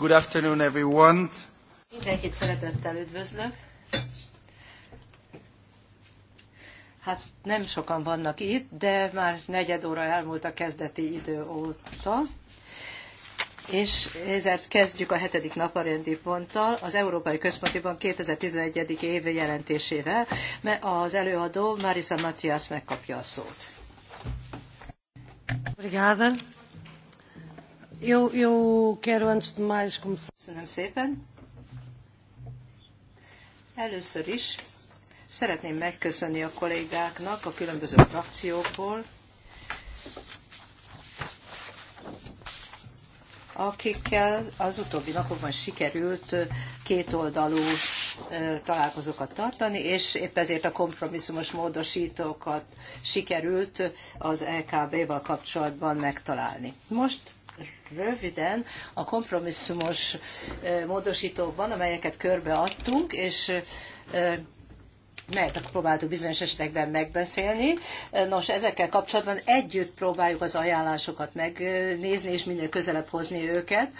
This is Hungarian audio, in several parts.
Good afternoon, everyone. Mindenkit szeretettel üdvözlök. Hát nem sokan vannak itt, de már negyed óra elmúlt a kezdeti idő óta. És ezért kezdjük a hetedik naparendi ponttal, az Európai Központi Bank 2011. éve jelentésével, mert az előadó Marisa Matthias megkapja a szót. Obrigada. Eu, eu quero antes de mais começar. Köszönöm szépen. Először is szeretném megköszönni a kollégáknak a különböző frakciókból, akikkel az utóbbi napokban sikerült kétoldalú találkozókat tartani, és épp ezért a kompromisszumos módosítókat sikerült az LKB-val kapcsolatban megtalálni. Most röviden a kompromisszumos módosítókban, amelyeket körbeadtunk, és melyet próbáltuk bizonyos esetekben megbeszélni. Nos, ezekkel kapcsolatban együtt próbáljuk az ajánlásokat megnézni, és minél közelebb hozni őket.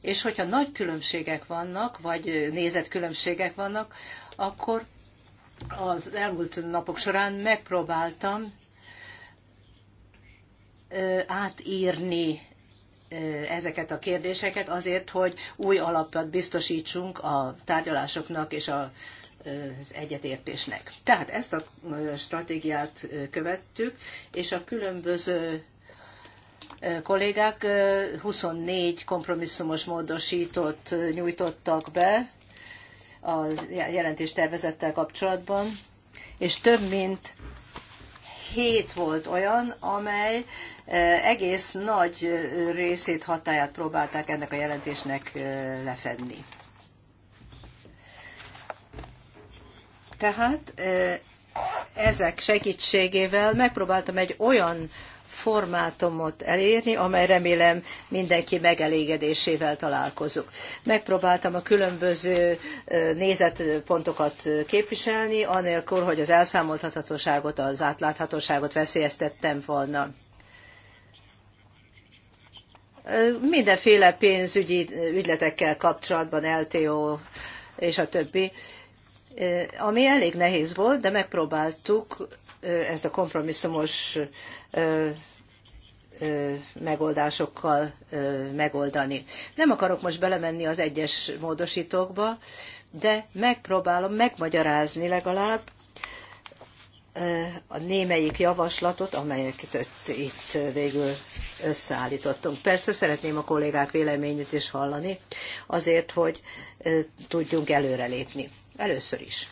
És hogyha nagy különbségek vannak, vagy nézetkülönbségek vannak, akkor az elmúlt napok során megpróbáltam átírni ezeket a kérdéseket azért, hogy új alapot biztosítsunk a tárgyalásoknak és a az egyetértésnek. Tehát ezt a stratégiát követtük, és a különböző kollégák 24 kompromisszumos módosítót nyújtottak be a jelentés tervezettel kapcsolatban, és több mint hét volt olyan, amely egész nagy részét, hatáját próbálták ennek a jelentésnek lefedni. Tehát ezek segítségével megpróbáltam egy olyan formátumot elérni, amely remélem mindenki megelégedésével találkozunk. Megpróbáltam a különböző nézetpontokat képviselni, anélkül, hogy az elszámoltathatóságot, az átláthatóságot veszélyeztettem volna mindenféle pénzügyi ügyletekkel kapcsolatban, LTO és a többi, e, ami elég nehéz volt, de megpróbáltuk e, ezt a kompromisszumos e, megoldásokkal megoldani. Nem akarok most belemenni az egyes módosítókba, de megpróbálom megmagyarázni legalább, a némelyik javaslatot, amelyeket itt végül összeállítottunk. Persze szeretném a kollégák véleményét is hallani, azért, hogy tudjunk előrelépni. Először is.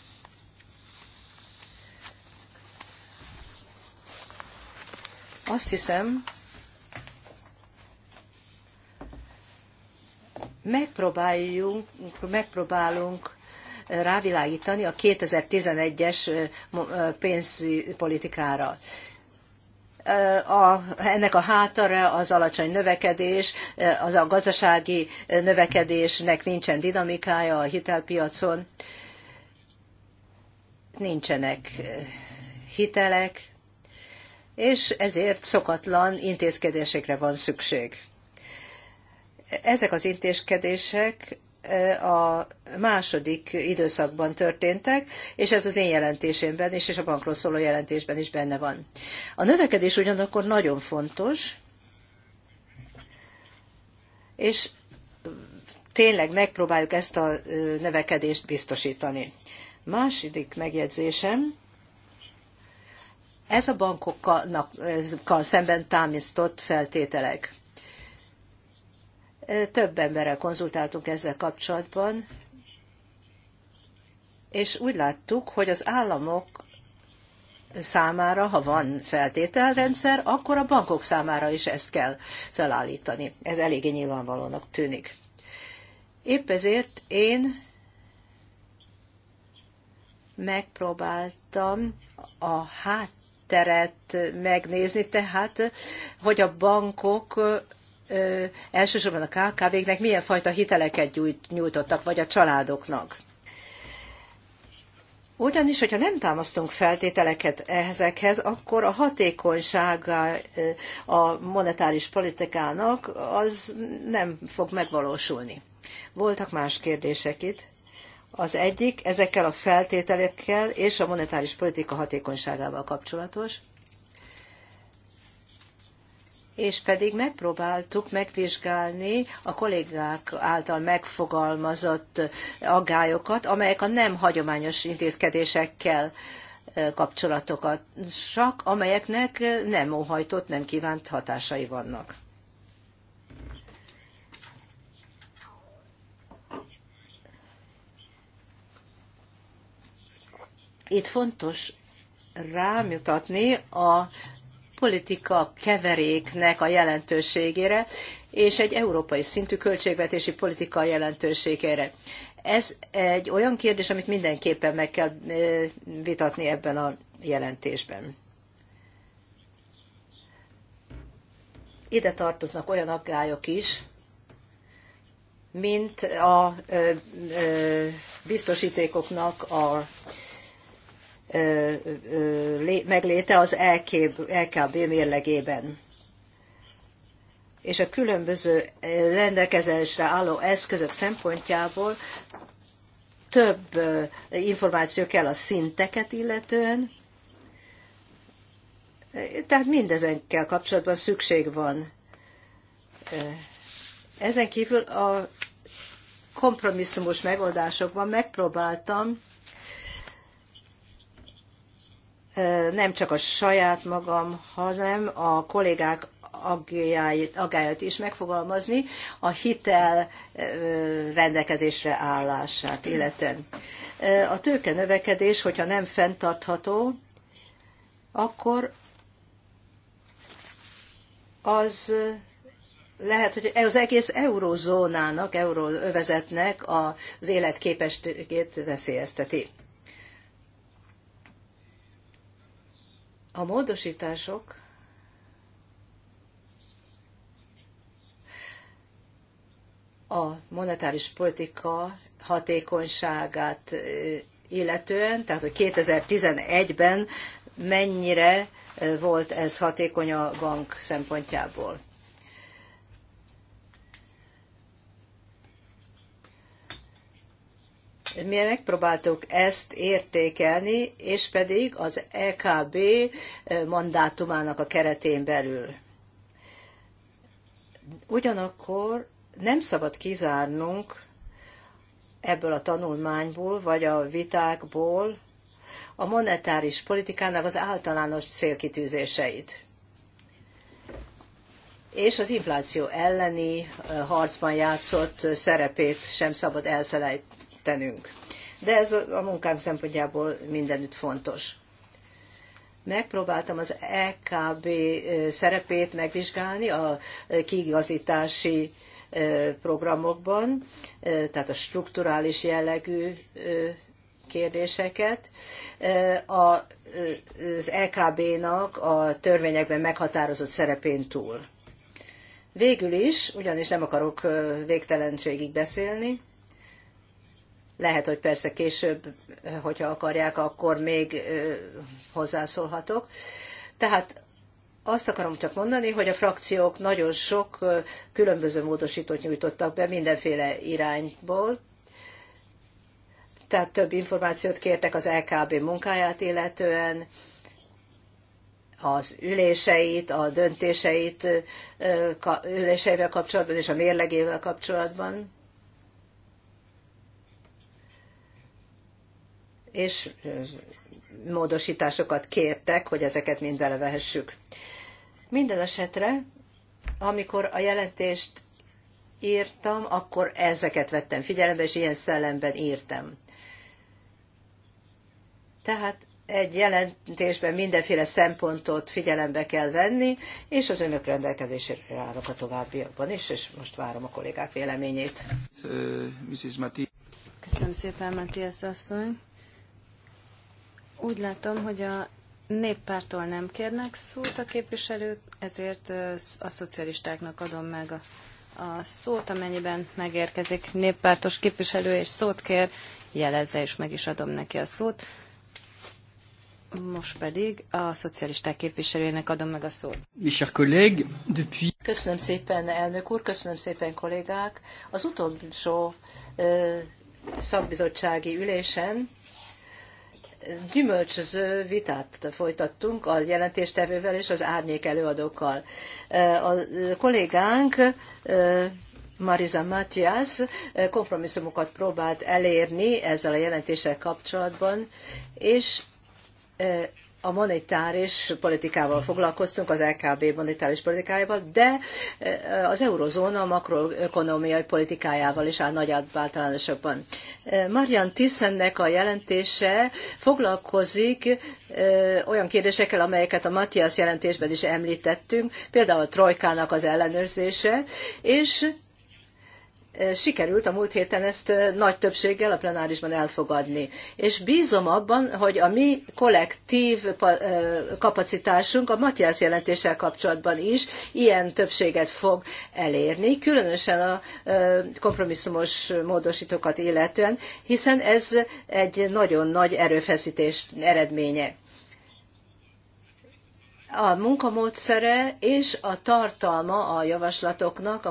Azt hiszem, megpróbáljunk, megpróbálunk rávilágítani a 2011-es pénzpolitikára. A, ennek a hátara az alacsony növekedés, az a gazdasági növekedésnek nincsen dinamikája a hitelpiacon, nincsenek hitelek, és ezért szokatlan intézkedésekre van szükség. Ezek az intézkedések a második időszakban történtek, és ez az én jelentésemben is, és a bankról szóló jelentésben is benne van. A növekedés ugyanakkor nagyon fontos, és tényleg megpróbáljuk ezt a növekedést biztosítani. Második megjegyzésem, ez a bankokkal szemben támasztott feltételek. Több emberrel konzultáltunk ezzel kapcsolatban, és úgy láttuk, hogy az államok számára, ha van feltételrendszer, akkor a bankok számára is ezt kell felállítani. Ez eléggé nyilvánvalónak tűnik. Épp ezért én megpróbáltam a hátteret megnézni, tehát hogy a bankok elsősorban a KKV-knek milyen fajta hiteleket nyújtottak, vagy a családoknak. Ugyanis, hogyha nem támasztunk feltételeket ezekhez, akkor a hatékonysága a monetáris politikának az nem fog megvalósulni. Voltak más kérdések itt. Az egyik ezekkel a feltételekkel és a monetáris politika hatékonyságával kapcsolatos és pedig megpróbáltuk megvizsgálni a kollégák által megfogalmazott aggályokat, amelyek a nem hagyományos intézkedésekkel kapcsolatokat, csak amelyeknek nem óhajtott, nem kívánt hatásai vannak. Itt fontos rámutatni a politika keveréknek a jelentőségére, és egy európai szintű költségvetési politika jelentőségére. Ez egy olyan kérdés, amit mindenképpen meg kell eh, vitatni ebben a jelentésben. Ide tartoznak olyan aggályok is, mint a eh, eh, biztosítékoknak a megléte az LKB mérlegében. És a különböző rendelkezésre álló eszközök szempontjából több információ kell a szinteket illetően, tehát mindezenkkel kapcsolatban szükség van. Ezen kívül a kompromisszumos megoldásokban megpróbáltam nem csak a saját magam, hanem a kollégák agályait is megfogalmazni a hitel rendelkezésre állását illetően. A tőke növekedés, hogyha nem fenntartható, akkor az lehet, hogy az egész eurózónának, euróövezetnek az életképességét veszélyezteti. A módosítások a monetáris politika hatékonyságát illetően, tehát hogy 2011-ben mennyire volt ez hatékony a bank szempontjából. Mi megpróbáltuk ezt értékelni, és pedig az EKB mandátumának a keretén belül. Ugyanakkor nem szabad kizárnunk ebből a tanulmányból, vagy a vitákból a monetáris politikának az általános célkitűzéseit és az infláció elleni harcban játszott szerepét sem szabad elfelejteni tenünk. De ez a munkám szempontjából mindenütt fontos. Megpróbáltam az EKB szerepét megvizsgálni a kiigazítási programokban, tehát a strukturális jellegű kérdéseket. Az EKB-nak a törvényekben meghatározott szerepén túl. Végül is, ugyanis nem akarok végtelenségig beszélni, lehet, hogy persze később, hogyha akarják, akkor még hozzászólhatok. Tehát azt akarom csak mondani, hogy a frakciók nagyon sok különböző módosítót nyújtottak be mindenféle irányból, tehát több információt kértek az LKB munkáját illetően, az üléseit, a döntéseit üléseivel kapcsolatban és a mérlegével kapcsolatban. és módosításokat kértek, hogy ezeket mind belevehessük. Minden esetre, amikor a jelentést írtam, akkor ezeket vettem figyelembe, és ilyen szellemben írtam. Tehát egy jelentésben mindenféle szempontot figyelembe kell venni, és az önök rendelkezésére állok a továbbiakban is, és most várom a kollégák véleményét. Uh, Köszönöm szépen, Matthias asszony. Úgy látom, hogy a néppártól nem kérnek szót a képviselőt, ezért a szocialistáknak adom meg a, a szót, amennyiben megérkezik néppártos képviselő és szót kér, jelezze és meg is adom neki a szót. Most pedig a szocialisták képviselőjének adom meg a szót. Köszönöm szépen, elnök úr, köszönöm szépen, kollégák. Az utolsó szakbizottsági ülésen gyümölcsöző vitát folytattunk a jelentéstevővel és az árnyék előadókkal. A kollégánk Marisa Matias kompromisszumokat próbált elérni ezzel a jelentéssel kapcsolatban, és a monetáris politikával foglalkoztunk, az LKB monetáris politikájával, de eh, az eurozóna makroökonomiai politikájával is áll nagy általánosokban. Eh, Marian Tissennek a jelentése foglalkozik eh, olyan kérdésekkel, amelyeket a Matthias jelentésben is említettünk, például a trojkának az ellenőrzése, és Eh, sikerült a múlt héten ezt eh, nagy többséggel a plenárisban elfogadni. És bízom abban, hogy a mi kollektív eh, kapacitásunk a Matthias jelentéssel kapcsolatban is ilyen többséget fog elérni, különösen a kompromisszumos módosítókat illetően, hiszen ez egy nagyon nagy erőfeszítés eredménye a munkamódszere és a tartalma a javaslatoknak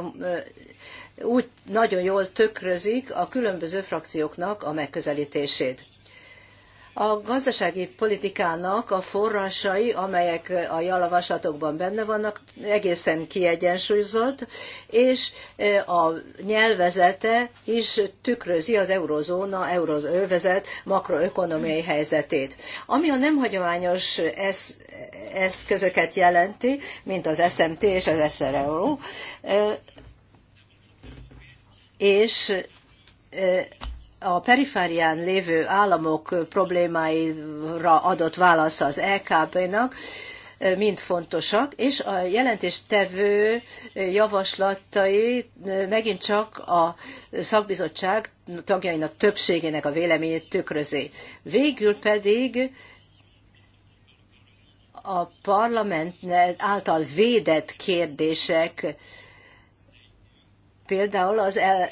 úgy nagyon jól tökrözik a különböző frakcióknak a megközelítését. A gazdasági politikának a forrásai, amelyek a javaslatokban benne vannak, egészen kiegyensúlyozott, és e, a nyelvezete is tükrözi az eurozóna, euróövezet makroökonomiai helyzetét. Ami a nem hagyományos eszközöket jelenti, mint az SMT és az SRO, e, és a periférián lévő államok problémáira adott válasz az LKB-nak, e mind fontosak, és a jelentéstevő javaslatai megint csak a szakbizottság tagjainak többségének a véleményét tükrözi. Végül pedig a parlament által védett kérdések Például az, el,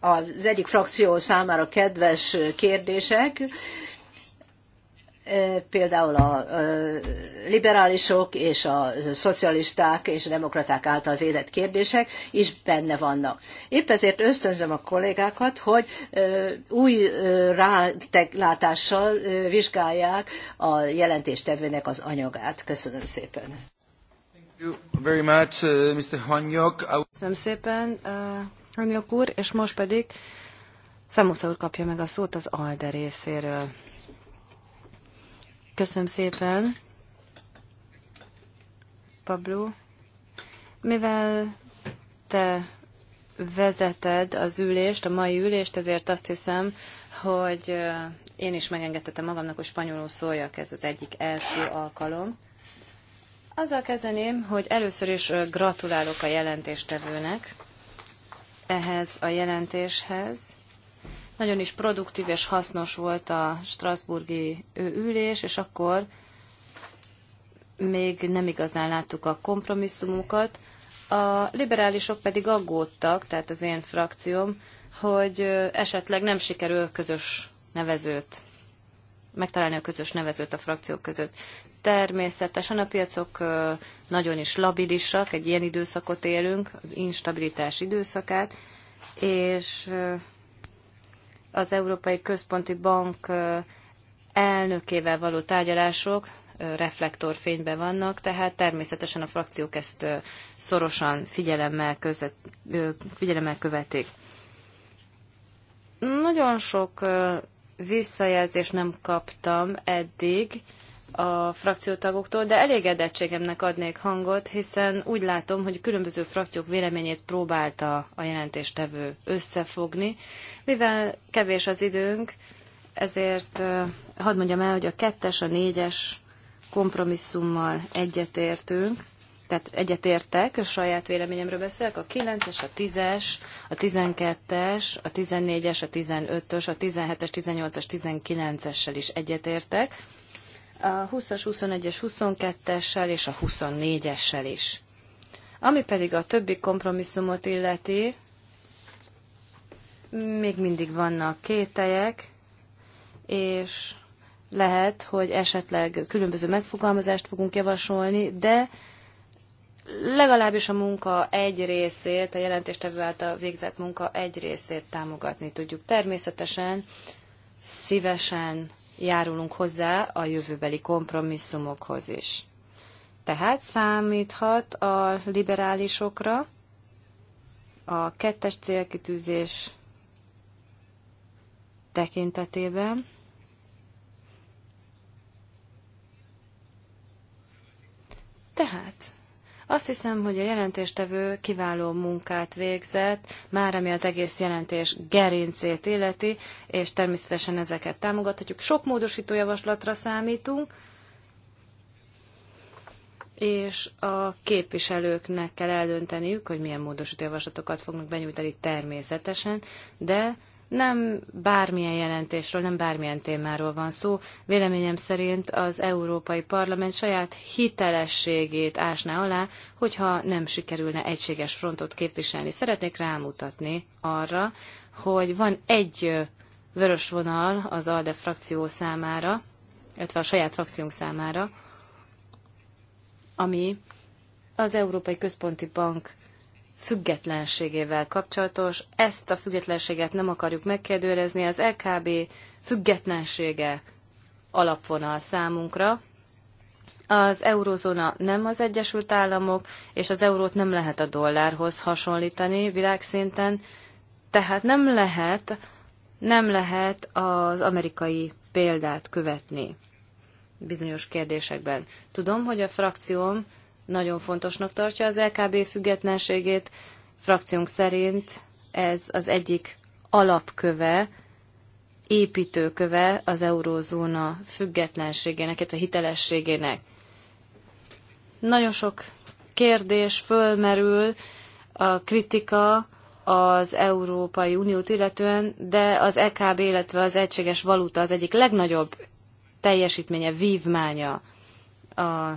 az egyik frakció számára kedves kérdések, például a liberálisok és a szocialisták és a demokraták által védett kérdések is benne vannak. Épp ezért ösztönzöm a kollégákat, hogy új rálátással vizsgálják a jelentéstevőnek az anyagát. Köszönöm szépen. Uh, Köszönöm szépen, uh, Hanyok úr, és most pedig Szemusza úr kapja meg a szót az ALDE részéről. Köszönöm szépen, Pablo. Mivel te vezeted az ülést, a mai ülést, ezért azt hiszem, hogy uh, én is megengedhetem magamnak, hogy spanyolul szóljak, ez az egyik első alkalom. Azzal kezdeném, hogy először is gratulálok a jelentéstevőnek ehhez a jelentéshez. Nagyon is produktív és hasznos volt a Strasburgi ülés, és akkor még nem igazán láttuk a kompromisszumokat. A liberálisok pedig aggódtak, tehát az én frakcióm, hogy esetleg nem sikerül közös nevezőt megtalálni a közös nevezőt a frakciók között. Természetesen a piacok nagyon is labilisak, egy ilyen időszakot élünk, az instabilitás időszakát, és az Európai Központi Bank elnökével való tárgyalások reflektorfényben vannak, tehát természetesen a frakciók ezt szorosan figyelemmel, között, figyelemmel követik. Nagyon sok visszajelzést nem kaptam eddig, a frakciótagoktól, de elégedettségemnek adnék hangot, hiszen úgy látom, hogy különböző frakciók véleményét próbálta a jelentéstevő összefogni. Mivel kevés az időnk, ezért hadd mondjam el, hogy a kettes, a négyes kompromisszummal egyetértünk, tehát egyetértek, a saját véleményemről beszélek, a 9-es, a 10-es, a 12-es, a 14-es, a 15-ös, a 17-es, 18-as, 19-essel is egyetértek a 20-as, 21-es, 22-essel és a 24-essel is. Ami pedig a többi kompromisszumot illeti, még mindig vannak kételyek, és lehet, hogy esetleg különböző megfogalmazást fogunk javasolni, de legalábbis a munka egy részét, a jelentéstevő által végzett munka egy részét támogatni tudjuk. Természetesen szívesen járulunk hozzá a jövőbeli kompromisszumokhoz is. Tehát számíthat a liberálisokra a kettes célkitűzés tekintetében. Tehát azt hiszem, hogy a jelentéstevő kiváló munkát végzett, már ami az egész jelentés gerincét illeti, és természetesen ezeket támogathatjuk. Sok módosító javaslatra számítunk, és a képviselőknek kell eldönteniük, hogy milyen módosító javaslatokat fognak benyújtani természetesen, de nem bármilyen jelentésről, nem bármilyen témáról van szó. Véleményem szerint az Európai Parlament saját hitelességét ásná alá, hogyha nem sikerülne egységes frontot képviselni. Szeretnék rámutatni arra, hogy van egy vörös vonal az ALDE frakció számára, illetve a saját frakciónk számára, ami az Európai Központi Bank függetlenségével kapcsolatos. Ezt a függetlenséget nem akarjuk megkérdőrezni. Az LKB függetlensége alapvonal számunkra. Az eurozóna nem az Egyesült Államok, és az eurót nem lehet a dollárhoz hasonlítani világszinten, tehát nem lehet, nem lehet az amerikai példát követni bizonyos kérdésekben. Tudom, hogy a frakcióm nagyon fontosnak tartja az LKB függetlenségét. Frakciónk szerint ez az egyik alapköve, építőköve az eurózóna függetlenségének, illetve hitelességének. Nagyon sok kérdés fölmerül, a kritika az Európai Uniót illetően, de az EKB, illetve az egységes valuta az egyik legnagyobb teljesítménye, vívmánya a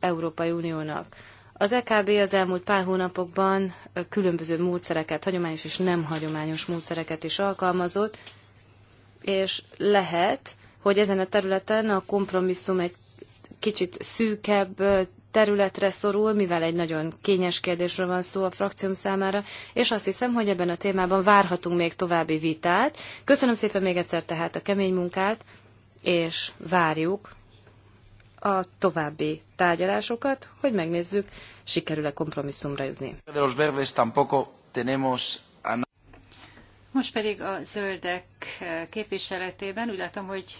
Európai Uniónak. Az EKB az elmúlt pár hónapokban különböző módszereket, hagyományos és nem hagyományos módszereket is alkalmazott, és lehet, hogy ezen a területen a kompromisszum egy kicsit szűkebb területre szorul, mivel egy nagyon kényes kérdésről van szó a frakcióm számára, és azt hiszem, hogy ebben a témában várhatunk még további vitát. Köszönöm szépen még egyszer tehát a kemény munkát, és várjuk a további tárgyalásokat, hogy megnézzük, sikerül-e kompromisszumra jutni. Most pedig a zöldek eh, képviseletében úgy látom, hogy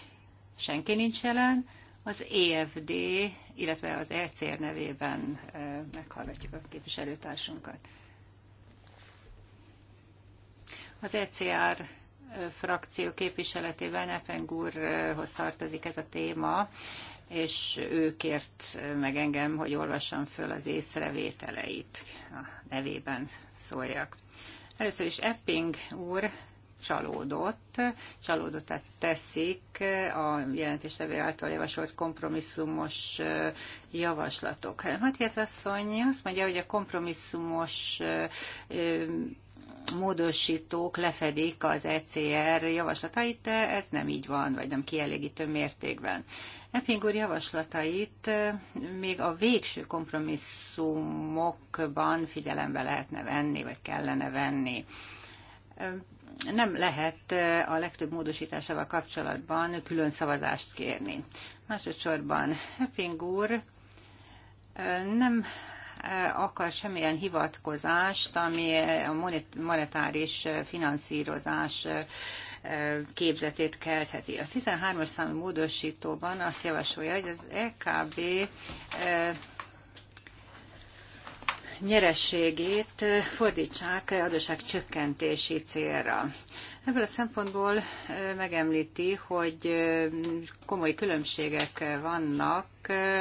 senki nincs jelen. Az EFD, illetve az ECR nevében eh, meghallgatjuk a képviselőtársunkat. Az ECR eh, frakció képviseletében Epengúrhoz tartozik ez a téma és ő kért meg engem, hogy olvassam föl az észrevételeit, a nevében szóljak. Először is Epping úr csalódott, csalódottat teszik a jelentéstevő által javasolt kompromisszumos javaslatok. Matthias asszony azt mondja, hogy a kompromisszumos módosítók lefedik az ECR javaslatait, de ez nem így van, vagy nem kielégítő mértékben. Epping úr javaslatait még a végső kompromisszumokban figyelembe lehetne venni, vagy kellene venni nem lehet a legtöbb módosításával kapcsolatban külön szavazást kérni. Másodszorban Epping úr nem Eh, akar semmilyen hivatkozást, ami eh, a monetáris eh, finanszírozás képzetét keltheti. A 13-as számú módosítóban azt javasolja, hogy az EKB nyerességét fordítsák adóság csökkentési célra. Ebből a szempontból megemlíti, hogy komoly különbségek vannak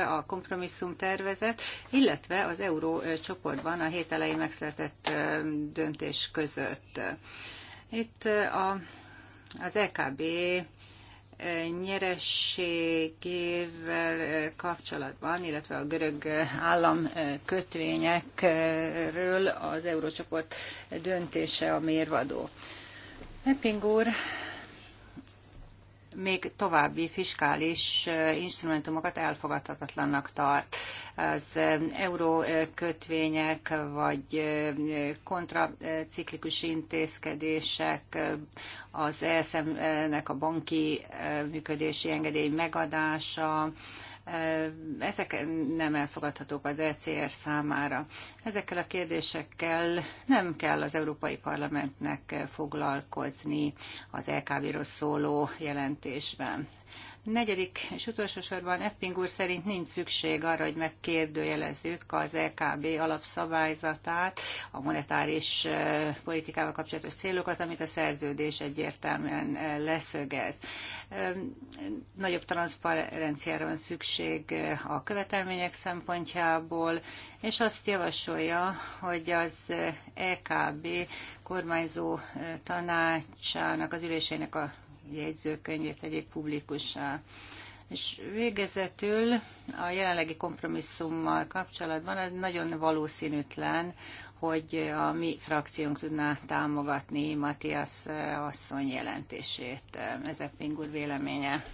a kompromisszum tervezet, illetve az euró csoportban a hét elején megszületett döntés között. Itt a, az EKB nyerességével kapcsolatban, illetve a görög állam kötvényekről az eurócsoport döntése a mérvadó. Epping úr még további fiskális instrumentumokat elfogadhatatlannak tart. Az eurókötvények vagy kontraciklikus intézkedések, az ESM-nek a banki működési engedély megadása, ezek nem elfogadhatók az ECR számára. Ezekkel a kérdésekkel nem kell az Európai Parlamentnek foglalkozni az lkv e ról szóló jelentésben. Negyedik és utolsó sorban Epping úr szerint nincs szükség arra, hogy megkérdőjelezzük az LKB e alapszabályzatát, a monetáris politikával kapcsolatos célokat, amit a szerződés egyértelműen leszögez. Nagyobb transzparenciára van szükség a követelmények szempontjából, és azt javasolja, hogy az EKB kormányzó tanácsának, az ülésének a jegyzőkönyvét tegyék publikussá. És végezetül a jelenlegi kompromisszummal kapcsolatban az nagyon valószínűtlen, hogy a mi frakciónk tudná támogatni Matthias eh, asszony jelentését. Eh, ez a Pingur véleménye.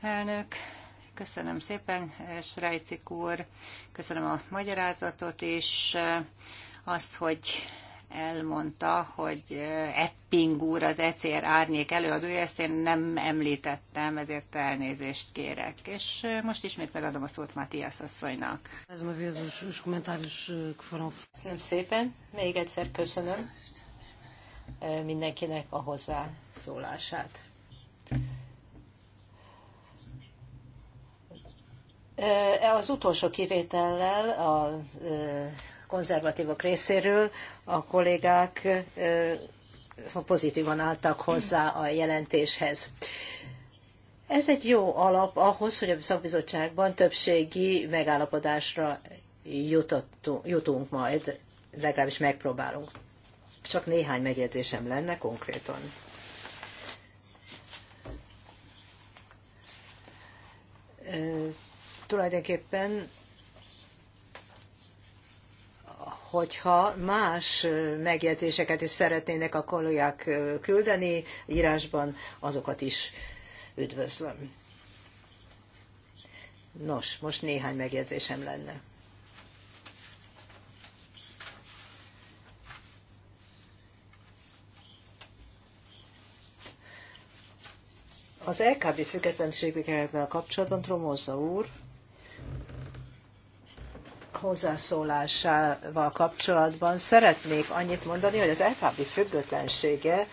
Elnök, köszönöm szépen, eh, Srejcik úr, köszönöm a magyarázatot, és azt, hogy elmondta, hogy Epping úr az ECR árnyék előadója, ezt én nem említettem, ezért elnézést kérek. És most ismét megadom a szót Matthias asszonynak. Köszönöm szépen, még egyszer köszönöm mindenkinek a hozzászólását. Az utolsó kivétellel a konzervatívok részéről a kollégák pozitívan álltak hozzá a jelentéshez. Ez egy jó alap ahhoz, hogy a szakbizottságban többségi megállapodásra jutunk majd, legalábbis megpróbálunk. Csak néhány megjegyzésem lenne konkrétan. Tulajdonképpen hogyha más megjegyzéseket is szeretnének a kollégák küldeni írásban, azokat is üdvözlöm. Nos, most néhány megjegyzésem lenne. Az LKB függetlenségükkel kapcsolatban Tromóza úr hozzászólásával kapcsolatban szeretnék annyit mondani, hogy az LKB függetlensége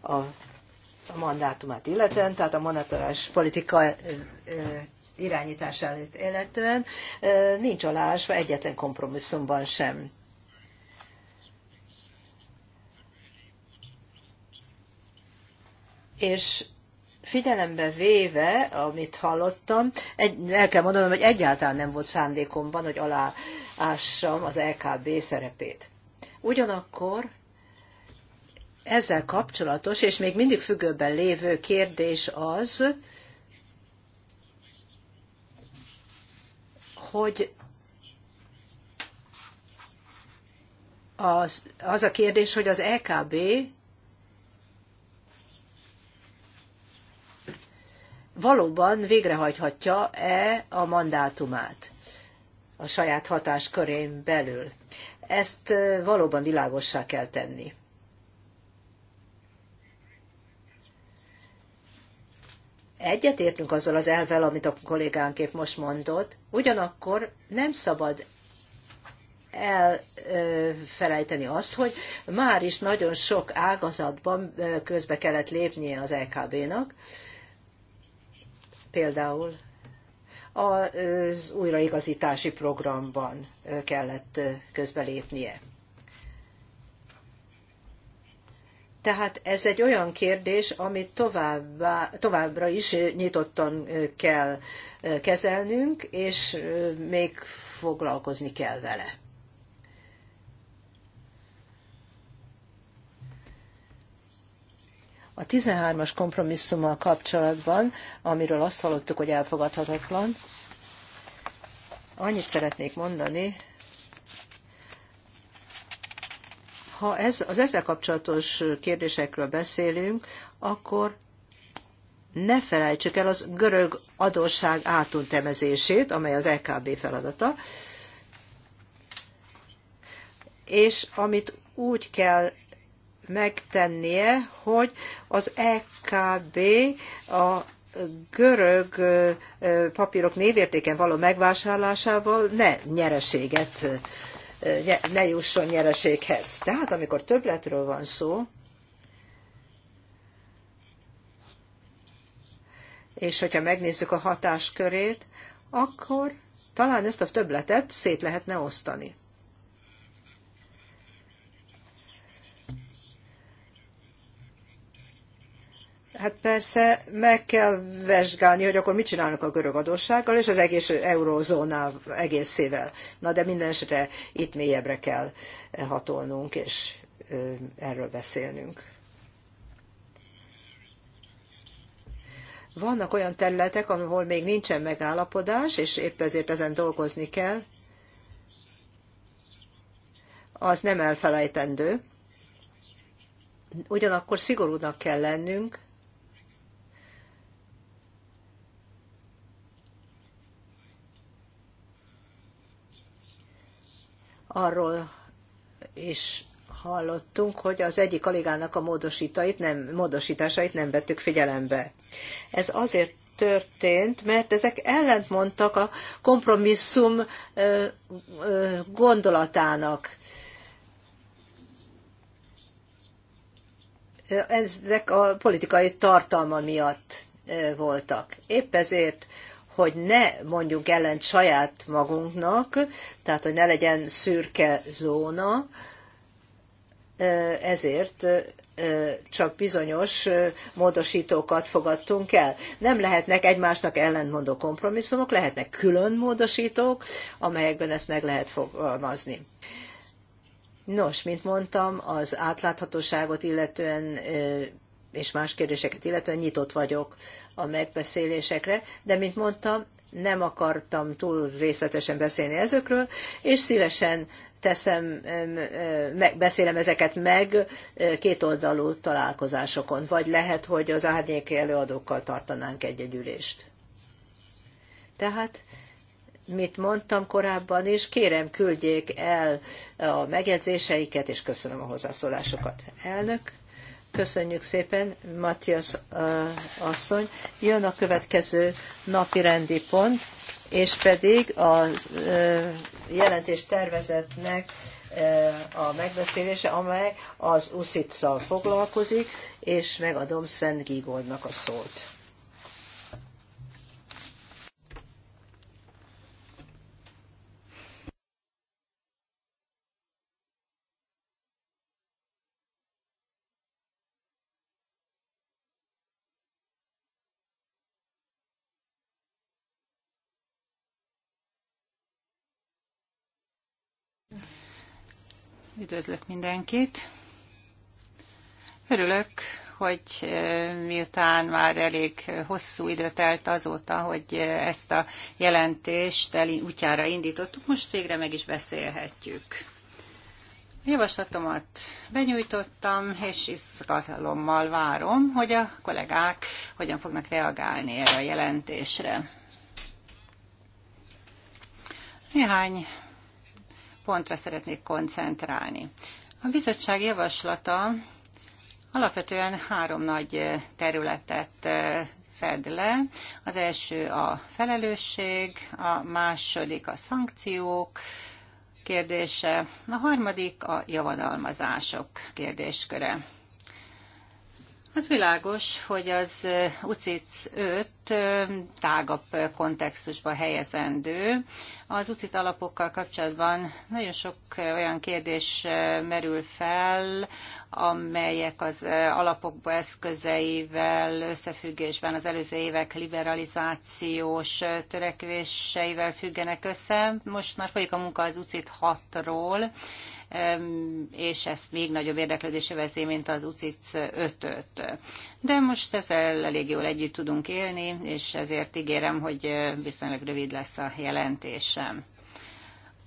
a, a mandátumát illetően, tehát a monetáris politika irányítását illetően nincs aláásva egyetlen kompromisszumban sem. És figyelembe véve, amit hallottam, egy, el kell mondanom, hogy egyáltalán nem volt szándékomban, hogy aláássam az LKB szerepét. Ugyanakkor ezzel kapcsolatos, és még mindig függőben lévő kérdés az, hogy az, az a kérdés, hogy az EKB valóban végrehajthatja-e a mandátumát a saját hatáskörén belül. Ezt valóban világossá kell tenni. Egyetértünk azzal az elvel, amit a kollégánk épp most mondott, ugyanakkor nem szabad elfelejteni azt, hogy már is nagyon sok ágazatban közbe kellett lépnie az LKB-nak, Például az újraigazítási programban kellett közbelépnie. Tehát ez egy olyan kérdés, amit továbbá, továbbra is nyitottan kell kezelnünk, és még foglalkozni kell vele. A 13-as kompromisszummal kapcsolatban, amiről azt hallottuk, hogy elfogadhatatlan, annyit szeretnék mondani, ha ez, az ezzel kapcsolatos kérdésekről beszélünk, akkor ne felejtsük el az görög adósság átuntemezését, amely az EKB feladata, és amit úgy kell megtennie, hogy az EKB a görög papírok névértéken való megvásárlásával ne nyereséget, ne jusson nyereséghez. Tehát amikor többletről van szó, és hogyha megnézzük a hatáskörét, akkor talán ezt a többletet szét lehetne osztani. Hát persze meg kell vizsgálni, hogy akkor mit csinálnak a görög adóssággal és az egész eurózóna egészével. Na de minden esetre itt mélyebbre kell hatolnunk és erről beszélnünk. Vannak olyan területek, ahol még nincsen megállapodás, és épp ezért ezen dolgozni kell. Az nem elfelejtendő ugyanakkor szigorúnak kell lennünk, arról is hallottunk, hogy az egyik kollégának a módosítait nem, módosításait nem vettük figyelembe. Ez azért történt, mert ezek ellentmondtak a kompromisszum gondolatának. Ezek a politikai tartalma miatt voltak. Épp ezért hogy ne mondjuk ellent saját magunknak, tehát hogy ne legyen szürke zóna, ezért csak bizonyos módosítókat fogadtunk el. Nem lehetnek egymásnak ellentmondó kompromisszumok, lehetnek külön módosítók, amelyekben ezt meg lehet fogalmazni. Nos, mint mondtam, az átláthatóságot illetően és más kérdéseket illetően nyitott vagyok a megbeszélésekre, de mint mondtam, nem akartam túl részletesen beszélni ezekről, és szívesen teszem, beszélem ezeket meg eh, kétoldalú találkozásokon, vagy lehet, hogy az árnyéki előadókkal tartanánk egy-egy ülést. Tehát, mit mondtam korábban is, kérem küldjék el a megjegyzéseiket, és köszönöm a hozzászólásokat. Elnök, Köszönjük szépen, Matthias asszony. Jön a következő napi rendi pont, és pedig a jelentés tervezetnek a megbeszélése, amely az uszitszal foglalkozik, és megadom Sven Gigordnak a szót. Üdvözlök mindenkit. Örülök, hogy eh, miután már elég hosszú idő telt azóta, hogy eh, ezt a jelentést el, útjára indítottuk, most végre meg is beszélhetjük. A javaslatomat benyújtottam, és izgalommal várom, hogy a kollégák hogyan fognak reagálni erre a jelentésre. Néhány pontra szeretnék koncentrálni. A bizottság javaslata alapvetően három nagy területet fed le. Az első a felelősség, a második a szankciók kérdése, a harmadik a javadalmazások kérdésköre. Az világos, hogy az UCIC 5 tágabb kontextusba helyezendő. Az UCIT alapokkal kapcsolatban nagyon sok olyan kérdés merül fel, amelyek az alapokba eszközeivel összefüggésben az előző évek liberalizációs törekvéseivel függenek össze. Most már folyik a munka az UCIT 6-ról, és ezt még nagyobb érdeklődése veszi, mint az UCIC 5-öt. De most ezzel elég jól együtt tudunk élni, és ezért ígérem, hogy eh, viszonylag rövid lesz a jelentésem.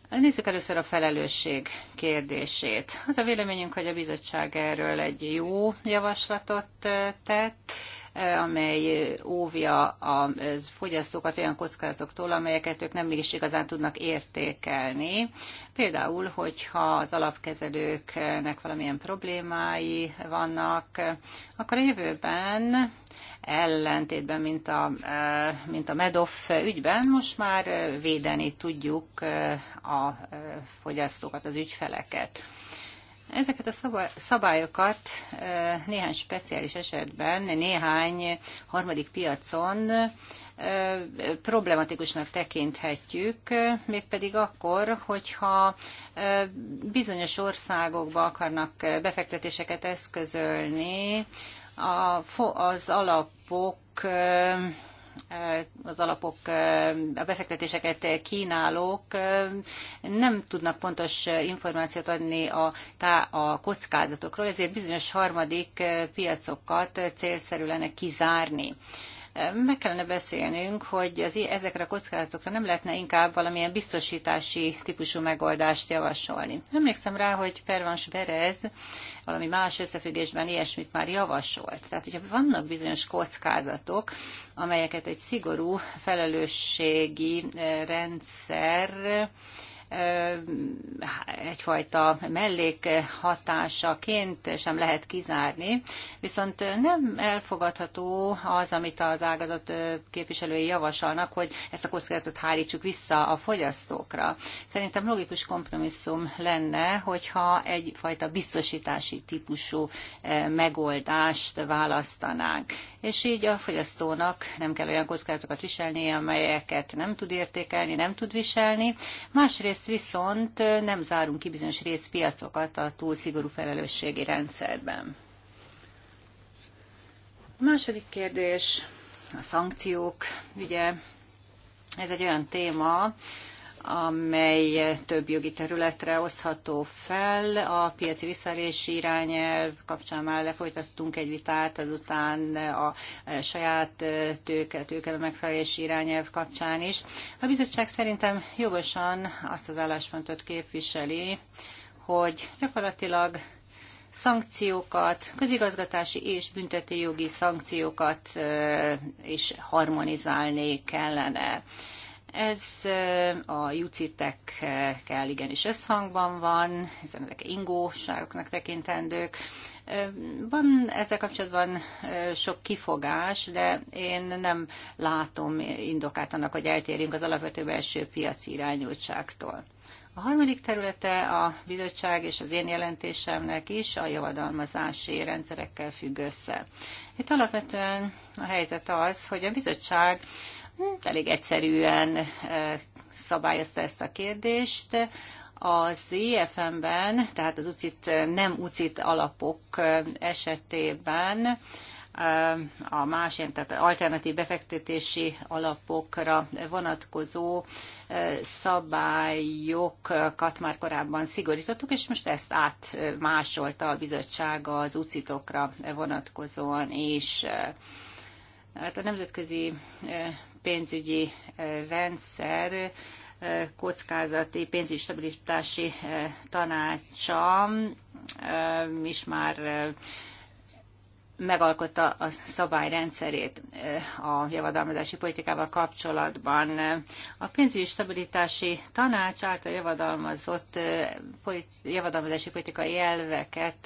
Nézzük először a felelősség kérdését. Az a véleményünk, hogy a bizottság erről egy jó javaslatot eh, tett, amely óvja a fogyasztókat olyan kockázatoktól, amelyeket ők nem is igazán tudnak értékelni. Például, hogyha az alapkezelőknek valamilyen problémái vannak, akkor a jövőben ellentétben, mint a, mint a Medoff ügyben, most már védeni tudjuk a fogyasztókat, az ügyfeleket. Ezeket a szabályokat néhány speciális esetben, néhány harmadik piacon problematikusnak tekinthetjük, mégpedig akkor, hogyha bizonyos országokba akarnak befektetéseket eszközölni, az alapok Eh, az alapok, eh, a befektetéseket kínálók eh, nem tudnak pontos információt adni a, tá, a kockázatokról, ezért bizonyos harmadik piacokat célszerű lenne kizárni. Meg kellene beszélnünk, hogy az, ezekre a kockázatokra nem lehetne inkább valamilyen biztosítási típusú megoldást javasolni. Emlékszem rá, hogy Pervans Berez valami más összefüggésben ilyesmit már javasolt. Tehát, hogyha vannak bizonyos kockázatok, amelyeket egy szigorú felelősségi eh, rendszer egyfajta mellékhatásaként sem lehet kizárni, viszont nem elfogadható az, amit az ágazat képviselői javasolnak, hogy ezt a kockázatot hárítsuk vissza a fogyasztókra. Szerintem logikus kompromisszum lenne, hogyha egyfajta biztosítási típusú megoldást választanánk. És így a fogyasztónak nem kell olyan kockázatokat viselni, amelyeket nem tud értékelni, nem tud viselni. Másrészt Másrészt viszont nem zárunk ki bizonyos részpiacokat a túl szigorú felelősségi rendszerben. A második kérdés a szankciók. Ugye ez egy olyan téma, amely több jogi területre oszható fel. A piaci visszaélési irányelv kapcsán már lefolytattunk egy vitát, azután a saját tőke, tőke megfelelési irányelv kapcsán is. A bizottság szerintem jogosan azt az álláspontot képviseli, hogy gyakorlatilag szankciókat, közigazgatási és jogi szankciókat is harmonizálni kellene ez a jucitekkel igenis összhangban van, hiszen ezek ingóságoknak tekintendők. Van ezzel kapcsolatban sok kifogás, de én nem látom indokát annak, hogy eltérjünk az alapvető belső piaci irányultságtól. A harmadik területe a bizottság és az én jelentésemnek is a javadalmazási rendszerekkel függ össze. Itt alapvetően a helyzet az, hogy a bizottság Hm, elég egyszerűen szabályozta ezt a kérdést. Az IFM-ben, tehát az UCIT, nem UCIT alapok esetében a más, tehát alternatív befektetési alapokra vonatkozó szabályokat már korábban szigorítottuk, és most ezt átmásolta a bizottság az ucitokra vonatkozóan, és hát a nemzetközi pénzügyi eh, rendszer eh, kockázati pénzügyi stabilitási eh, tanácsa is már megalkotta a szabályrendszerét a javadalmazási politikával kapcsolatban. A pénzügyi stabilitási tanács által javadalmazott javadalmazási politikai elveket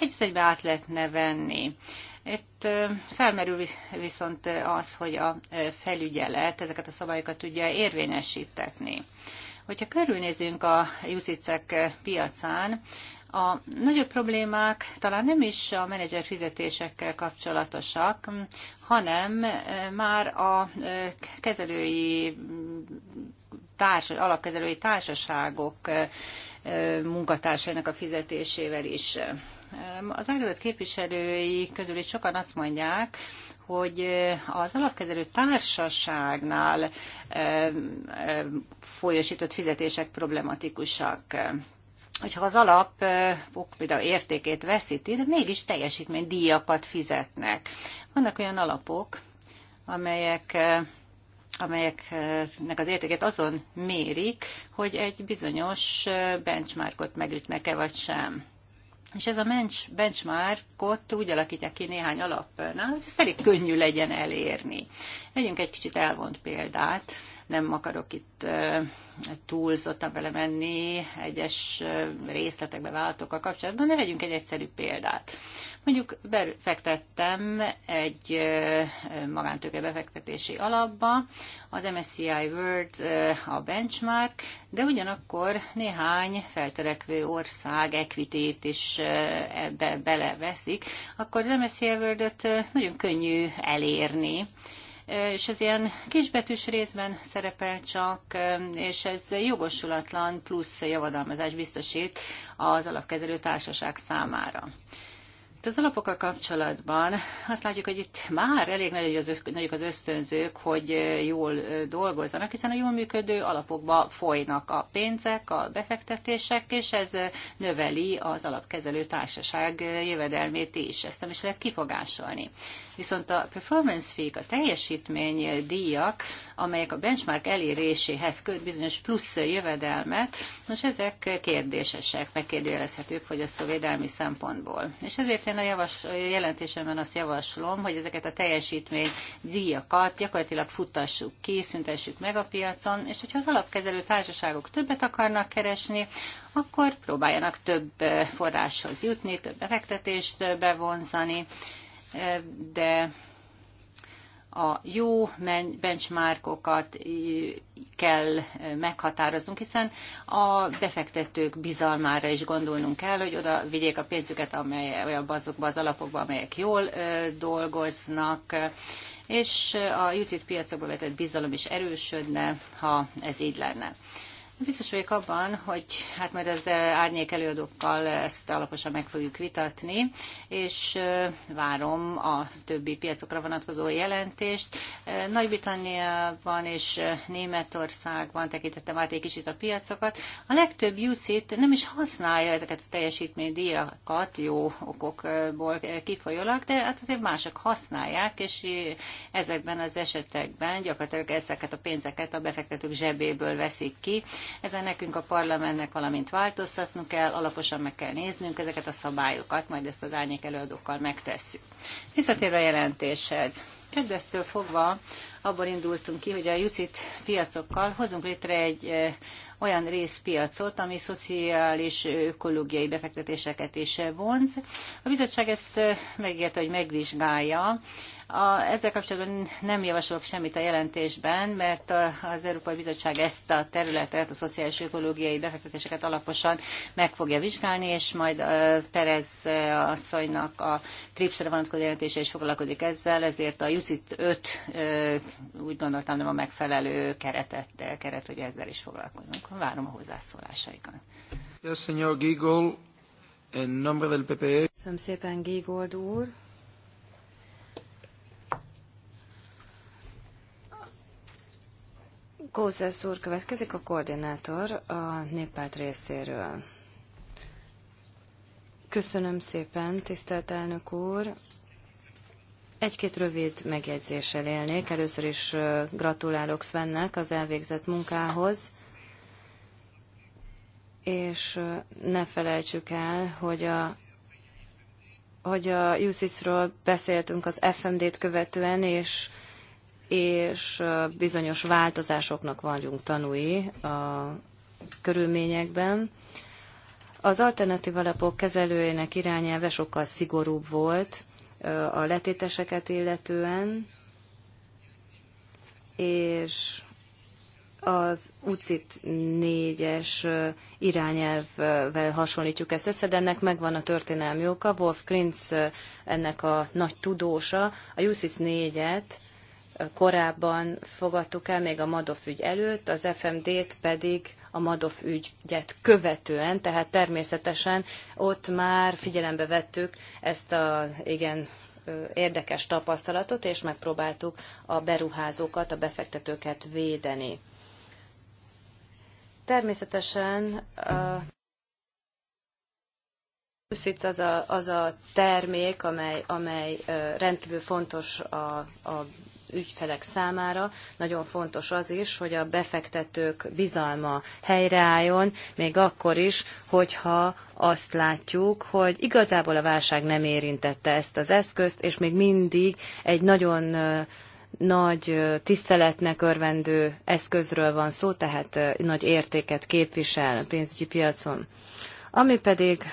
egy egybe át lehetne venni. Itt felmerül viszont az, hogy a felügyelet ezeket a szabályokat tudja érvényesítetni. Hogyha körülnézünk a jusicek piacán, a nagyobb problémák talán nem is a menedzser fizetésekkel kapcsolatosak, hanem már a kezelői társ, alapkezelői társaságok munkatársainak a fizetésével is. Az ágazat képviselői közül is sokan azt mondják, hogy eh, az alapkezelő társaságnál folyosított fizetések problematikusak hogyha az alap eh, például értékét veszíti, de mégis díjakat fizetnek. Vannak olyan alapok, amelyek eh, amelyeknek az értékét azon mérik, hogy egy bizonyos benchmarkot megütnek-e vagy sem. És ez a benchmarkot úgy alakítják ki néhány alapnál, hogy ezt elég könnyű legyen elérni. Vegyünk egy kicsit elvont példát nem akarok itt túlzottan belemenni egyes részletekbe a kapcsolatban, de vegyünk egy egyszerű példát. Mondjuk befektettem egy magántőke befektetési alapba, az MSCI World a benchmark, de ugyanakkor néhány feltörekvő ország equity-t is ebbe beleveszik, akkor az MSCI world nagyon könnyű elérni, és ez ilyen kisbetűs részben szerepel csak, és ez jogosulatlan plusz javadalmazás biztosít az alapkezelő társaság számára. Hát az alapokkal kapcsolatban azt látjuk, hogy itt már elég nagyok az ösztönzők, hogy jól dolgozzanak, hiszen a jól működő alapokba folynak a pénzek, a befektetések, és ez növeli az alapkezelő társaság jövedelmét is. Ezt nem is lehet kifogásolni viszont a performance fee, a teljesítmény díjak, amelyek a benchmark eléréséhez köt bizonyos plusz jövedelmet, most ezek kérdésesek, megkérdőjelezhetők fogyasztóvédelmi szempontból. És ezért én a javas, jelentésemben azt javaslom, hogy ezeket a teljesítmény díjakat gyakorlatilag futtassuk ki, szüntessük meg a piacon, és hogyha az alapkezelő társaságok többet akarnak keresni, akkor próbáljanak több forráshoz jutni, több befektetést bevonzani, de a jó benchmarkokat kell meghatároznunk, hiszen a befektetők bizalmára is gondolnunk kell, hogy oda vigyék a pénzüket amely, azokba az alapokba, amelyek jól dolgoznak, és a UCIT piacokba vetett bizalom is erősödne, ha ez így lenne. Biztos vagyok abban, hogy hát majd az árnyék előadókkal ezt alaposan meg fogjuk vitatni, és várom a többi piacokra vonatkozó jelentést. Nagy-Britanniában és Németországban tekintettem át egy kicsit a piacokat. A legtöbb UCIT nem is használja ezeket a teljesítménydíjakat, jó okokból kifolyólag, de hát azért mások használják, és ezekben az esetekben gyakorlatilag ezeket a pénzeket a befektetők zsebéből veszik ki, ezen nekünk a parlamentnek valamint változtatnunk kell, alaposan meg kell néznünk ezeket a szabályokat, majd ezt az árnyék előadókkal megtesszük. Visszatérve a jelentéshez. Kezdettől fogva abból indultunk ki, hogy a jucit piacokkal hozunk létre egy olyan részpiacot, ami szociális ökológiai befektetéseket is vonz. A bizottság ezt megígérte, hogy megvizsgálja a, ezzel kapcsolatban nem javasolok semmit a jelentésben, mert az Európai Bizottság ezt a területet, a szociális ökológiai befektetéseket alaposan meg fogja vizsgálni, és majd Perez asszonynak a TRIPS-re vonatkozó jelentése is foglalkozik ezzel, ezért a UCIT 5 úgy gondoltam nem a megfelelő keretet, keret, hogy ezzel is foglalkozunk. Várom a hozzászólásaikat. E. Köszönöm szépen, Gigold úr. Gózes úr következik a koordinátor a néppárt részéről. Köszönöm szépen, tisztelt elnök úr. Egy-két rövid megjegyzéssel élnék. Először is gratulálok Svennek az elvégzett munkához, és ne felejtsük el, hogy a hogy a UCIS-ról beszéltünk az FMD-t követően, és és bizonyos változásoknak vagyunk tanúi a körülményekben. Az alternatív alapok kezelőjének irányelve sokkal szigorúbb volt a letéteseket illetően, és az UCIT 4-es irányelvvel hasonlítjuk ezt össze, de ennek megvan a történelmi oka. Wolf Klintz ennek a nagy tudósa. A UCIT 4-et korábban fogadtuk el, még a Madoff ügy előtt, az FMD-t pedig a Madoff ügyet követően, tehát természetesen ott már figyelembe vettük ezt a igen érdekes tapasztalatot, és megpróbáltuk a beruházókat, a befektetőket védeni. Természetesen a Puszic az a, az a termék, amely, amely rendkívül fontos a, a ügyfelek számára. Nagyon fontos az is, hogy a befektetők bizalma helyreálljon, még akkor is, hogyha azt látjuk, hogy igazából a válság nem érintette ezt az eszközt, és még mindig egy nagyon nagy tiszteletnek örvendő eszközről van szó, tehát nagy értéket képvisel a pénzügyi piacon. Ami pedig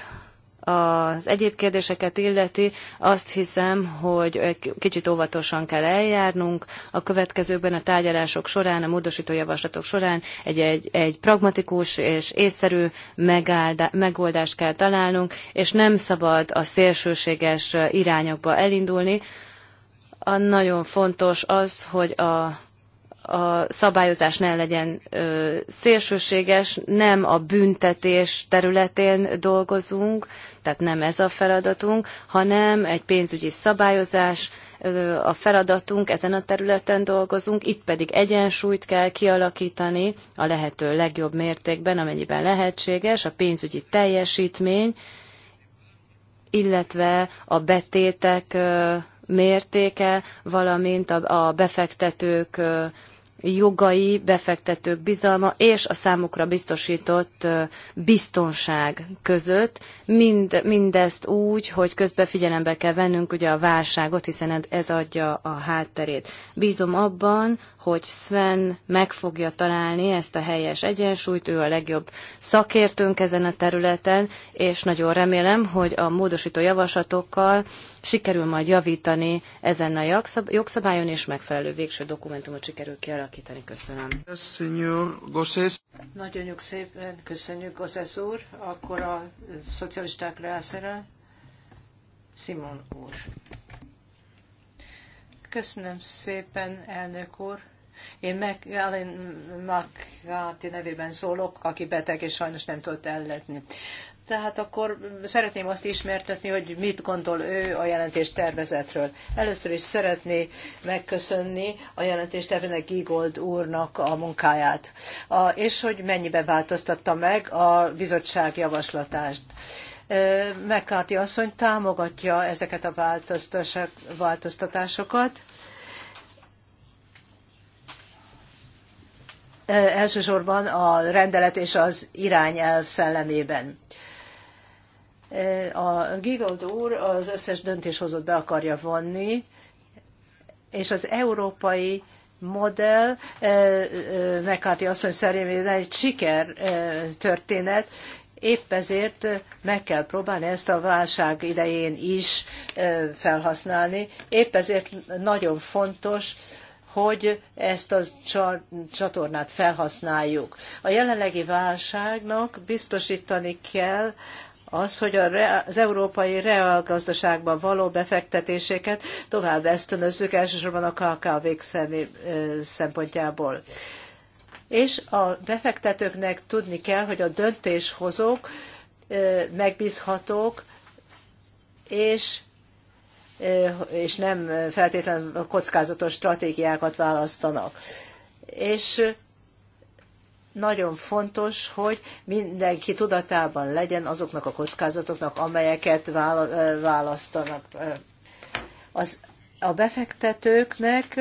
az egyéb kérdéseket illeti, azt hiszem, hogy kicsit óvatosan kell eljárnunk. A következőkben a tárgyalások során, a módosító javaslatok során egy, egy, egy pragmatikus és észszerű megoldást kell találnunk, és nem szabad a szélsőséges irányokba elindulni. A nagyon fontos az, hogy a a szabályozás ne legyen ö, szélsőséges, nem a büntetés területén dolgozunk, tehát nem ez a feladatunk, hanem egy pénzügyi szabályozás ö, a feladatunk, ezen a területen dolgozunk, itt pedig egyensúlyt kell kialakítani a lehető legjobb mértékben, amennyiben lehetséges, a pénzügyi teljesítmény, illetve a betétek ö, mértéke, valamint a, a befektetők ö, jogai, befektetők bizalma és a számukra biztosított biztonság között. Mind, mindezt úgy, hogy közben figyelembe kell vennünk ugye a válságot, hiszen ez adja a hátterét. Bízom abban, hogy Sven meg fogja találni ezt a helyes egyensúlyt, ő a legjobb szakértőnk ezen a területen, és nagyon remélem, hogy a módosító javaslatokkal sikerül majd javítani ezen a jogszabályon, és megfelelő végső dokumentumot sikerül kialakítani. Köszönöm. Nagyon szépen köszönjük, Gozes úr. Akkor a szocialisták rászerel. Simon úr. Köszönöm szépen, elnök úr. Én meg Ellen McCarthy nevében szólok, aki beteg és sajnos nem tudott elletni. Tehát akkor szeretném azt ismertetni, hogy mit gondol ő a jelentés tervezetről. Először is szeretné megköszönni a jelentés tervezetnek Gigold úrnak a munkáját, a, és hogy mennyiben változtatta meg a bizottság javaslatát. McCarthy asszony támogatja ezeket a változtatásokat. Elsősorban a rendelet és az irányelv szellemében a Gigold úr az összes döntéshozót be akarja vonni, és az európai modell, eh, eh, McCarthy asszony szerint egy siker eh, történet, épp ezért meg kell próbálni ezt a válság idején is felhasználni. Épp ezért nagyon fontos, hogy ezt a csatornát felhasználjuk. A jelenlegi válságnak biztosítani kell, az, hogy az európai reálgazdaságban való befektetéseket tovább ösztönözzük, elsősorban a KKV-k szempontjából. És a befektetőknek tudni kell, hogy a döntéshozók megbízhatók, és és nem feltétlenül kockázatos stratégiákat választanak. És nagyon fontos, hogy mindenki tudatában legyen azoknak a kockázatoknak, amelyeket választanak. Az, a befektetőknek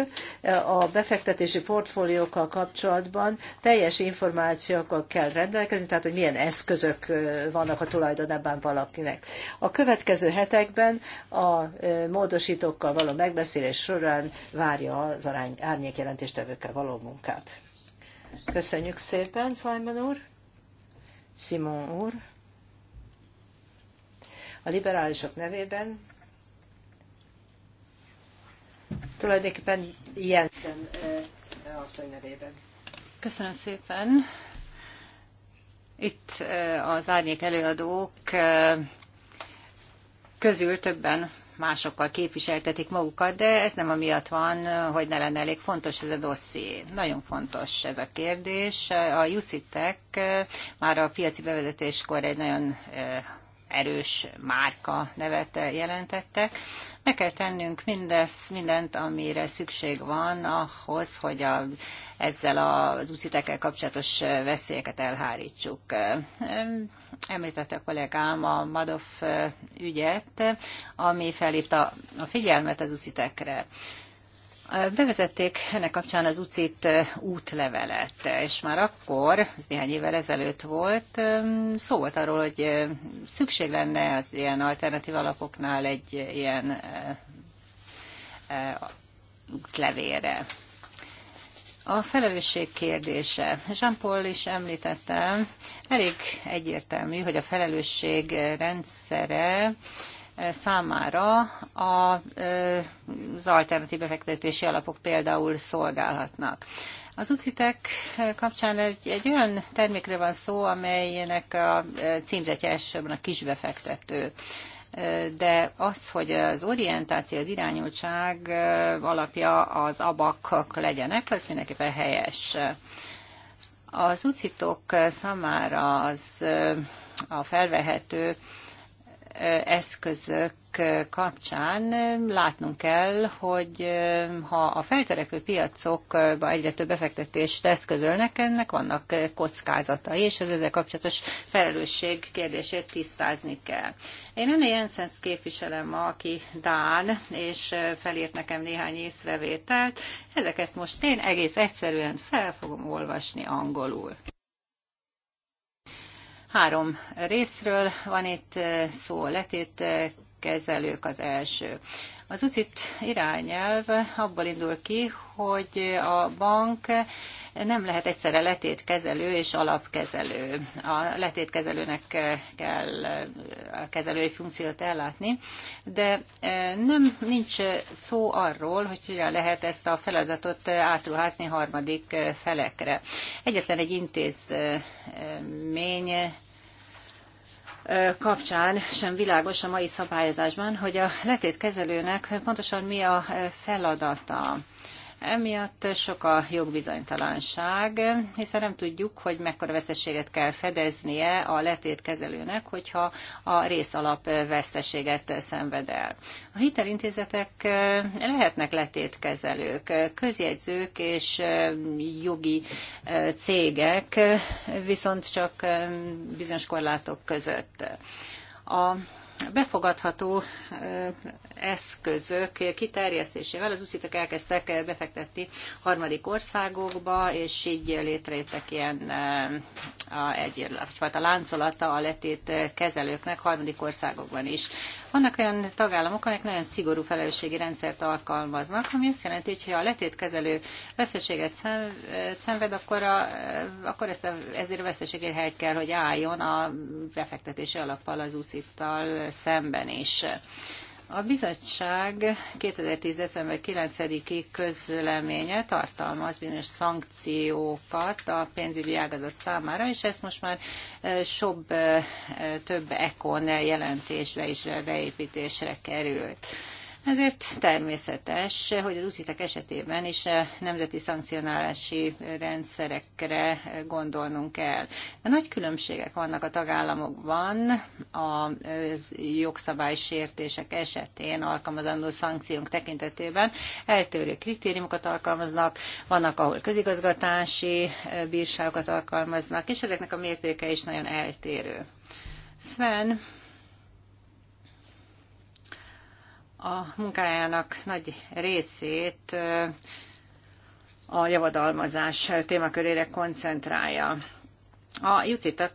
a befektetési portfóliókkal kapcsolatban teljes információkkal kell rendelkezni, tehát hogy milyen eszközök vannak a tulajdonában valakinek. A következő hetekben a módosítókkal való megbeszélés során várja az arány, árnyékjelentéstevőkkel való munkát. Köszönjük szépen, Simon úr. Simon úr. A liberálisok nevében tulajdonképpen Jensen eh, asszony nevében. Köszönöm szépen. Itt eh, az árnyék előadók eh, közül többen másokkal képviseltetik magukat, de ez nem amiatt van, hogy ne lenne elég fontos ez a dosszié. Nagyon fontos ez a kérdés. A jucitek eh, már a piaci bevezetéskor egy nagyon eh, erős márka nevet jelentettek. Meg kell tennünk mindez, mindent, amire szükség van ahhoz, hogy a, ezzel az úcitekkel kapcsolatos veszélyeket elhárítsuk. Említette a kollégám a Madoff ügyet, ami felhívta a figyelmet az ucitekre. Bevezették ennek kapcsán az UCIT eh, útlevelet, és már akkor, ez néhány évvel ezelőtt volt, eh, szó volt arról, hogy eh, szükség lenne az ilyen alternatív alapoknál egy ilyen útlevélre. A felelősség kérdése. Jean-Paul is említette, elég egyértelmű, hogy a felelősség rendszere E, számára e, az alternatív befektetési alapok például szolgálhatnak. Az UCITEK kapcsán egy, egy olyan termékre van szó, amelynek a e, címzetje elsősorban a kisbefektető de az, hogy az orientáció, az irányultság alapja az abakok legyenek, az mindenképpen helyes. Az ucitok számára az a felvehető eszközök kapcsán látnunk kell, hogy ha a feltörekvő piacokba egyre több befektetést eszközölnek, ennek vannak kockázatai, és az ezzel kapcsolatos felelősség kérdését tisztázni kell. Én Anne Jensens képviselem ma, aki Dán, és felírt nekem néhány észrevételt. Ezeket most én egész egyszerűen fel fogom olvasni angolul. Három részről van itt eh, szó, a letét eh, kezelők az első. Az UCIT irányelv abból indul ki, hogy a bank nem lehet egyszerre letétkezelő és alapkezelő. A letétkezelőnek kell a kezelői funkciót ellátni, de e, nem nincs szó arról, hogy hogyan lehet ezt a feladatot átruházni harmadik felekre. Egyetlen egy intézmény kapcsán sem világos a mai szabályozásban, hogy a letétkezelőnek pontosan mi a feladata. Emiatt sok a jogbizonytalanság, hiszen nem tudjuk, hogy mekkora veszességet kell fedeznie a letétkezelőnek, hogyha a részalap veszteséget szenved el. A hitelintézetek lehetnek letétkezelők, közjegyzők és jogi cégek, viszont csak bizonyos korlátok között. A befogadható eszközök kiterjesztésével az uszitak elkezdtek befektetni harmadik országokba, és így létrejöttek ilyen a, egy, egyfajta láncolata a letét kezelőknek harmadik országokban is. Vannak olyan tagállamok, amelyek nagyon szigorú felelősségi rendszert alkalmaznak, ami azt jelenti, hogy ha a letétkezelő veszteséget szenved, akkor, a, akkor ezt a, ezért a veszteségért helyt kell, hogy álljon a befektetési alappal az úszittal szemben is. A bizottság 2010. december 9-i közleménye tartalmaz bizonyos szankciókat a pénzügyi ágazat számára, és ezt most már e, sobb, e, több ekon jelentésre is beépítésre került. Ezért természetes, hogy az ucitek esetében is nemzeti szankcionálási rendszerekre gondolnunk kell. De nagy különbségek vannak a tagállamokban a jogszabálysértések esetén alkalmazandó szankciók tekintetében. Eltérő kritériumokat alkalmaznak, vannak, ahol közigazgatási bírságokat alkalmaznak, és ezeknek a mértéke is nagyon eltérő. Sven, a munkájának nagy részét a javadalmazás témakörére koncentrálja. A jucitak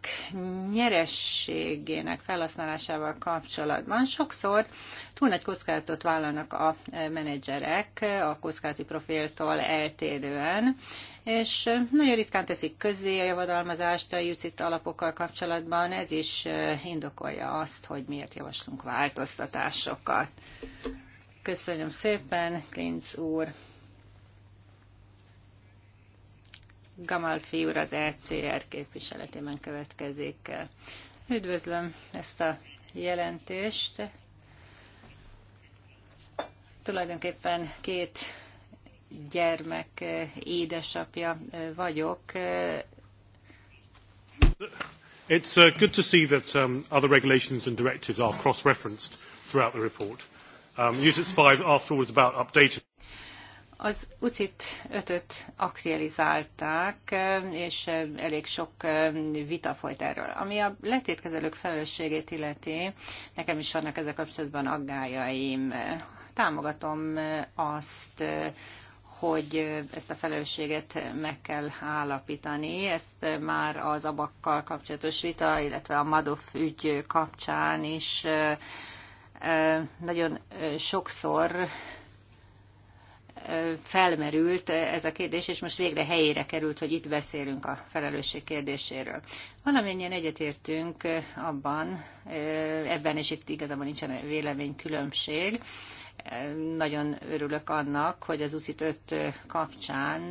nyerességének felhasználásával kapcsolatban sokszor túl nagy kockázatot vállalnak a menedzserek a kockázati profiltól eltérően, és nagyon ritkán teszik közzé a javadalmazást a jucit alapokkal kapcsolatban, ez is eh, indokolja azt, hogy miért javaslunk változtatásokat. Köszönöm szépen, Klinz úr! Gamalfi úr az ECR képviseletében következik. Üdvözlöm ezt a jelentést. Tulajdonképpen két gyermek édesapja vagyok. It's uh, good to see that um, other regulations and directives are cross-referenced throughout the report. Um, UCITS 5, after all, is about updating. Az UCIT 5-öt aktualizálták, és elég sok vita folyt erről. Ami a letétkezelők felelősségét illeti, nekem is vannak ezzel kapcsolatban aggájaim. Támogatom azt, hogy ezt a felelősséget meg kell állapítani. Ezt már az abakkal kapcsolatos vita, illetve a Madoff ügy kapcsán is eh, nagyon eh, sokszor felmerült ez a kérdés, és most végre helyére került, hogy itt beszélünk a felelősség kérdéséről. Valamennyien egyetértünk abban, ebben is itt igazából nincsen véleménykülönbség, nagyon örülök annak, hogy az UCIT 5 kapcsán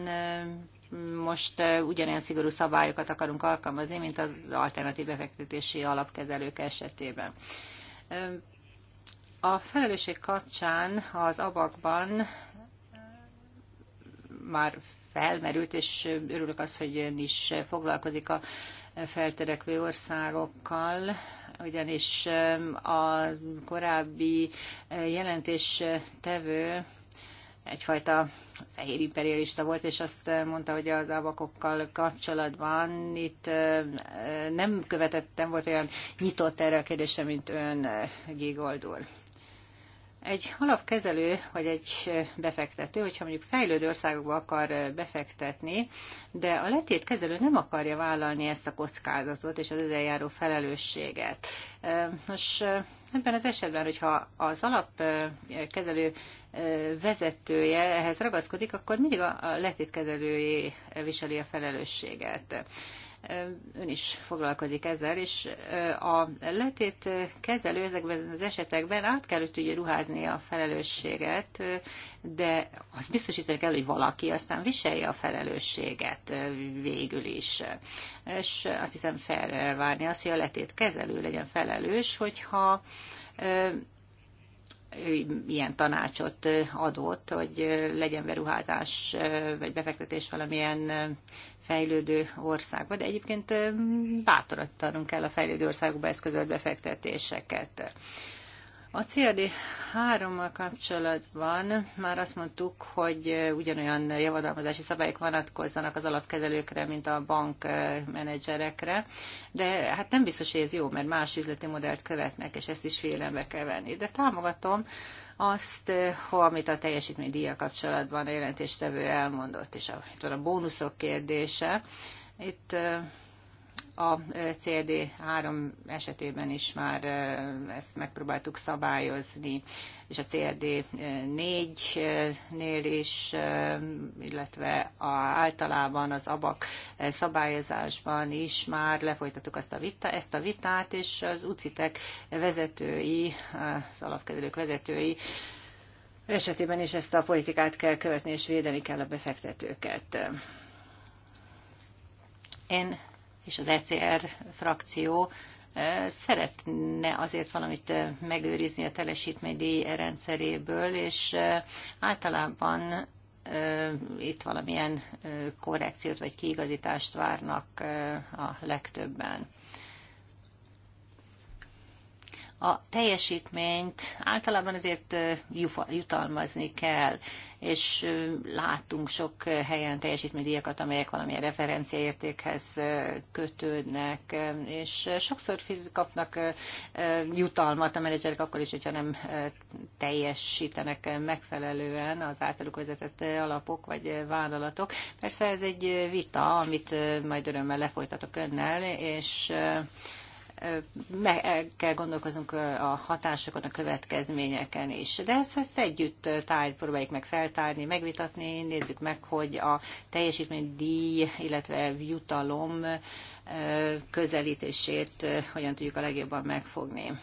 most ugyanilyen szigorú szabályokat akarunk alkalmazni, mint az alternatív befektetési alapkezelők esetében. A felelősség kapcsán az abakban már felmerült, és örülök az, hogy ön is foglalkozik a felterekvő országokkal, ugyanis a korábbi eh, tevő egyfajta fehér imperialista volt, és azt eh, mondta, hogy az abakokkal kapcsolatban itt eh, nem követettem, volt olyan nyitott erre a kérdése, mint ön, Gigold úr. Egy alapkezelő vagy egy befektető, hogyha mondjuk fejlődő országokba akar befektetni, de a letét kezelő nem akarja vállalni ezt a kockázatot és az ezzel járó felelősséget. E, Nos, e, ebben az esetben, hogyha az alapkezelő e, vezetője ehhez ragaszkodik, akkor mindig a letétkezelőjé viseli a felelősséget ön is foglalkozik ezzel, és a letét kezelő ezekben az esetekben át kellett ugye ruházni a felelősséget, de azt biztosítani kell, hogy valaki aztán viselje a felelősséget végül is. És azt hiszem fel elvárni azt, hogy a letét kezelő legyen felelős, hogyha ilyen tanácsot adott, hogy legyen beruházás vagy befektetés valamilyen fejlődő országba, de egyébként bátorítanunk kell a fejlődő országokba eszközölt befektetéseket. A CLD 3-mal kapcsolatban már azt mondtuk, hogy ugyanolyan javadalmazási szabályok vonatkozzanak az alapkezelőkre, mint a bankmenedzserekre, eh, de hát nem biztos, hogy ez jó, mert más üzleti modellt követnek, és ezt is félembe kell venni. De támogatom azt, eh, amit a teljesítménydíja kapcsolatban a jelentéstevő elmondott, és a, a bónuszok kérdése. Itt eh, a eh, cd 3 esetében is már eh, ezt megpróbáltuk szabályozni, és a cd 4 eh, nél is, illetve a, általában az ABAK szabályozásban is már lefolytattuk azt a vita, ezt a vitát, és az UCITEK vezetői, az alapkezelők vezetői esetében is ezt a politikát kell követni, és védeni kell a befektetőket. Én és az ECR frakció szeretne azért valamit megőrizni a telesítménydíj rendszeréből, és általában itt valamilyen korrekciót vagy kiigazítást várnak a legtöbben. A teljesítményt általában azért jutalmazni kell, és láttunk sok helyen teljesítménydíjakat, amelyek valamilyen referenciaértékhez kötődnek, és sokszor kapnak jutalmat a menedzserek akkor is, hogyha nem teljesítenek megfelelően az általuk vezetett alapok vagy vállalatok. Persze ez egy vita, amit majd örömmel lefolytatok önnel, és meg kell gondolkoznunk a hatásokon, a következményeken is. De ezt, ezt együtt tárgy, próbáljuk meg feltárni, megvitatni, nézzük meg, hogy a díj, illetve jutalom közelítését hogyan tudjuk a legjobban megfogni.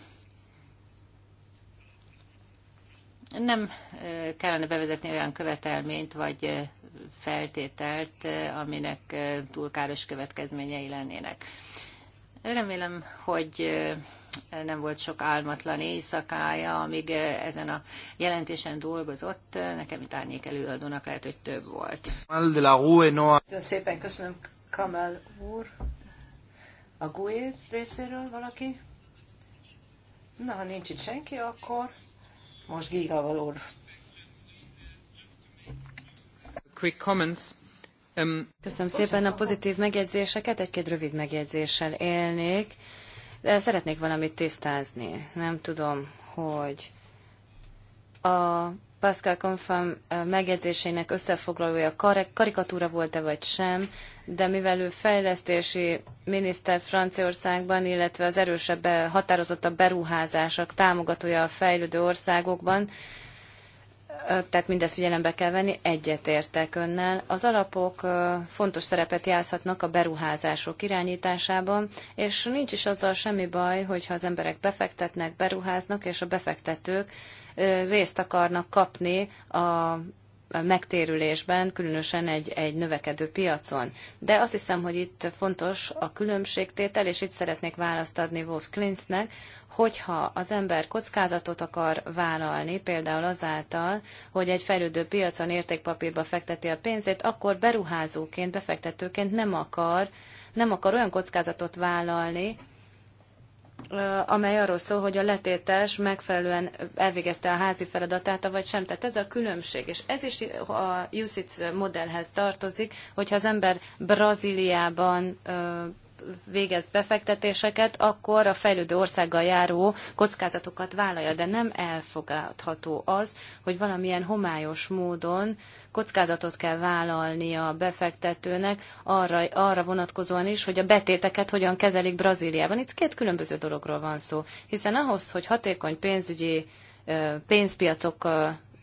Nem kellene bevezetni olyan követelményt vagy feltételt, aminek túl káros következményei lennének. Remélem, hogy nem volt sok álmatlan éjszakája, amíg ezen a jelentésen dolgozott. Nekem, mint árnyék előadónak lehet, hogy több volt. Nagyon szépen köszönöm, Kamel úr. A GUE részéről valaki? Na, ha nincs itt senki, akkor most Giga úr. Quick comments. Köszönöm szépen a pozitív megjegyzéseket, egy-két rövid megjegyzéssel élnék, de szeretnék valamit tisztázni. Nem tudom, hogy a Pascal Confam megjegyzésének összefoglalója karikatúra volt-e vagy sem, de mivel ő fejlesztési miniszter Franciaországban, illetve az erősebb, határozottabb beruházások támogatója a fejlődő országokban, tehát mindezt figyelembe kell venni, egyetértek önnel. Az alapok fontos szerepet játszhatnak a beruházások irányításában, és nincs is azzal semmi baj, hogyha az emberek befektetnek, beruháznak, és a befektetők részt akarnak kapni a megtérülésben, különösen egy, egy növekedő piacon. De azt hiszem, hogy itt fontos a különbségtétel, és itt szeretnék választ adni Wolf Klinznek, hogyha az ember kockázatot akar vállalni, például azáltal, hogy egy fejlődő piacon értékpapírba fekteti a pénzét, akkor beruházóként, befektetőként nem akar, nem akar olyan kockázatot vállalni, amely arról szól, hogy a letétes megfelelően elvégezte a házi feladatát, vagy sem. Tehát ez a különbség, és ez is a USITS modellhez tartozik, hogyha az ember Brazíliában végez befektetéseket, akkor a fejlődő országgal járó kockázatokat vállalja, de nem elfogadható az, hogy valamilyen homályos módon kockázatot kell vállalni a befektetőnek arra, arra vonatkozóan is, hogy a betéteket hogyan kezelik Brazíliában. Itt két különböző dologról van szó, hiszen ahhoz, hogy hatékony pénzügyi pénzpiacok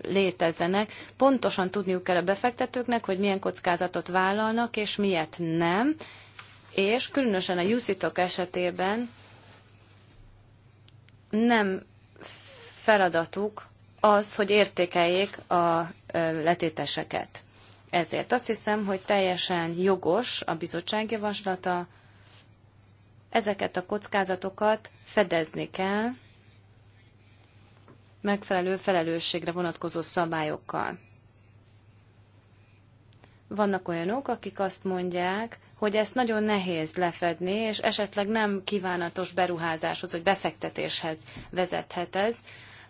létezzenek, pontosan tudniuk kell a befektetőknek, hogy milyen kockázatot vállalnak, és miért nem, és különösen a Jusitok esetében nem feladatuk az, hogy értékeljék a letéteseket. Ezért azt hiszem, hogy teljesen jogos a bizottság javaslata, ezeket a kockázatokat fedezni kell megfelelő felelősségre vonatkozó szabályokkal. Vannak olyanok, akik azt mondják, hogy ezt nagyon nehéz lefedni, és esetleg nem kívánatos beruházáshoz vagy befektetéshez vezethet ez,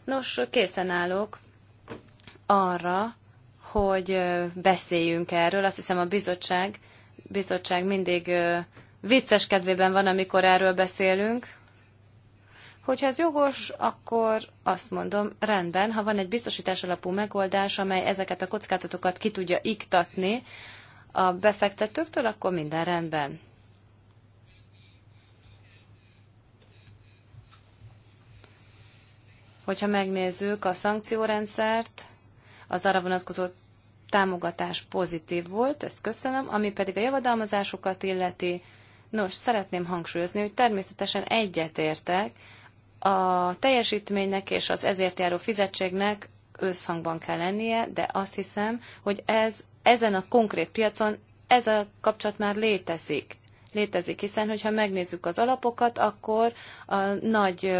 Nos, készen állok arra, hogy beszéljünk erről. Azt hiszem a bizottság, bizottság mindig vicces kedvében van, amikor erről beszélünk. Hogyha ez jogos, akkor azt mondom, rendben, ha van egy biztosítás alapú megoldás, amely ezeket a kockázatokat ki tudja iktatni a befektetőktől, akkor minden rendben. Hogyha megnézzük a szankciórendszert, az arra vonatkozó támogatás pozitív volt, ezt köszönöm, ami pedig a javadalmazásokat illeti. Nos, szeretném hangsúlyozni, hogy természetesen egyetértek, a teljesítménynek és az ezért járó fizetségnek összhangban kell lennie, de azt hiszem, hogy ez ezen a konkrét piacon ez a kapcsolat már létezik. Létezik, hiszen hogyha megnézzük az alapokat, akkor a nagy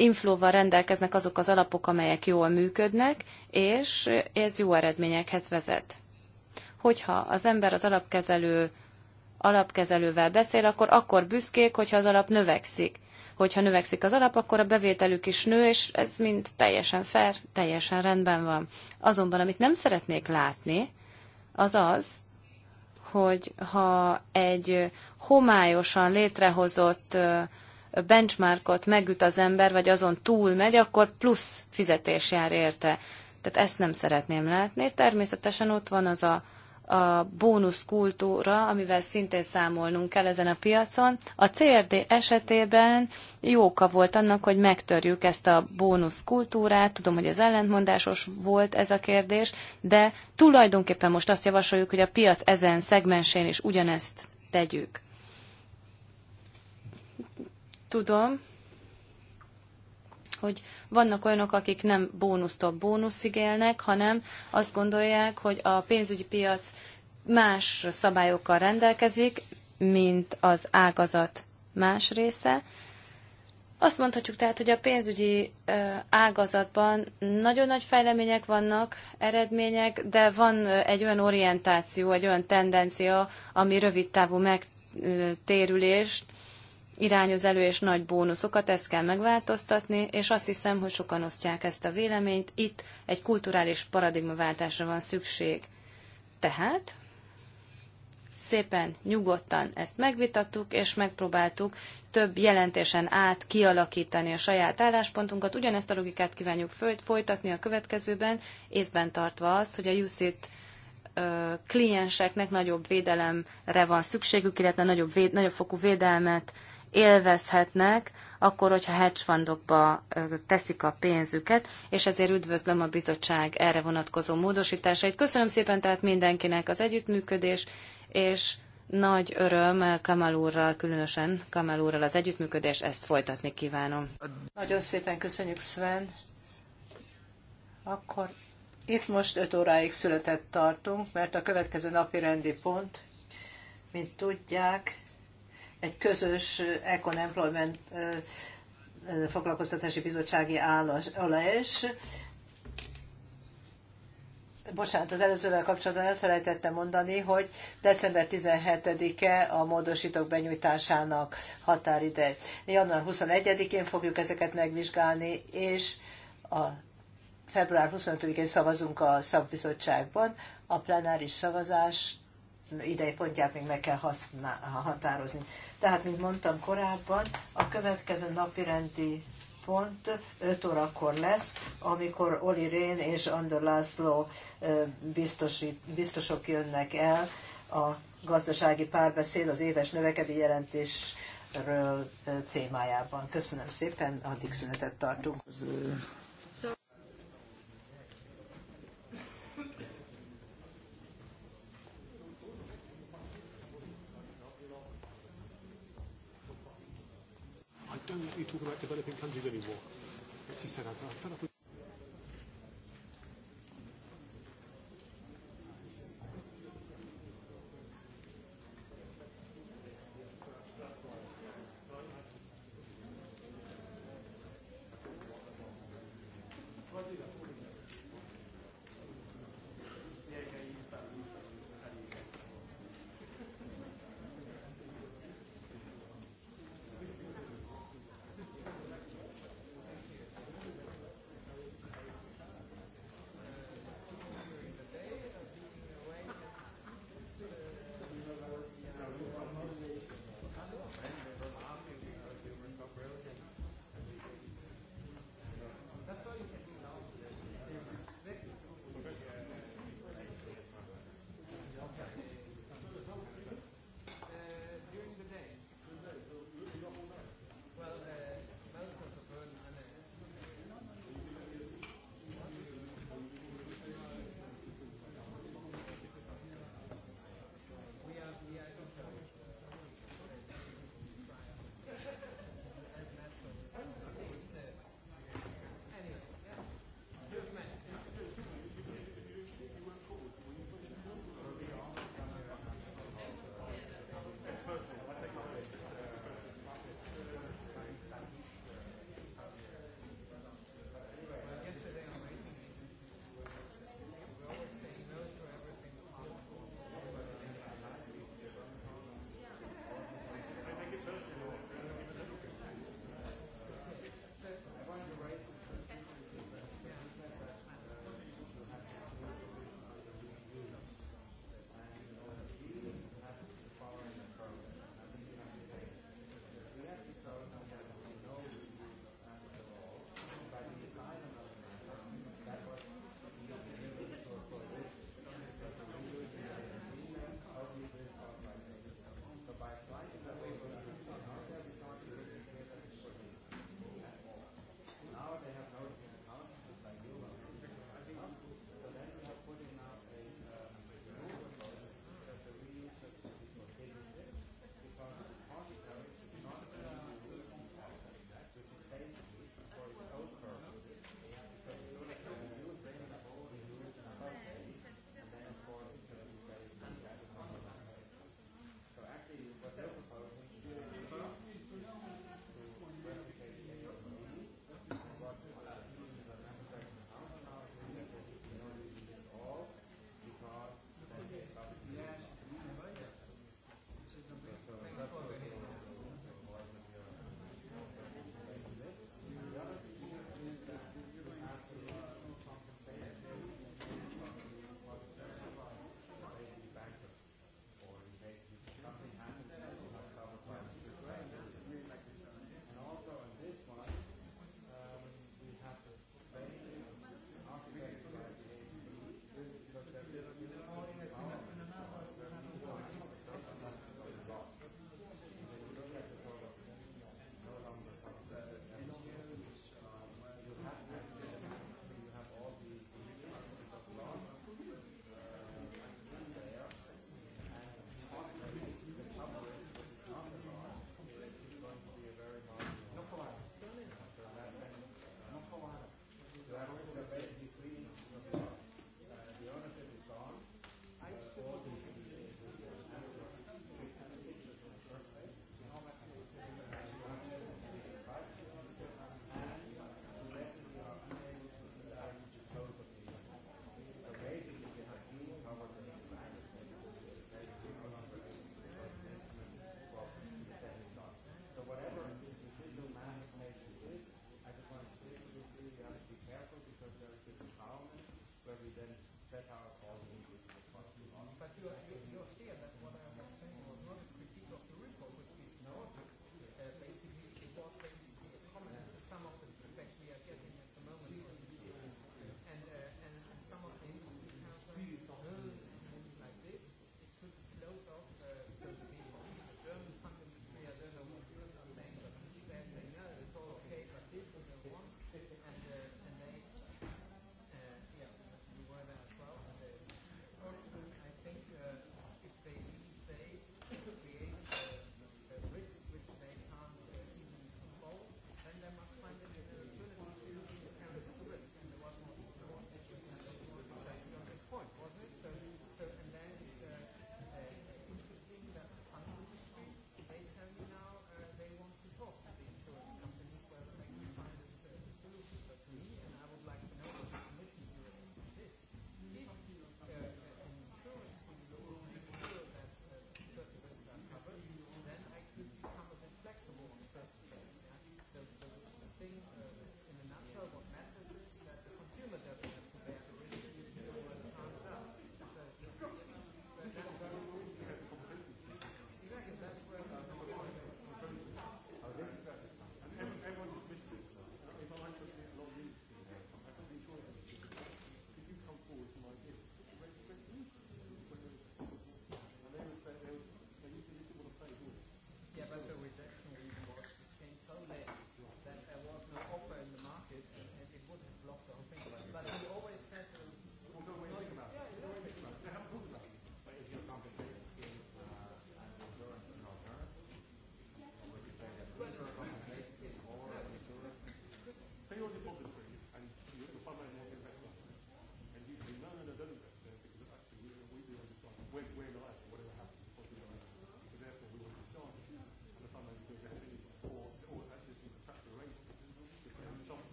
inflóval rendelkeznek azok az alapok, amelyek jól működnek, és ez jó eredményekhez vezet. Hogyha az ember az alapkezelő alapkezelővel beszél, akkor akkor büszkék, hogyha az alap növekszik. Hogyha növekszik az alap, akkor a bevételük is nő, és ez mind teljesen fair, teljesen rendben van. Azonban, amit nem szeretnék látni, az az, hogy ha egy homályosan létrehozott benchmarkot megüt az ember, vagy azon túl megy, akkor plusz fizetés jár érte. Tehát ezt nem szeretném látni. Természetesen ott van az a, a bónusz kultúra, amivel szintén számolnunk kell ezen a piacon. A CRD esetében jóka volt annak, hogy megtörjük ezt a bónusz kultúrát. Tudom, hogy ez ellentmondásos volt ez a kérdés, de tulajdonképpen most azt javasoljuk, hogy a piac ezen szegmensén is ugyanezt tegyük. Tudom, hogy vannak olyanok, akik nem bónusztól bónuszig élnek, hanem azt gondolják, hogy a pénzügyi piac más szabályokkal rendelkezik, mint az ágazat más része. Azt mondhatjuk tehát, hogy a pénzügyi ágazatban nagyon nagy fejlemények vannak, eredmények, de van egy olyan orientáció, egy olyan tendencia, ami rövid távú megtérülést, irányoz elő, és nagy bónuszokat, ezt kell megváltoztatni, és azt hiszem, hogy sokan osztják ezt a véleményt. Itt egy kulturális paradigmaváltásra van szükség. Tehát szépen, nyugodtan ezt megvitattuk, és megpróbáltuk több jelentésen át kialakítani a saját álláspontunkat. Ugyanezt a logikát kívánjuk folytatni a következőben, észben tartva azt, hogy a UCIT klienseknek nagyobb védelemre van szükségük, illetve nagyobb, véd, nagyobb fokú védelmet élvezhetnek, akkor, hogyha hedge fundokba teszik a pénzüket, és ezért üdvözlöm a bizottság erre vonatkozó módosításait. Köszönöm szépen tehát mindenkinek az együttműködés, és nagy öröm Kamal úrral, különösen Kamal úrral az együttműködés, ezt folytatni kívánom. Nagyon szépen köszönjük, Sven. Akkor itt most 5 óráig született tartunk, mert a következő napi rendi pont, mint tudják, egy közös Econ Employment foglalkoztatási bizottsági állás, bocsánat, az előzővel kapcsolatban elfelejtettem mondani, hogy december 17-e a módosítók benyújtásának határide. Január 21-én fogjuk ezeket megvizsgálni, és a február 25-én szavazunk a szakbizottságban. A plenáris szavazás pontját még meg kell használ, határozni. Tehát, mint mondtam korábban, a következő napi rendi pont 5 órakor lesz, amikor Oli Rén és Andor László biztosít, biztosok jönnek el a gazdasági párbeszéd az éves növekedi jelentésről témájában. Köszönöm szépen, addig szünetet tartunk. don't be talking about developing countries anymore. She said, I fed up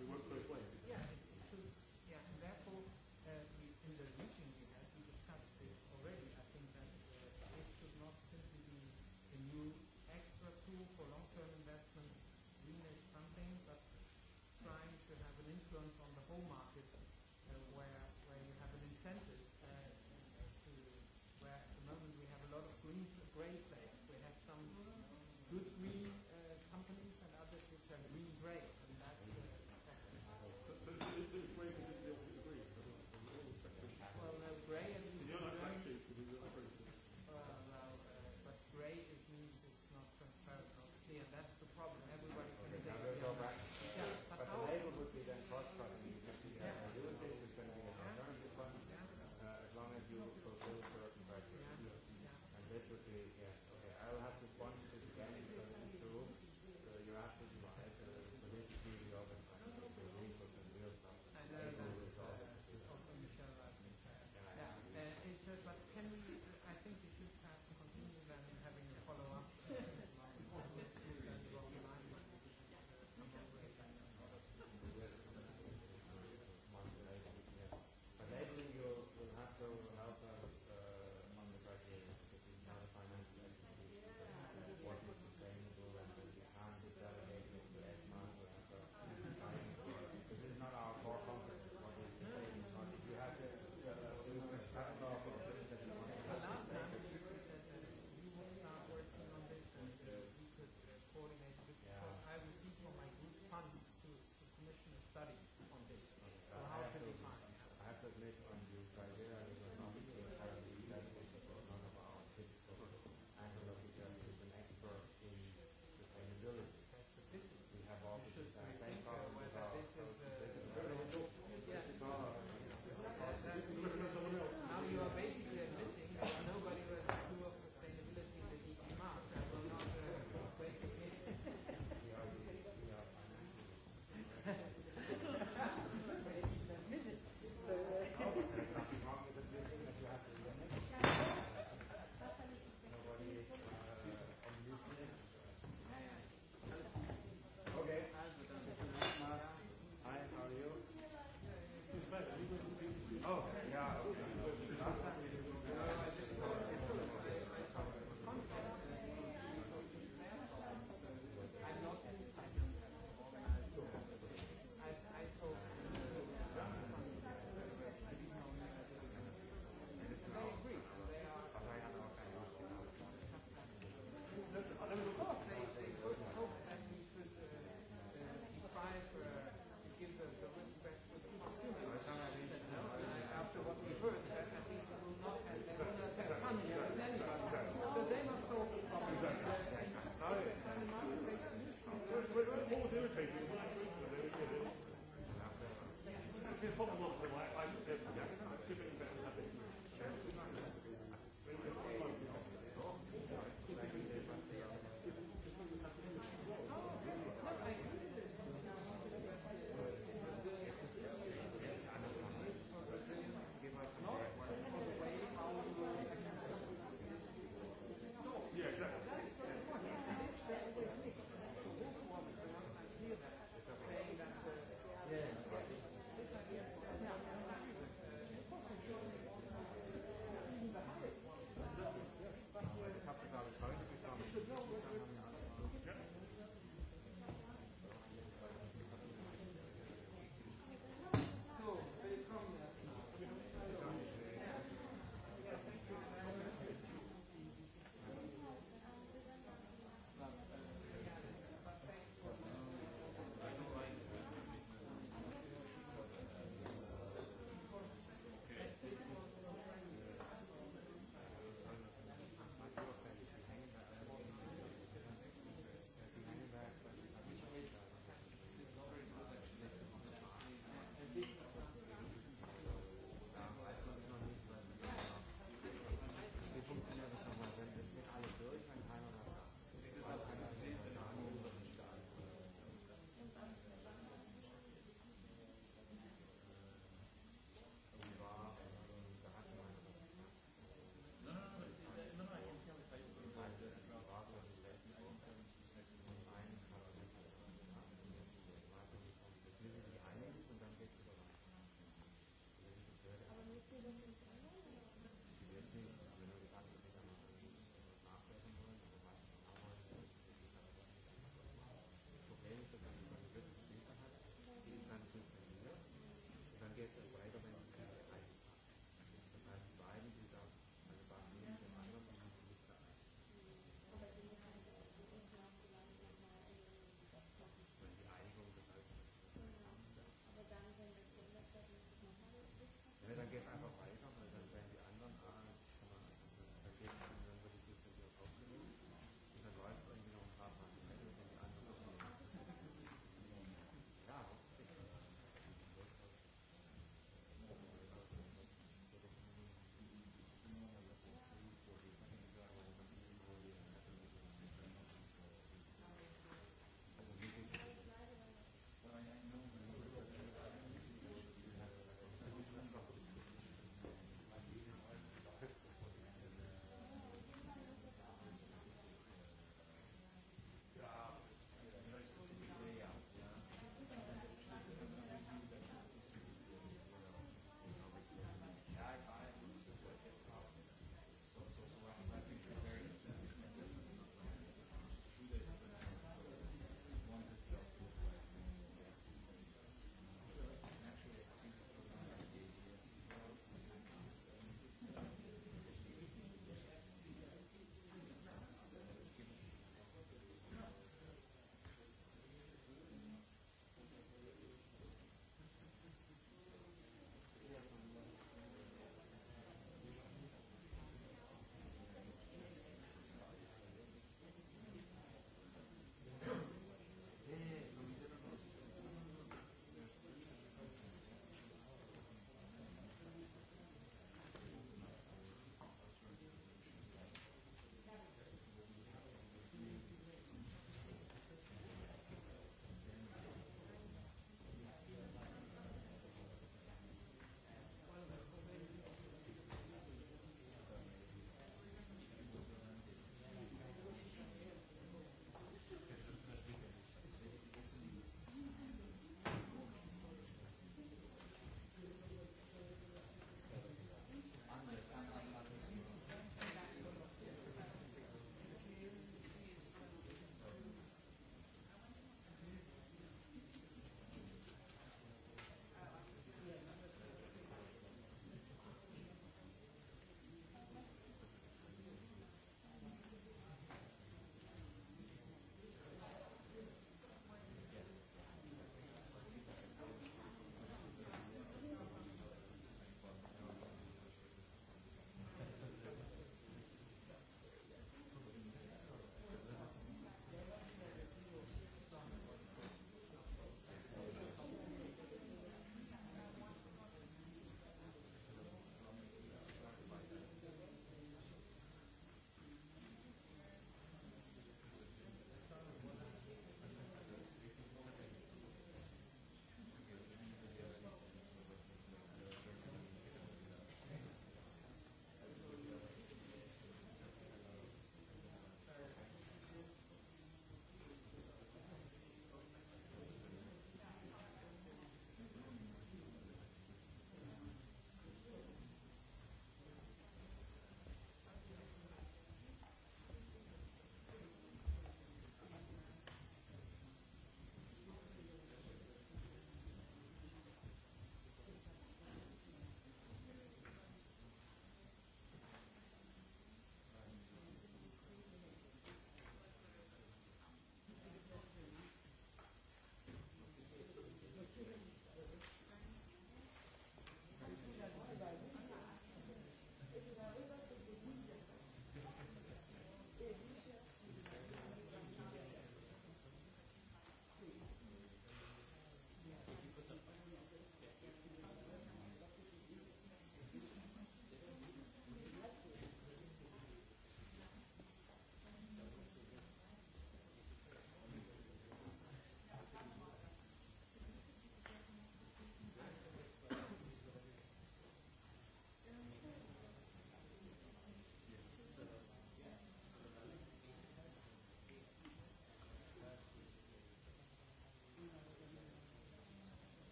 They work both ways. Yeah. So, yeah. And therefore, uh, in the meeting we had, we discussed this already. I think that uh, this should not simply be a new extra tool for long-term investment. Green is something, but trying to have an influence on the whole market uh, where, where you have an incentive uh, uh to where at the moment we have a lot of green gray play kötőjéket probably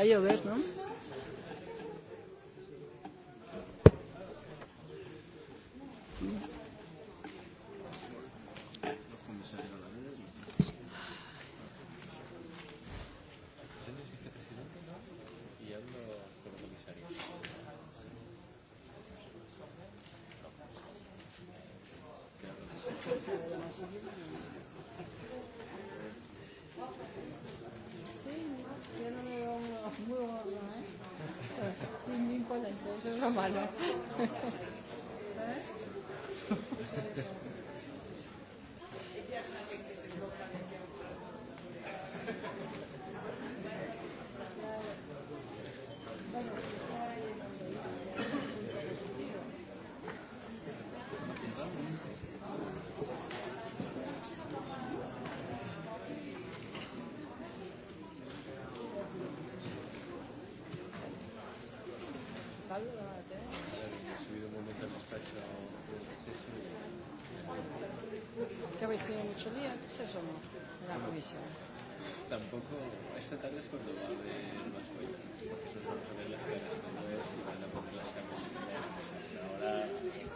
Va a llover, ¿no? habéis tenido mucho lío entonces o no en la comisión? Tampoco, esta tarde es cuando va eh, a haber más huellas, porque nos vamos a las caras todas y van a poner las camisetas. ahora. Eh,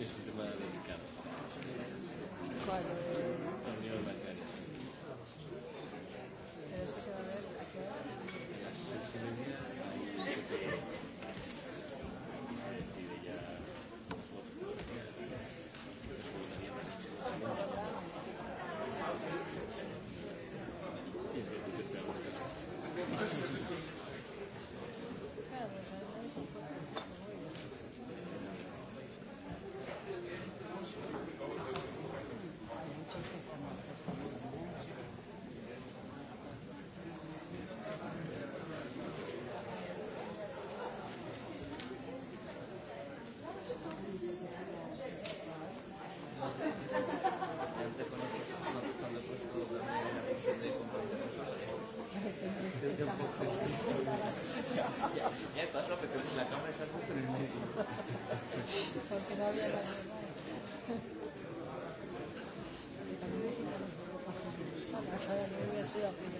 es un tema delicado. ¿Cuál? La unión bancaria. Pero eso se va a ver a qué hora. A las seis y media hay. Cierto, eso, pero la cámara está justo en el medio. Porque no había nadie más.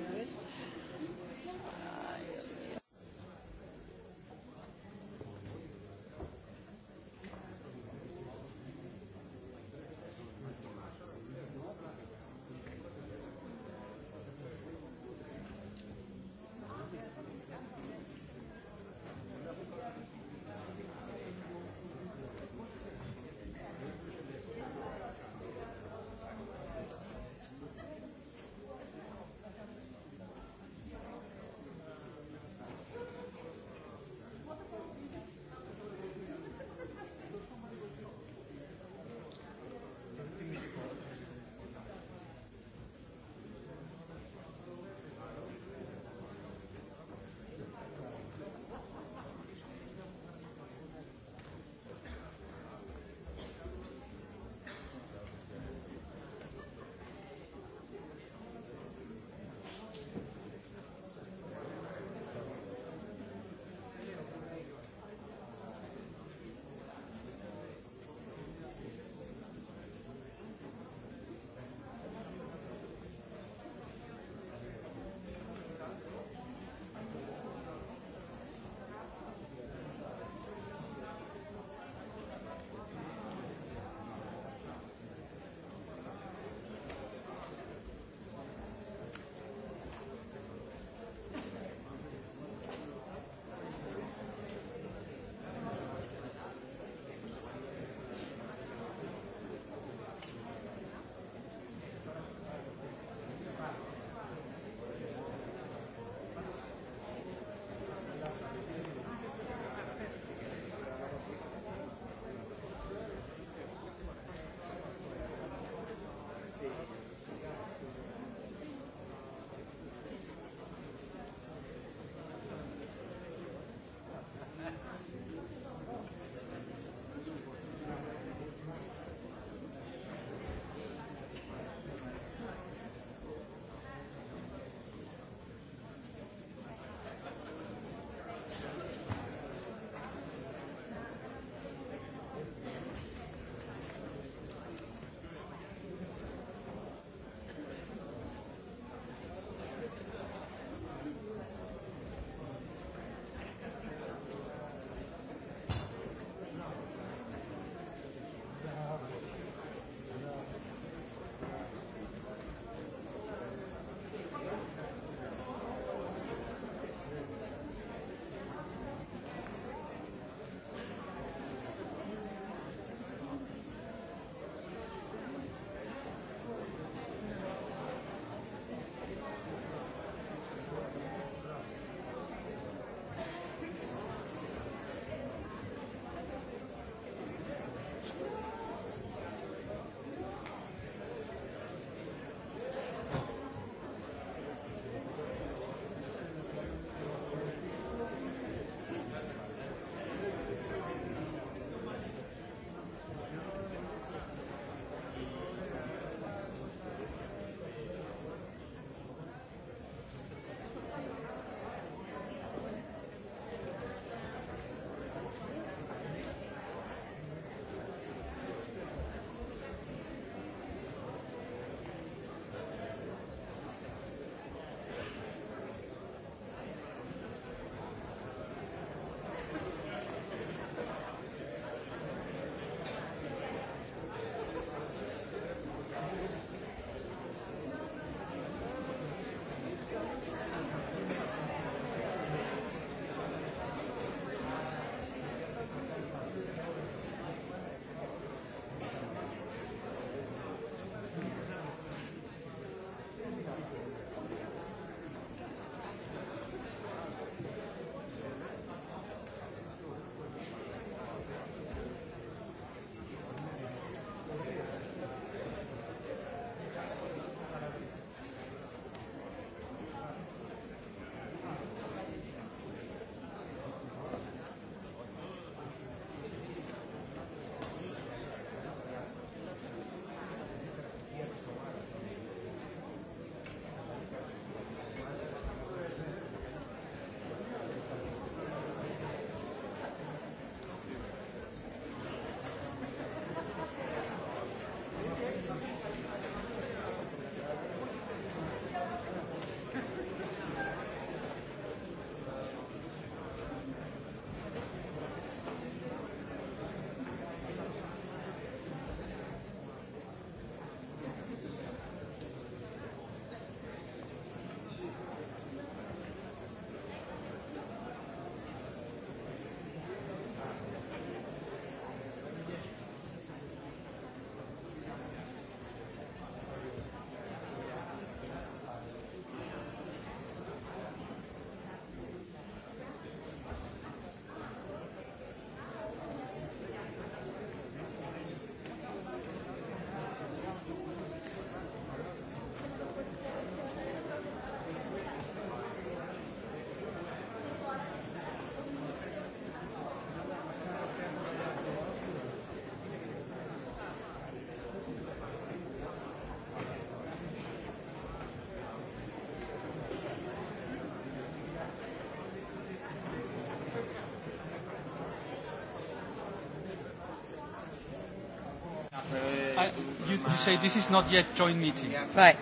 you, you say this is not yet joint meeting. Right.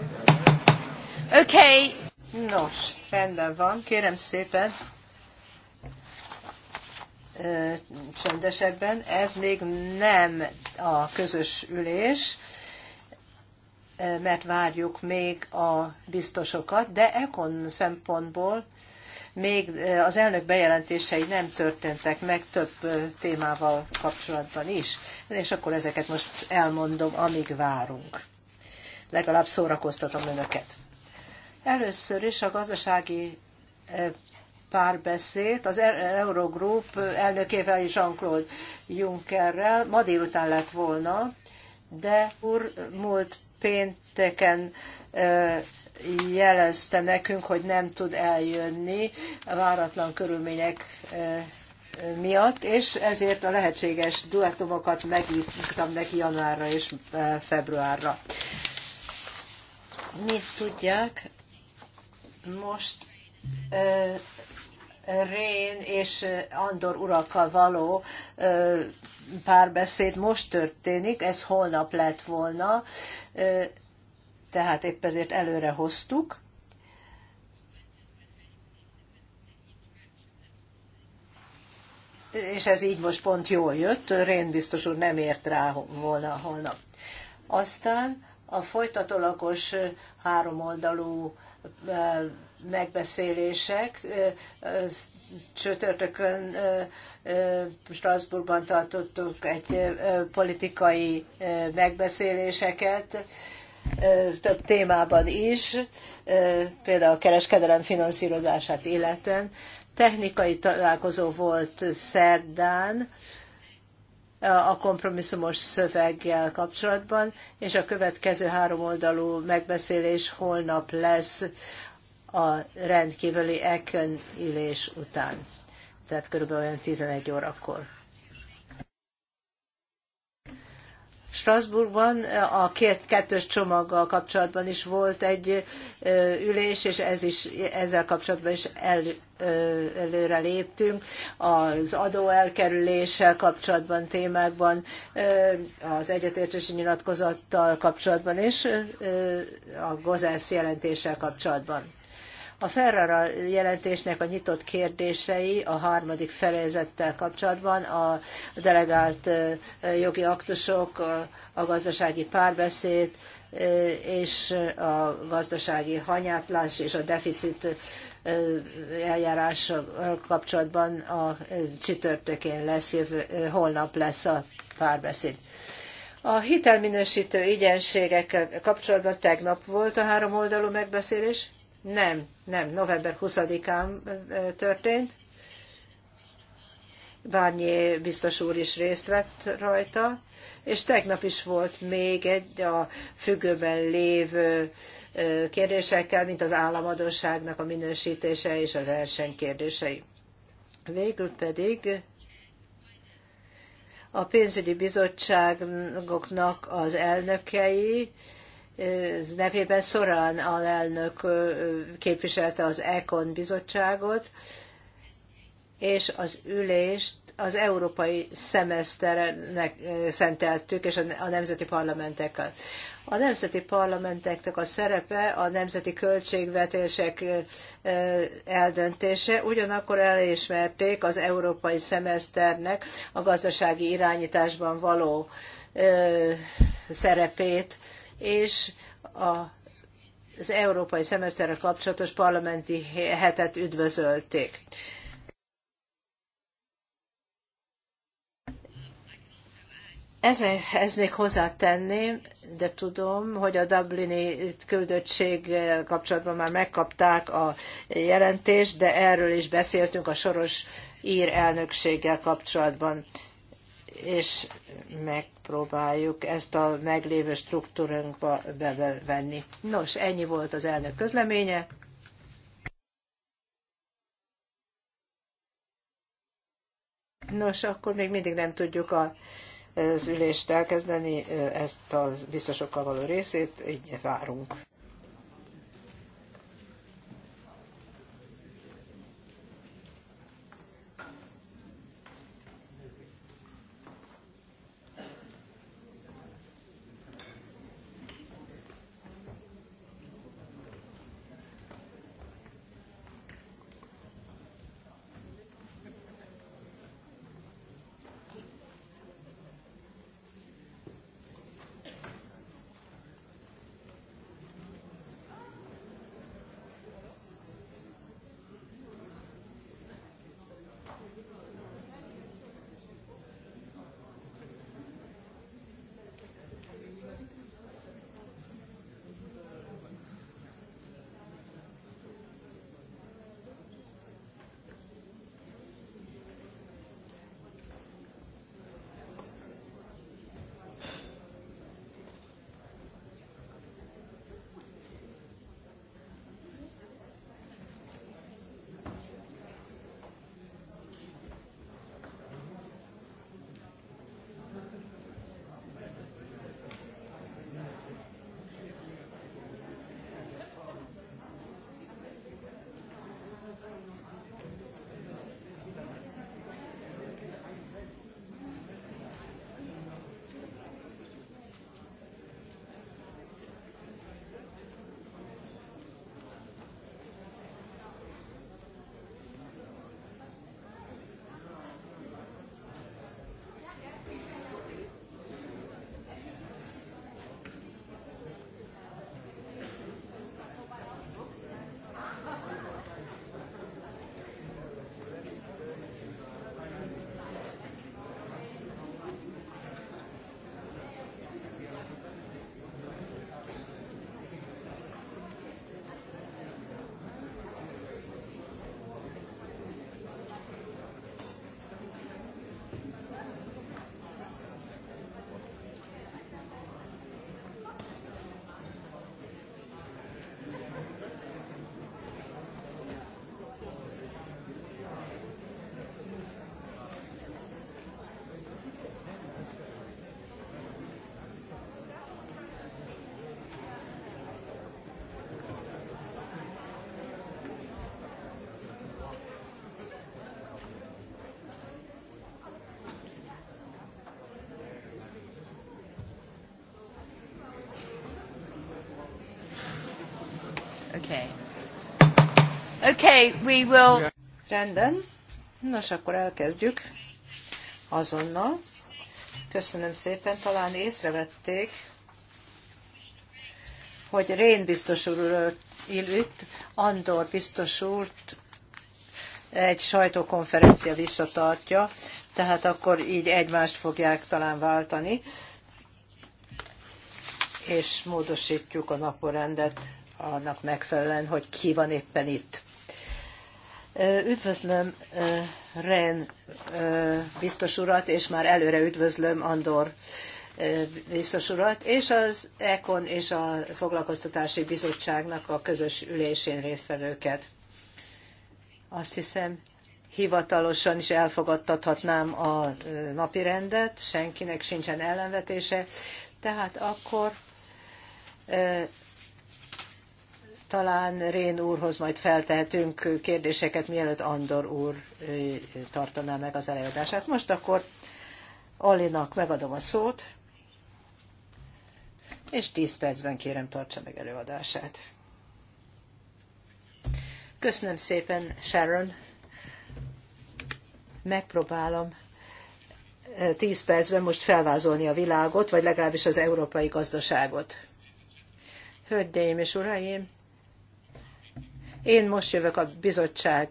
Okay. Nos, rendben van. Kérem szépen, Csendesebben, Ez még nem a közös ülés, mert várjuk még a biztosokat, de ekon szempontból még az elnök bejelentései nem történtek meg több témával kapcsolatban is, és akkor ezeket most elmondom, amíg várunk. Legalább szórakoztatom önöket. Először is a gazdasági párbeszéd az e-, Eurogroup elnökével, Jean-Claude Junckerrel ma délután lett volna, de úr múlt pénteken jelezte nekünk, hogy nem tud eljönni a váratlan körülmények eh, miatt, és ezért a lehetséges duetumokat megírtam neki januárra és eh, februárra. Mint tudják, most eh, Rén és Andor urakkal való párbeszéd most történik, ez holnap lett volna, tehát épp ezért előre hoztuk. És ez így most pont jól jött, Rén biztos úr nem ért rá volna holnap. Aztán a folytatólagos háromoldalú megbeszélések csütörtökön Strasbourgban tartottuk egy politikai megbeszéléseket, több témában is, például a kereskedelem finanszírozását életen. Technikai találkozó volt szerdán a kompromisszumos szöveggel kapcsolatban, és a következő háromoldalú megbeszélés holnap lesz a rendkívüli ECON ülés után, tehát körülbelül olyan 11 órakor. Strasbourgban a két, kettős csomaggal kapcsolatban is volt egy ülés, és ez is, ezzel kapcsolatban is el, előre léptünk. Az adóelkerüléssel kapcsolatban, témákban, az egyetértési nyilatkozattal kapcsolatban és a gozász jelentéssel kapcsolatban. A Ferrara jelentésnek a nyitott kérdései a harmadik fejezettel kapcsolatban, a delegált jogi aktusok, a gazdasági párbeszéd, és a gazdasági hanyátlás és a deficit eljárás kapcsolatban a csütörtökén lesz, jövő, holnap lesz a párbeszéd. A hitelminősítő igyenségekkel kapcsolatban tegnap volt a három oldalú megbeszélés? Nem nem, november 20-án történt. Bárnyi biztos úr is részt vett rajta, és tegnap is volt még egy a függőben lévő kérdésekkel, mint az államadóságnak a minősítése és a verseny kérdései. Végül pedig a pénzügyi bizottságoknak az elnökei nevében Szorán alelnök képviselte az ECON bizottságot, és az ülést az európai szemeszternek szenteltük, és a nemzeti parlamentekkel. A nemzeti parlamenteknek a szerepe a nemzeti költségvetések eldöntése, ugyanakkor elismerték az európai szemeszternek a gazdasági irányításban való szerepét, és a az európai szemeszterre kapcsolatos parlamenti hetet üdvözölték. Ez, ez még hozzátenném, de tudom, hogy a Dublini küldöttség kapcsolatban már megkapták a jelentést, de erről is beszéltünk a soros ír elnökséggel kapcsolatban, és meg Próbáljuk ezt a meglévő struktúránkba bevenni. Nos, ennyi volt az elnök közleménye. Nos, akkor még mindig nem tudjuk a, az ülést elkezdeni, ezt a biztosokkal való részét, így várunk. Okay, we will... Rendben. Nos, akkor elkezdjük azonnal. Köszönöm szépen, talán észrevették, hogy Rén biztos úr itt, Andor biztos úrt egy sajtókonferencia visszatartja, tehát akkor így egymást fogják talán váltani, és módosítjuk a naporendet annak megfelelően, hogy ki van éppen itt. Üdvözlöm Ren biztos urat, és már előre üdvözlöm Andor biztos urat, és az ECON és a Foglalkoztatási Bizottságnak a közös ülésén résztvevőket. Azt hiszem, hivatalosan is elfogadtathatnám a napi rendet, senkinek sincsen ellenvetése, tehát akkor talán Rén úrhoz majd feltehetünk kérdéseket, mielőtt Andor úr tartaná meg az előadását. Most akkor Alinak megadom a szót, és 10 percben kérem tartsa meg előadását. Köszönöm szépen, Sharon. Megpróbálom 10 percben most felvázolni a világot, vagy legalábbis az európai gazdaságot. Hölgyeim és uraim, én most jövök a bizottság,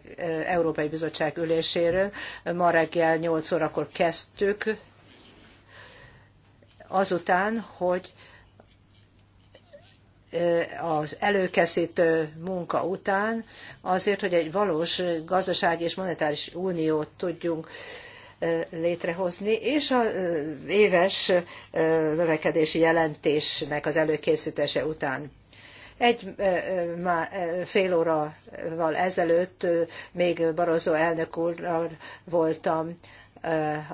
Európai Bizottság üléséről. Ma reggel 8 órakor kezdtük, azután, hogy az előkészítő munka után, azért, hogy egy valós gazdasági és monetáris uniót tudjunk létrehozni, és az éves növekedési jelentésnek az előkészítése után. Egy fél óraval ezelőtt még Barozó elnök úrral voltam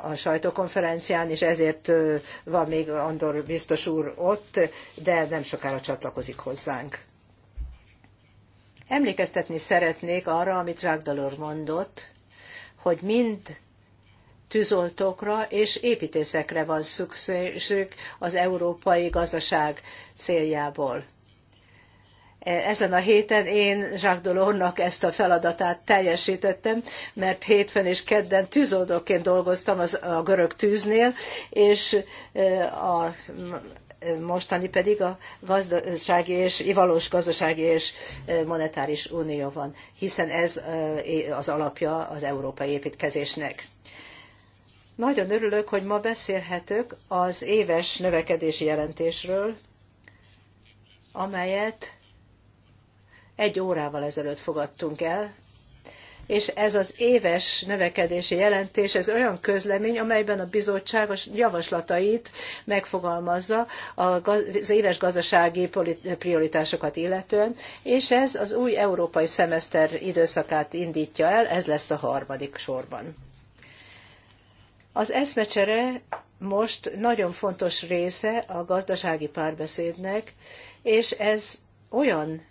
a sajtókonferencián, és ezért van még Andor biztos úr ott, de nem sokára csatlakozik hozzánk. Emlékeztetni szeretnék arra, amit Rágdalor mondott, hogy mind tűzoltókra és építészekre van szükség az európai gazdaság céljából ezen a héten én Jacques Delornak ezt a feladatát teljesítettem, mert hétfőn és kedden tűzoldóként dolgoztam az, a görög tűznél, és a mostani pedig a gazdasági és valós gazdasági és monetáris unió van, hiszen ez az alapja az európai építkezésnek. Nagyon örülök, hogy ma beszélhetök az éves növekedési jelentésről, amelyet egy órával ezelőtt fogadtunk el, és ez az éves növekedési jelentés, ez olyan közlemény, amelyben a bizottság javaslatait megfogalmazza az éves gazdasági prioritásokat illetően, és ez az új európai szemeszter időszakát indítja el, ez lesz a harmadik sorban. Az eszmecsere most nagyon fontos része a gazdasági párbeszédnek, és ez olyan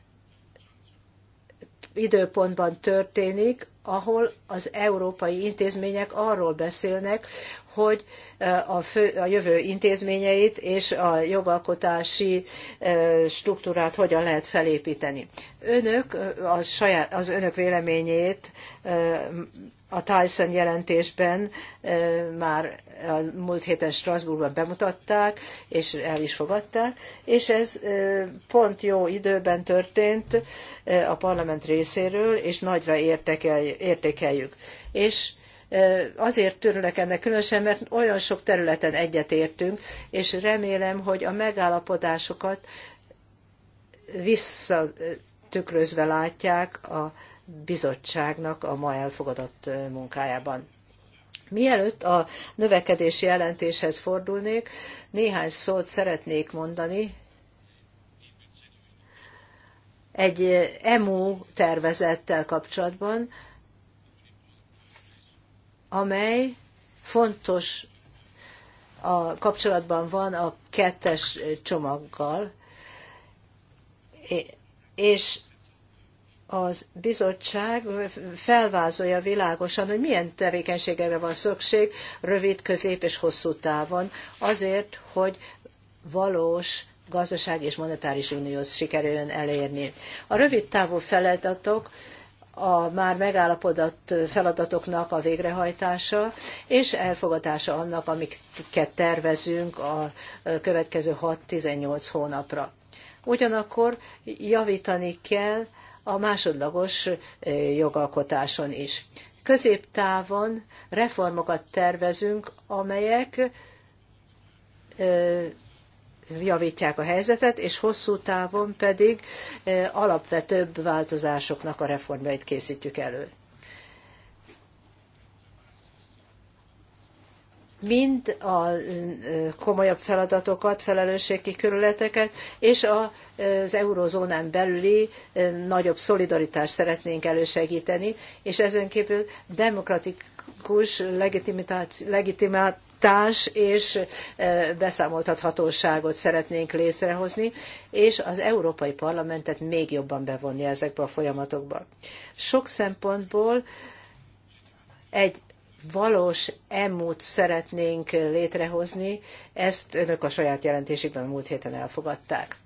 időpontban történik, ahol az európai intézmények arról beszélnek, hogy e, a, fő, a jövő intézményeit és a jogalkotási e, struktúrát hogyan lehet felépíteni. Önök e, az, saját, az önök véleményét a Tyson jelentésben már a múlt héten Strasbourgban bemutatták, és el is fogadták, és ez pont jó időben történt a parlament részéről, és nagyra értékeljük. És azért törülök ennek különösen, mert olyan sok területen egyetértünk, és remélem, hogy a megállapodásokat visszatükrözve látják a bizottságnak a ma elfogadott munkájában. Mielőtt a növekedési jelentéshez fordulnék, néhány szót szeretnék mondani egy EMU tervezettel kapcsolatban, amely fontos a kapcsolatban van a kettes csomaggal, és az bizottság felvázolja világosan, hogy milyen tevékenységekre van szükség rövid, közép és hosszú távon, azért, hogy valós gazdaság és monetáris uniót sikerüljön elérni. A rövid távú feladatok a már megállapodott feladatoknak a végrehajtása és elfogadása annak, amiket tervezünk a következő 6-18 hónapra. Ugyanakkor javítani kell a másodlagos jogalkotáson is. Középtávon reformokat tervezünk, amelyek javítják a helyzetet, és hosszú távon pedig alapvetőbb változásoknak a reformjait készítjük elő. mind a komolyabb feladatokat, felelősségi körületeket, és az eurozónán belüli nagyobb szolidaritást szeretnénk elősegíteni, és ezen kívül demokratikus legitimitás és beszámoltathatóságot szeretnénk létrehozni, és az Európai Parlamentet még jobban bevonni ezekbe a folyamatokba. Sok szempontból egy valós emút szeretnénk létrehozni, ezt önök a saját jelentésükben a múlt héten elfogadták.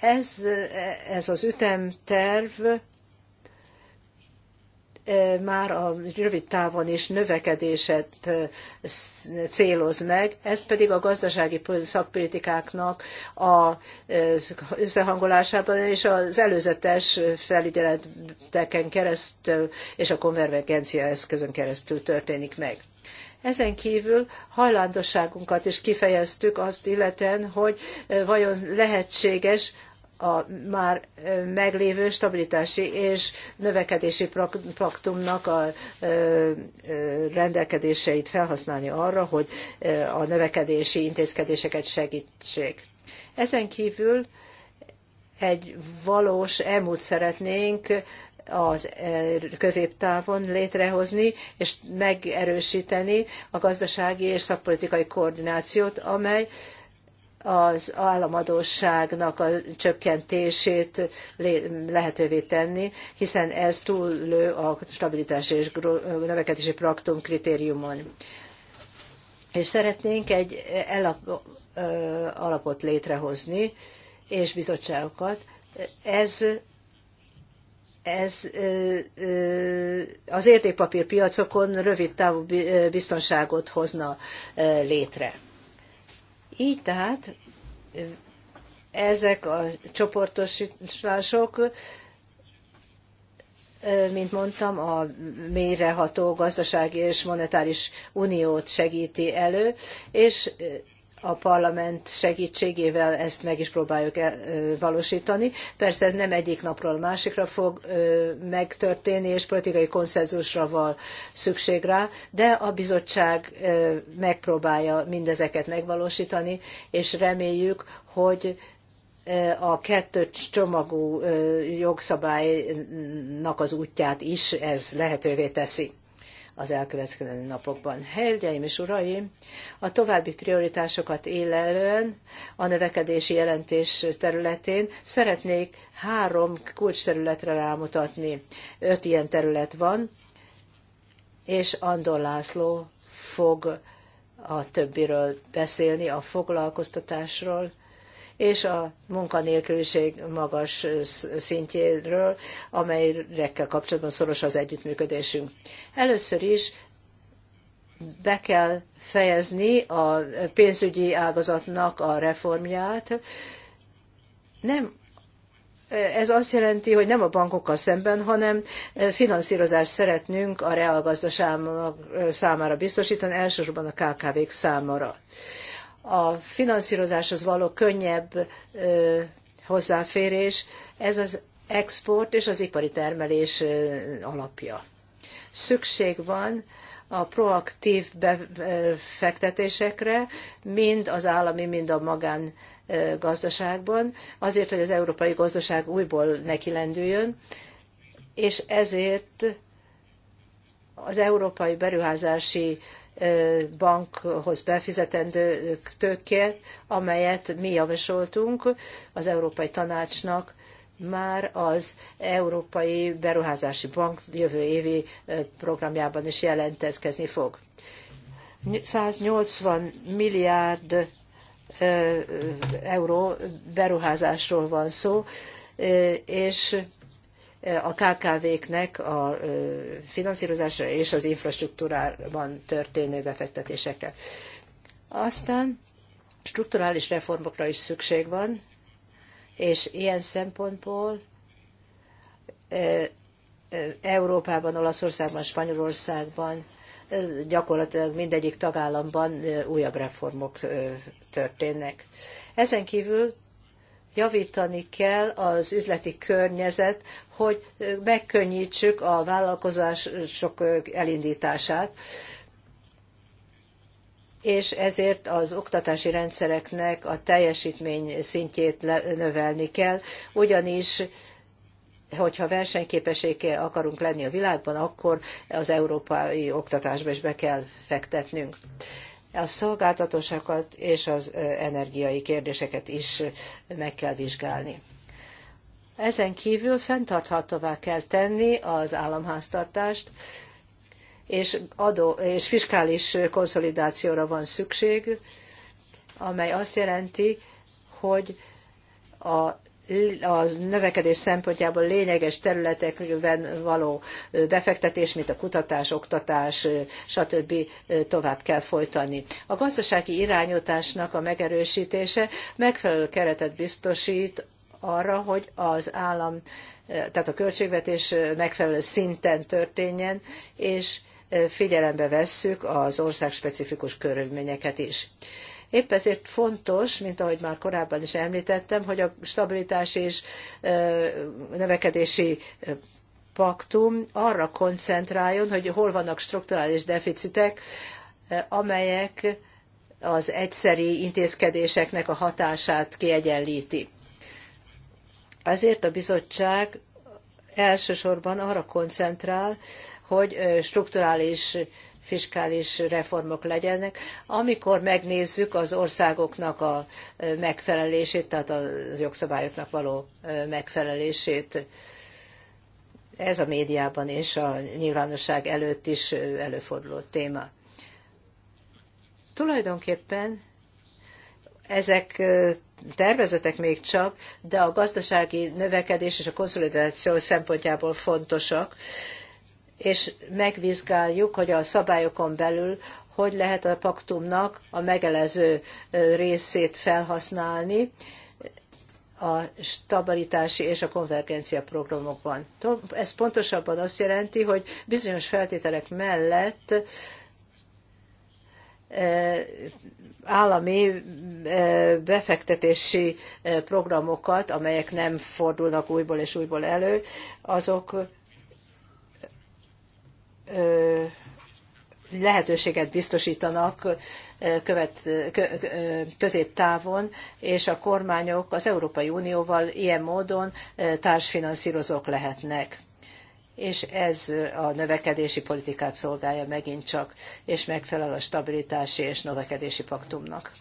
Ez, ez az ütemterv már a rövid távon is növekedéset céloz meg, ez pedig a gazdasági szakpolitikáknak a összehangolásában és az előzetes felügyeleteken keresztül és a konvergencia eszközön keresztül történik meg. Ezen kívül hajlandosságunkat is kifejeztük azt illetően, hogy vajon lehetséges a már meglévő stabilitási és növekedési paktumnak a rendelkedéseit felhasználni arra, hogy a növekedési intézkedéseket segítsék. Ezen kívül egy valós elmúlt szeretnénk az középtávon létrehozni és megerősíteni a gazdasági és szakpolitikai koordinációt, amely az államadóságnak a csökkentését lehetővé tenni, hiszen ez túllő a stabilitási és növekedési praktum kritériumon. És szeretnénk egy alapot létrehozni, és bizottságokat. Ez ez az piacokon rövid távú biztonságot hozna létre. Így tehát ezek a csoportosítások, mint mondtam, a mélyreható gazdasági és monetáris uniót segíti elő, és a parlament segítségével ezt meg is próbáljuk el, eh, valósítani. Persze ez nem egyik napról a másikra fog eh, megtörténni, és politikai konszenzusra van szükség rá, de a bizottság eh, megpróbálja mindezeket megvalósítani, és reméljük, hogy a kettős csomagú jogszabálynak az útját is ez lehetővé teszi az elkövetkező napokban. Hölgyeim és uraim, a további prioritásokat élelően a növekedési jelentés területén szeretnék három kulcsterületre rámutatni. Öt ilyen terület van, és Andor László fog a többiről beszélni, a foglalkoztatásról, és a munkanélküliség magas szintjéről, amelyekkel kapcsolatban szoros az együttműködésünk. Először is be kell fejezni a pénzügyi ágazatnak a reformját. Nem ez azt jelenti, hogy nem a bankokkal szemben, hanem finanszírozást szeretnünk a reálgazdaság számára biztosítani, elsősorban a KKV-k számára a finanszírozáshoz való könnyebb hozzáférés, ez az export és az ipari termelés alapja. Szükség van a proaktív befektetésekre, mind az állami, mind a magán gazdaságban, azért, hogy az európai gazdaság újból nekilendüljön, és ezért az európai beruházási bankhoz befizetendő tőkét, amelyet mi javasoltunk az Európai Tanácsnak már az Európai Beruházási Bank jövő évi programjában is jelentkezni fog. 180 milliárd euró beruházásról van szó, és a KKV-knek a finanszírozásra és az infrastruktúrában történő befektetésekre. Aztán strukturális reformokra is szükség van, és ilyen szempontból Európában, Olaszországban, Spanyolországban gyakorlatilag mindegyik tagállamban újabb reformok történnek. Ezen kívül javítani kell az üzleti környezet, hogy megkönnyítsük a vállalkozások elindítását, és ezért az oktatási rendszereknek a teljesítmény szintjét növelni kell, ugyanis hogyha versenyképesé akarunk lenni a világban, akkor az európai oktatásba is be kell fektetnünk a szolgáltatósokat és az energiai kérdéseket is meg kell vizsgálni. Ezen kívül fenntarthatóvá kell tenni az államháztartást, és, adó, és fiskális konszolidációra van szükség, amely azt jelenti, hogy a a növekedés szempontjából lényeges területekben való befektetés, mint a kutatás, oktatás, stb. tovább kell folytani. A gazdasági irányításnak a megerősítése megfelelő keretet biztosít arra, hogy az állam, tehát a költségvetés megfelelő szinten történjen, és figyelembe vesszük az ország specifikus körülményeket is. Épp ezért fontos, mint ahogy már korábban is említettem, hogy a stabilitás és növekedési paktum arra koncentráljon, hogy hol vannak strukturális deficitek, amelyek az egyszeri intézkedéseknek a hatását kiegyenlíti. Ezért a bizottság elsősorban arra koncentrál, hogy strukturális fiskális reformok legyenek. Amikor megnézzük az országoknak a megfelelését, tehát a jogszabályoknak való megfelelését, ez a médiában és a nyilvánosság előtt is előforduló téma. Tulajdonképpen ezek tervezetek még csak, de a gazdasági növekedés és a konszolidáció szempontjából fontosak, és megvizsgáljuk, hogy a szabályokon belül hogy lehet a paktumnak a megelező részét felhasználni a stabilitási és a konvergencia programokban. Ez pontosabban azt jelenti, hogy bizonyos feltételek mellett állami befektetési programokat, amelyek nem fordulnak újból és újból elő, azok lehetőséget biztosítanak követ, középtávon, és a kormányok az Európai Unióval ilyen módon társfinanszírozók lehetnek és ez a növekedési politikát szolgálja megint csak, és megfelel a stabilitási és növekedési paktumnak.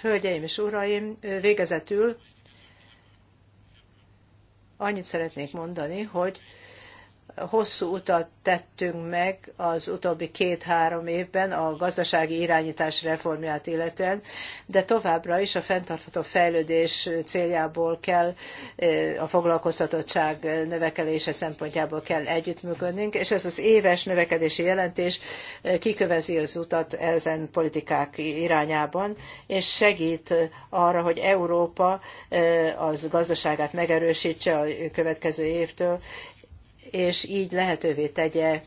Hölgyeim és uraim, végezetül annyit szeretnék mondani, hogy hosszú utat tettünk meg az utóbbi két-három évben a gazdasági irányítás reformját illetően, de továbbra is a fenntartható fejlődés céljából kell, eh, a foglalkoztatottság növekedése szempontjából kell együttműködnünk, és ez az éves növekedési jelentés eh, kikövezi az utat ezen politikák irányában, és segít arra, hogy Európa eh, az gazdaságát megerősítse a következő évtől, és így lehetővé tegye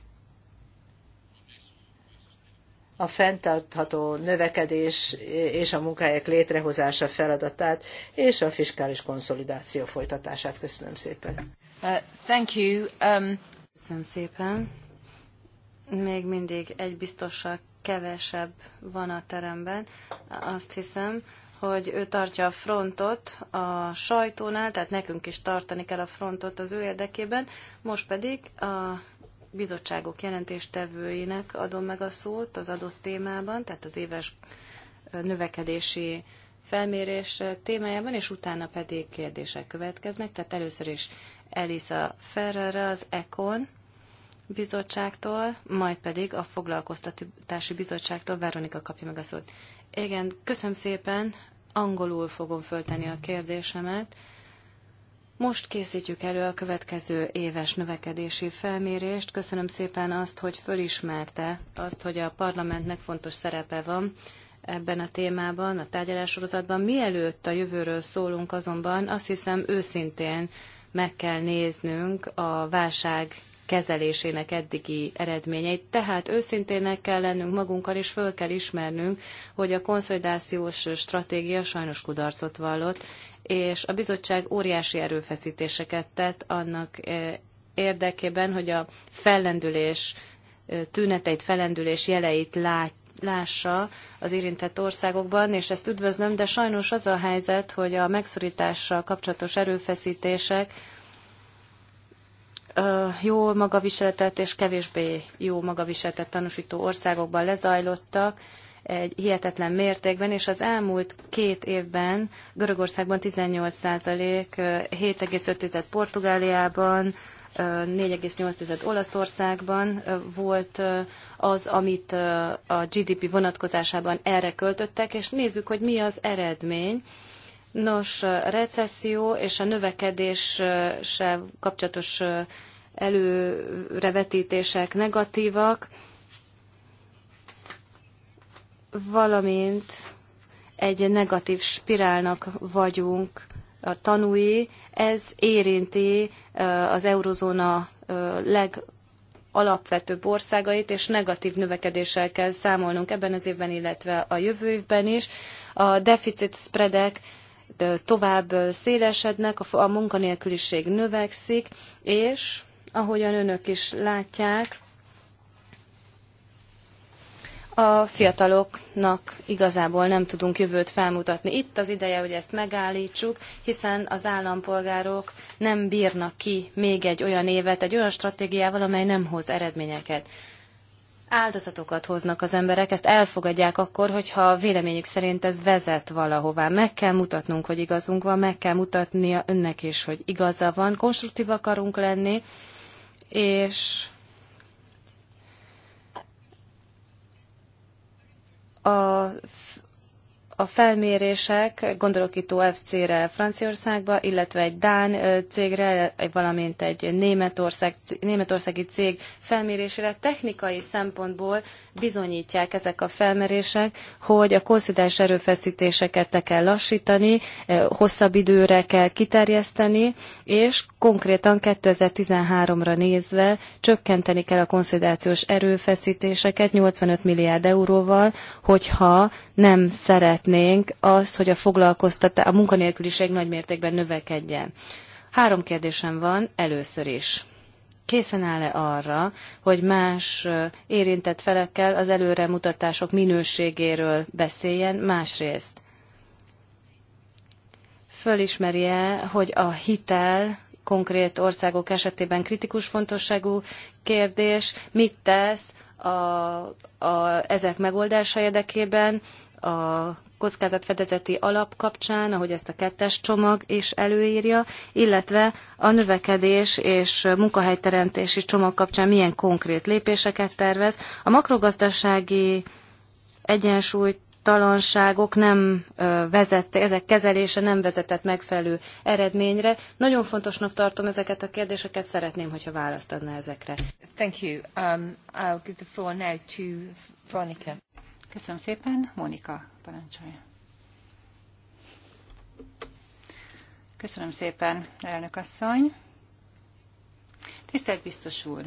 a fenntartható növekedés és a munkahelyek létrehozása feladatát és a fiskális konszolidáció folytatását. Köszönöm szépen. Uh, thank you. Um... Köszönöm szépen. Még mindig egy biztosak kevesebb van a teremben, azt hiszem hogy ő tartja a frontot a sajtónál, tehát nekünk is tartani kell a frontot az ő érdekében. Most pedig a bizottságok jelentéstevőinek adom meg a szót az adott témában, tehát az éves növekedési felmérés témájában, és utána pedig kérdések következnek. Tehát először is Elisa Ferrer az ECON bizottságtól, majd pedig a foglalkoztatási bizottságtól Veronika kapja meg a szót. Igen, köszönöm szépen angolul fogom föltenni a kérdésemet. Most készítjük elő a következő éves növekedési felmérést. Köszönöm szépen azt, hogy fölismerte azt, hogy a parlamentnek fontos szerepe van ebben a témában, a tárgyalássorozatban. Mielőtt a jövőről szólunk azonban, azt hiszem őszintén meg kell néznünk a válság kezelésének eddigi eredményeit. Tehát őszintének kell lennünk magunkkal, és föl kell ismernünk, hogy a konszolidációs stratégia sajnos kudarcot vallott, és a bizottság óriási erőfeszítéseket tett annak eh, érdekében, hogy a fellendülés eh, tüneteit, fellendülés jeleit lát, lássa az érintett országokban, és ezt üdvözlöm, de sajnos az a helyzet, hogy a megszorítással kapcsolatos erőfeszítések jó magaviseletet és kevésbé jó magaviseletet tanúsító országokban lezajlottak egy hihetetlen mértékben, és az elmúlt két évben Görögországban 18 százalék, 7,5 Portugáliában, 4,8 Olaszországban volt az, amit a GDP vonatkozásában erre költöttek, és nézzük, hogy mi az eredmény. Nos, a recesszió és a növekedéssel kapcsolatos előrevetítések negatívak, valamint egy negatív spirálnak vagyunk a tanúi. Ez érinti az eurozóna legalapvetőbb országait, és negatív növekedéssel kell számolnunk ebben az évben, illetve a jövő évben is. A deficit spreadek tovább szélesednek, a munkanélküliség növekszik, és ahogyan önök is látják, a fiataloknak igazából nem tudunk jövőt felmutatni. Itt az ideje, hogy ezt megállítsuk, hiszen az állampolgárok nem bírnak ki még egy olyan évet, egy olyan stratégiával, amely nem hoz eredményeket áldozatokat hoznak az emberek, ezt elfogadják akkor, hogyha véleményük szerint ez vezet valahová. Meg kell mutatnunk, hogy igazunk van, meg kell mutatnia önnek is, hogy igaza van, konstruktív akarunk lenni, és a a felmérések, gondolok itt OFC-re Franciaországba, illetve egy Dán cégre, valamint egy Németország, németországi cég felmérésére technikai szempontból bizonyítják ezek a felmérések, hogy a konszidás erőfeszítéseket le kell lassítani, hosszabb időre kell kiterjeszteni, és konkrétan 2013-ra nézve csökkenteni kell a konszolidációs erőfeszítéseket 85 milliárd euróval, hogyha nem szeretnénk azt, hogy a foglalkoztatás, a munkanélküliség nagy mértékben növekedjen. Három kérdésem van először is. Készen áll-e arra, hogy más érintett felekkel az előremutatások minőségéről beszéljen másrészt? Fölismeri-e, hogy a hitel konkrét országok esetében kritikus fontosságú kérdés, mit tesz a, a, ezek megoldása érdekében, a kockázatfedezeti alap kapcsán, ahogy ezt a kettes csomag is előírja, illetve a növekedés és munkahelyteremtési csomag kapcsán milyen konkrét lépéseket tervez. A makrogazdasági egyensúly talanságok nem vezette, ezek kezelése nem vezetett megfelelő eredményre. Nagyon fontosnak tartom ezeket a kérdéseket, szeretném, hogyha választ adna ezekre. Thank you. Um, I'll give the floor now to Veronica. Köszönöm szépen. Mónika parancsolja. Köszönöm szépen, elnök asszony. Tisztelt biztos úr!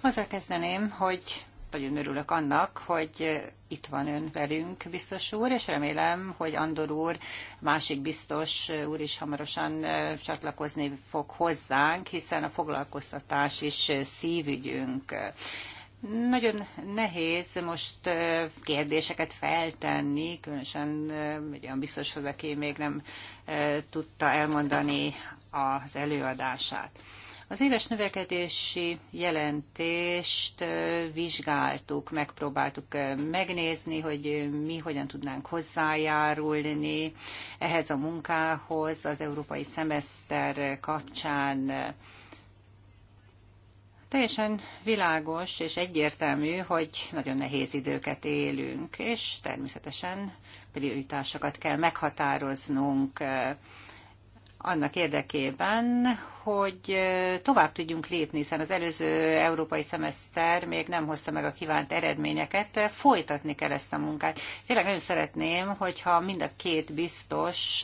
Azzal kezdeném, hogy nagyon örülök annak, hogy itt van ön velünk, biztos úr, és remélem, hogy Andor úr, másik biztos úr is hamarosan csatlakozni fog hozzánk, hiszen a foglalkoztatás is szívügyünk. Nagyon nehéz most kérdéseket feltenni, különösen olyan biztoshoz, aki még nem tudta elmondani az előadását. Az éves növekedési jelentést vizsgáltuk, megpróbáltuk megnézni, hogy mi hogyan tudnánk hozzájárulni ehhez a munkához az európai szemeszter kapcsán. Teljesen világos és egyértelmű, hogy nagyon nehéz időket élünk, és természetesen prioritásokat kell meghatároznunk annak érdekében, hogy tovább tudjunk lépni, hiszen az előző európai szemeszter még nem hozta meg a kívánt eredményeket, folytatni kell ezt a munkát. Tényleg nagyon szeretném, hogyha mind a két biztos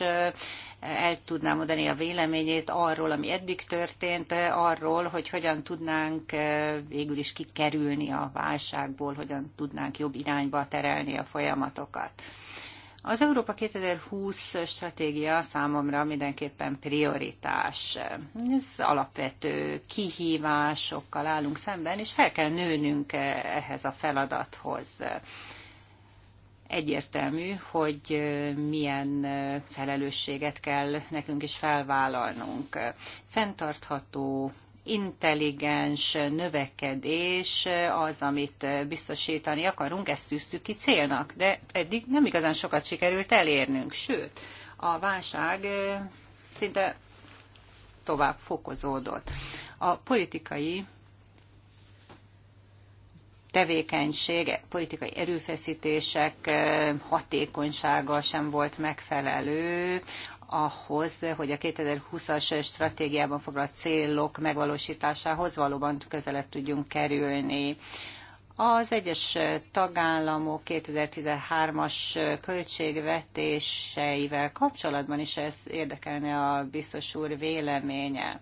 el tudná mondani a véleményét arról, ami eddig történt, arról, hogy hogyan tudnánk végül is kikerülni a válságból, hogyan tudnánk jobb irányba terelni a folyamatokat. Az Európa 2020 stratégia számomra mindenképpen prioritás. Ez alapvető kihívásokkal állunk szemben, és fel kell nőnünk ehhez a feladathoz. Egyértelmű, hogy milyen felelősséget kell nekünk is felvállalnunk. Fentartható intelligens növekedés az, amit biztosítani akarunk, ezt tűztük ki célnak, de eddig nem igazán sokat sikerült elérnünk, sőt, a válság szinte tovább fokozódott. A politikai tevékenység, politikai erőfeszítések hatékonysága sem volt megfelelő, ahhoz, hogy a 2020-as stratégiában foglalt célok megvalósításához valóban közelebb tudjunk kerülni. Az egyes tagállamok 2013-as költségvetéseivel kapcsolatban is ez érdekelne a biztos úr véleménye.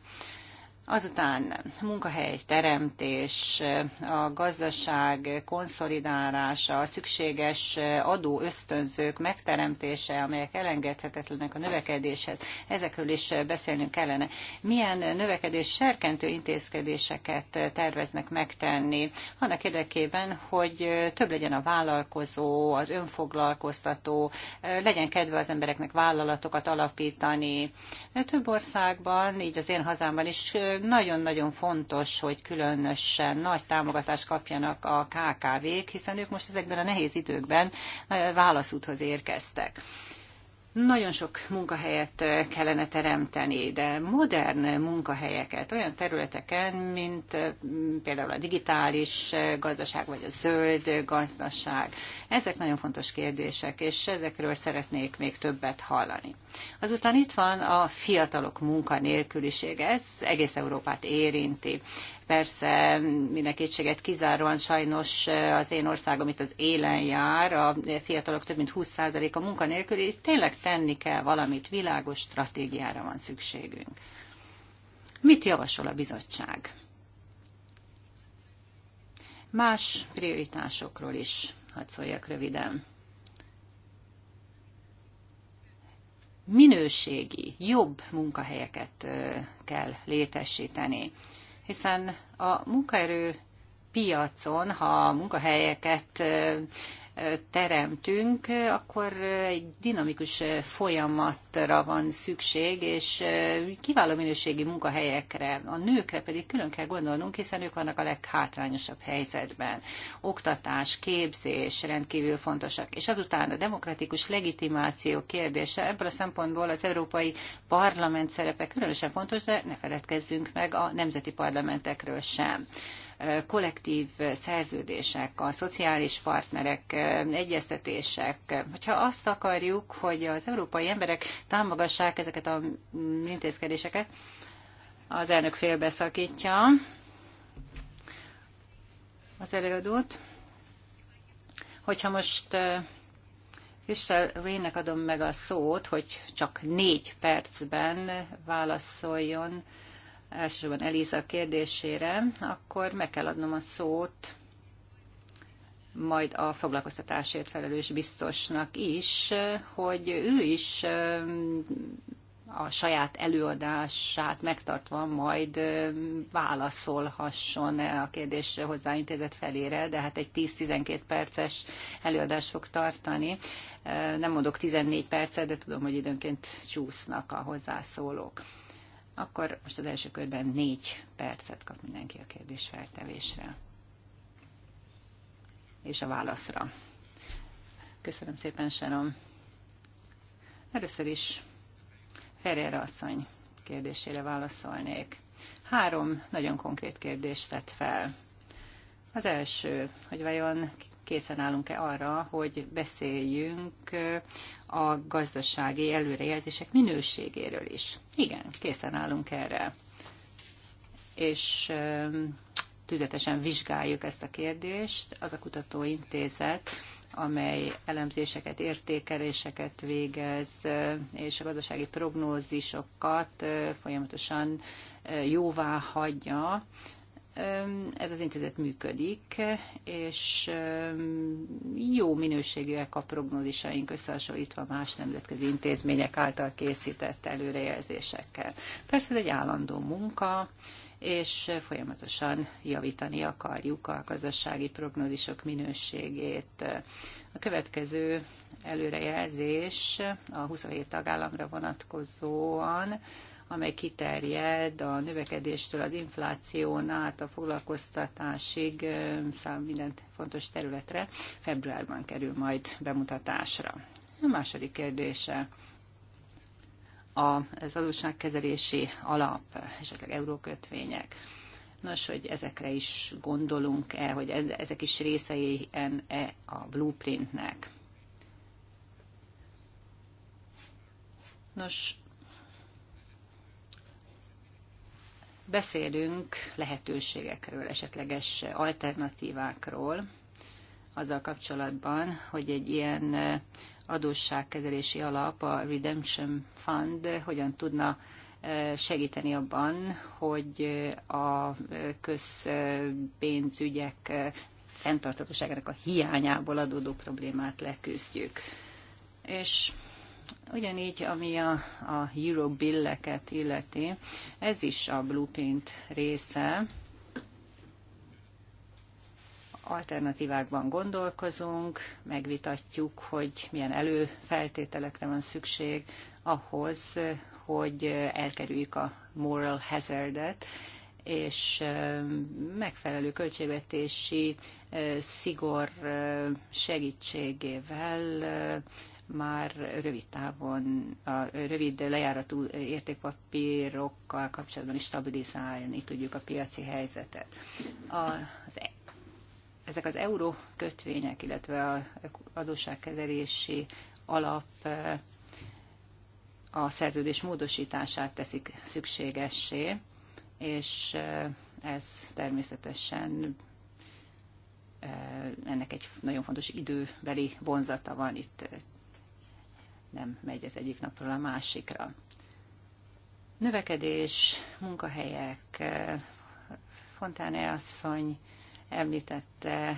Azután munkahely teremtés, a gazdaság konszolidálása, a szükséges adó ösztönzők megteremtése, amelyek elengedhetetlenek a növekedéshez. Ezekről is beszélnünk kellene. Milyen növekedés serkentő intézkedéseket terveznek megtenni annak érdekében, hogy több legyen a vállalkozó, az önfoglalkoztató, legyen kedve az embereknek vállalatokat alapítani. Több országban, így az én hazámban is nagyon-nagyon fontos, hogy különösen nagy támogatást kapjanak a KKV-k, hiszen ők most ezekben a nehéz időkben eh, válaszúthoz érkeztek. Nagyon sok munkahelyet eh, kellene teremteni, de modern munkahelyeket olyan területeken, mint eh, például a digitális eh, gazdaság vagy a zöld gazdaság. Ezek nagyon fontos kérdések, és ezekről szeretnék még többet hallani. Azután itt van a fiatalok munkanélkülisége. Ez egész Európát érinti. Persze minden kétséget kizáróan sajnos az én országom itt az élen jár, a fiatalok több mint 20%-a munkanélküli, itt tényleg tenni kell valamit, világos stratégiára van szükségünk. Mit javasol a bizottság? Más prioritásokról is hadd szóljak röviden. minőségi, jobb munkahelyeket kell létesíteni hiszen a munkaerő piacon, ha a munkahelyeket teremtünk, akkor egy dinamikus folyamatra van szükség, és kiváló minőségi munkahelyekre. A nőkre pedig külön kell gondolnunk, hiszen ők vannak a leghátrányosabb helyzetben. Oktatás, képzés rendkívül fontosak. És azután a demokratikus legitimáció kérdése. Ebből a szempontból az Európai Parlament szerepe különösen fontos, de ne feledkezzünk meg a nemzeti parlamentekről sem kollektív szerződések, a szociális partnerek, egyeztetések. Hogyha azt akarjuk, hogy az európai emberek támogassák ezeket a intézkedéseket, az elnök félbeszakítja az előadót. Hogyha most Kristel Vénnek adom meg a szót, hogy csak négy percben válaszoljon elsősorban Eliza kérdésére, akkor meg kell adnom a szót majd a foglalkoztatásért felelős biztosnak is, hogy ő is a saját előadását megtartva majd válaszolhasson e a kérdés hozzáintézet felére, de hát egy 10-12 perces előadás fog tartani. Nem mondok 14 percet, de tudom, hogy időnként csúsznak a hozzászólók. Akkor most az első körben négy percet kap mindenki a kérdés feltevésre és a válaszra. Köszönöm szépen, Sharon. Először is Ferrer asszony kérdésére válaszolnék. Három nagyon konkrét kérdést tett fel. Az első, hogy vajon készen állunk-e arra, hogy beszéljünk a gazdasági előrejelzések minőségéről is. Igen, készen állunk erre. És tüzetesen vizsgáljuk ezt a kérdést. Az a kutatóintézet, amely elemzéseket, értékeléseket végez, és a gazdasági prognózisokat folyamatosan jóvá hagyja ez az intézet működik, és jó minőségűek a prognózisaink összehasonlítva más nemzetközi intézmények által készített előrejelzésekkel. Persze ez egy állandó munka, és folyamatosan javítani akarjuk a gazdasági prognózisok minőségét. A következő előrejelzés a 27 tagállamra vonatkozóan amely kiterjed a növekedéstől, az infláción át a foglalkoztatásig szám minden fontos területre. Februárban kerül majd bemutatásra. A második kérdése az adósságkezelési alap, esetleg eurókötvények. Nos, hogy ezekre is gondolunk-e, hogy ezek is részei e a blueprintnek. Nos, beszélünk lehetőségekről, esetleges alternatívákról, azzal kapcsolatban, hogy egy ilyen adósságkezelési alap, a Redemption Fund hogyan tudna segíteni abban, hogy a közpénzügyek fenntartatóságának a hiányából adódó problémát leküzdjük. És Ugyanígy, ami a, a Euro illeti, ez is a blueprint része. Alternatívákban gondolkozunk, megvitatjuk, hogy milyen előfeltételekre van szükség ahhoz, hogy elkerüljük a moral hazardet, és megfelelő költségvetési szigor segítségével már rövid távon, a rövid lejáratú értékpapírokkal kapcsolatban is stabilizálni tudjuk a piaci helyzetet. Az e, ezek az euró kötvények, illetve az adósságkezelési alap e, a szerződés módosítását teszik szükségessé, és e, ez természetesen ennek egy nagyon fontos időbeli vonzata van, itt nem megy az egyik napról a másikra. Növekedés, munkahelyek, eh, Fontáne asszony említette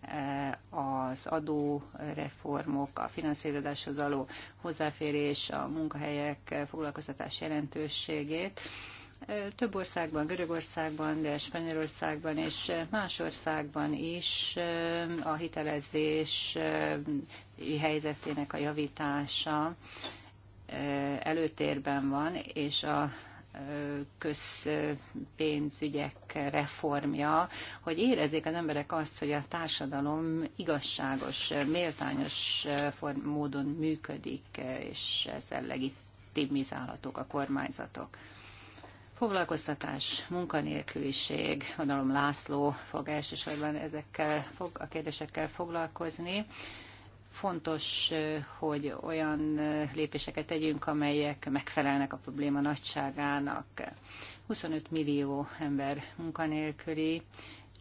eh, az adóreformok, a finanszírozáshoz való hozzáférés, a munkahelyek eh, foglalkoztatás jelentőségét. Több országban, Görögországban, de Spanyolországban és más országban is a hitelezés helyzetének a javítása előtérben van, és a közpénzügyek reformja, hogy érezzék az emberek azt, hogy a társadalom igazságos, méltányos módon működik, és ezzel legitimizálhatók a kormányzatok. Foglalkoztatás, munkanélküliség, gondolom László fog elsősorban ezekkel fog, a kérdésekkel foglalkozni. Fontos, hogy olyan lépéseket tegyünk, amelyek megfelelnek a probléma nagyságának. 25 millió ember munkanélküli,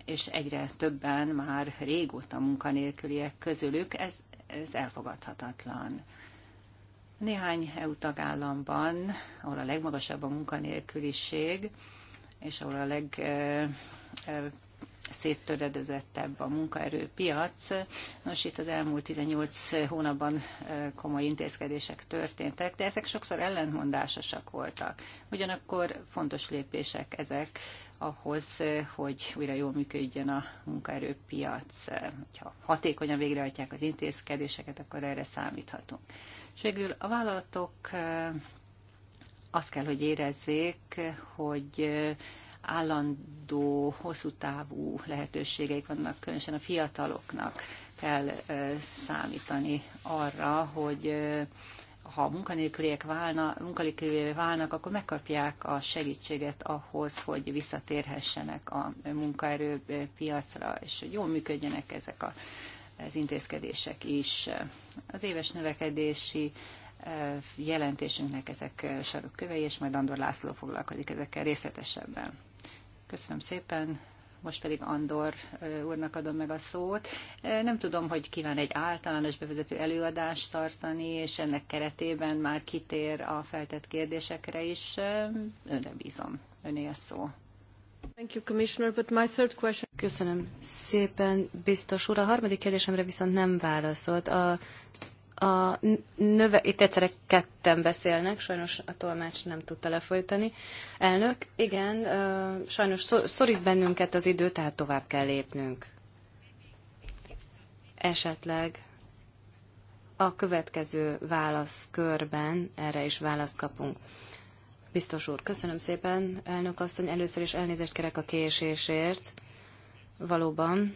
és egyre többen már régóta munkanélküliek közülük, ez, ez elfogadhatatlan. Néhány EU tagállamban, ahol a legmagasabb a munkanélküliség, és ahol a leg széttöredezettebb a munkaerőpiac. Nos, itt az elmúlt 18 hónapban komoly intézkedések történtek, de ezek sokszor ellentmondásosak voltak. Ugyanakkor fontos lépések ezek ahhoz, hogy újra jól működjön a munkaerőpiac. Ha hatékonyan végrehajtják az intézkedéseket, akkor erre számíthatunk. És végül a vállalatok azt kell, hogy érezzék, hogy állandó, hosszú távú lehetőségeik vannak, különösen a fiataloknak kell számítani arra, hogy ha munkanélküliek válna, munkanélküliek válnak, akkor megkapják a segítséget ahhoz, hogy visszatérhessenek a munkaerőpiacra, és hogy jól működjenek ezek a, az intézkedések is. Az éves növekedési jelentésünknek ezek sarokkövei, és majd Andor László foglalkozik ezekkel részletesebben. Köszönöm szépen. Most pedig Andor úrnak adom meg a szót. Nem tudom, hogy kíván egy általános bevezető előadást tartani, és ennek keretében már kitér a feltett kérdésekre is. Önre bízom. Öné a szó. Köszönöm szépen, biztos úr. A harmadik kérdésemre viszont nem válaszolt. A a növe... Itt egyszerre ketten beszélnek, sajnos a tolmács nem tudta lefolytani. Elnök, igen, sajnos szorít bennünket az idő, tehát tovább kell lépnünk. Esetleg a következő válaszkörben erre is választ kapunk. Biztos úr, köszönöm szépen, elnök asszony. Először is elnézést kerek a késésért. Valóban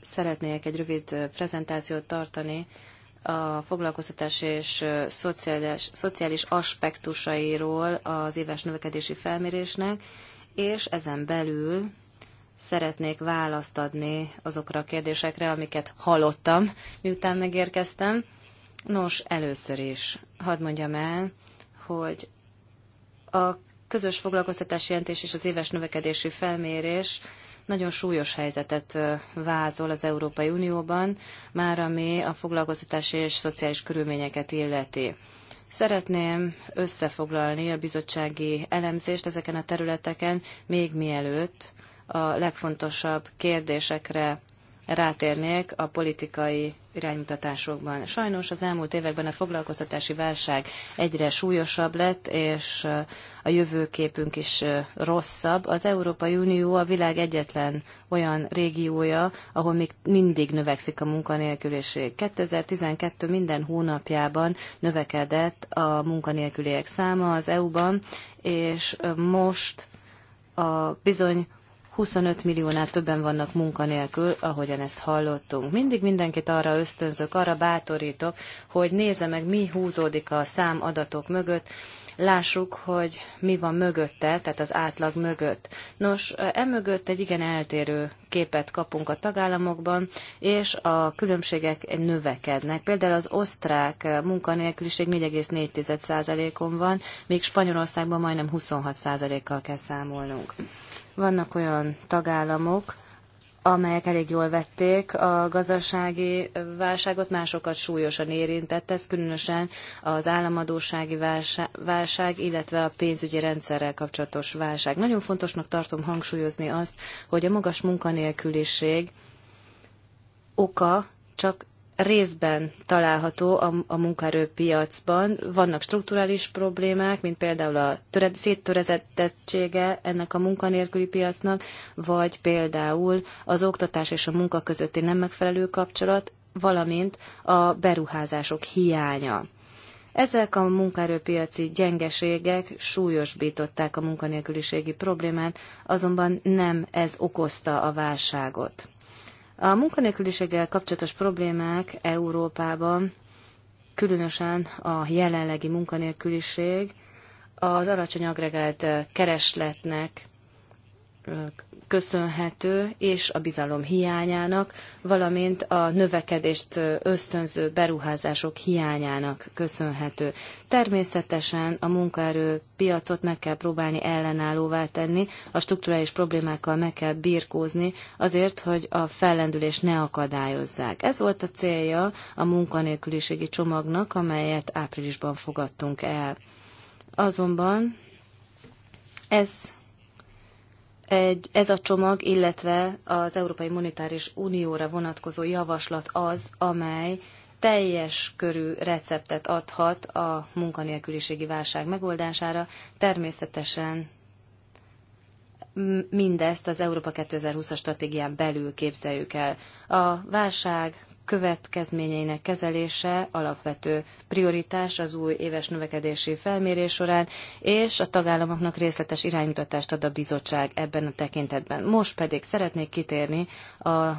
szeretnék egy rövid prezentációt tartani a foglalkoztatás és szociális, szociális aspektusairól az éves növekedési felmérésnek, és ezen belül szeretnék választ adni azokra a kérdésekre, amiket hallottam, miután megérkeztem. Nos, először is hadd mondjam el, hogy a közös foglalkoztatási jelentés és az éves növekedési felmérés nagyon súlyos helyzetet vázol az Európai Unióban, már ami a foglalkoztatási és szociális körülményeket illeti. Szeretném összefoglalni a bizottsági elemzést ezeken a területeken, még mielőtt a legfontosabb kérdésekre rátérnék a politikai iránymutatásokban. Sajnos az elmúlt években a foglalkoztatási válság egyre súlyosabb lett, és uh, a jövőképünk is uh, rosszabb. Az Európai Unió a világ egyetlen olyan régiója, ahol még mindig növekszik a munkanélküliség. 2012 minden hónapjában növekedett a munkanélküliek száma az EU-ban, és uh, most a bizony 25 milliónál többen vannak munkanélkül, ahogyan ezt hallottunk. Mindig mindenkit arra ösztönzök, arra bátorítok, hogy nézze meg, mi húzódik a számadatok mögött, lássuk, hogy mi van mögötte, tehát az átlag mögött. Nos, emögött egy igen eltérő képet kapunk a tagállamokban, és a különbségek növekednek. Például az osztrák munkanélküliség 4,4%-on van, míg Spanyolországban majdnem 26%-kal kell számolnunk. Vannak olyan tagállamok, amelyek elég jól vették a gazdasági válságot, másokat súlyosan érintett ez, különösen az államadósági válság, illetve a pénzügyi rendszerrel kapcsolatos válság. Nagyon fontosnak tartom hangsúlyozni azt, hogy a magas munkanélküliség oka csak részben található a, a munkaerőpiacban. Vannak strukturális problémák, mint például a töre, széttörezettsége ennek a munkanélküli piacnak, vagy például az oktatás és a munka közötti nem megfelelő kapcsolat, valamint a beruházások hiánya. Ezek a munkaerőpiaci gyengeségek súlyosbították a munkanélküliségi problémát, azonban nem ez okozta a válságot. A munkanélküliséggel kapcsolatos problémák Európában, különösen a jelenlegi munkanélküliség, az alacsony agregált keresletnek köszönhető, és a bizalom hiányának, valamint a növekedést ösztönző beruházások hiányának köszönhető. Természetesen a munkaerő piacot meg kell próbálni ellenállóvá tenni, a strukturális problémákkal meg kell birkózni, azért, hogy a fellendülés ne akadályozzák. Ez volt a célja a munkanélküliségi csomagnak, amelyet áprilisban fogadtunk el. Azonban ez egy, ez a csomag, illetve az Európai Monetáris Unióra vonatkozó javaslat az, amely teljes körű receptet adhat a munkanélküliségi válság megoldására. Természetesen mindezt az Európa 2020-as stratégián belül képzeljük el. A válság következményeinek kezelése alapvető prioritás az új éves növekedési felmérés során, és a tagállamoknak részletes iránymutatást ad a bizottság ebben a tekintetben. Most pedig szeretnék kitérni a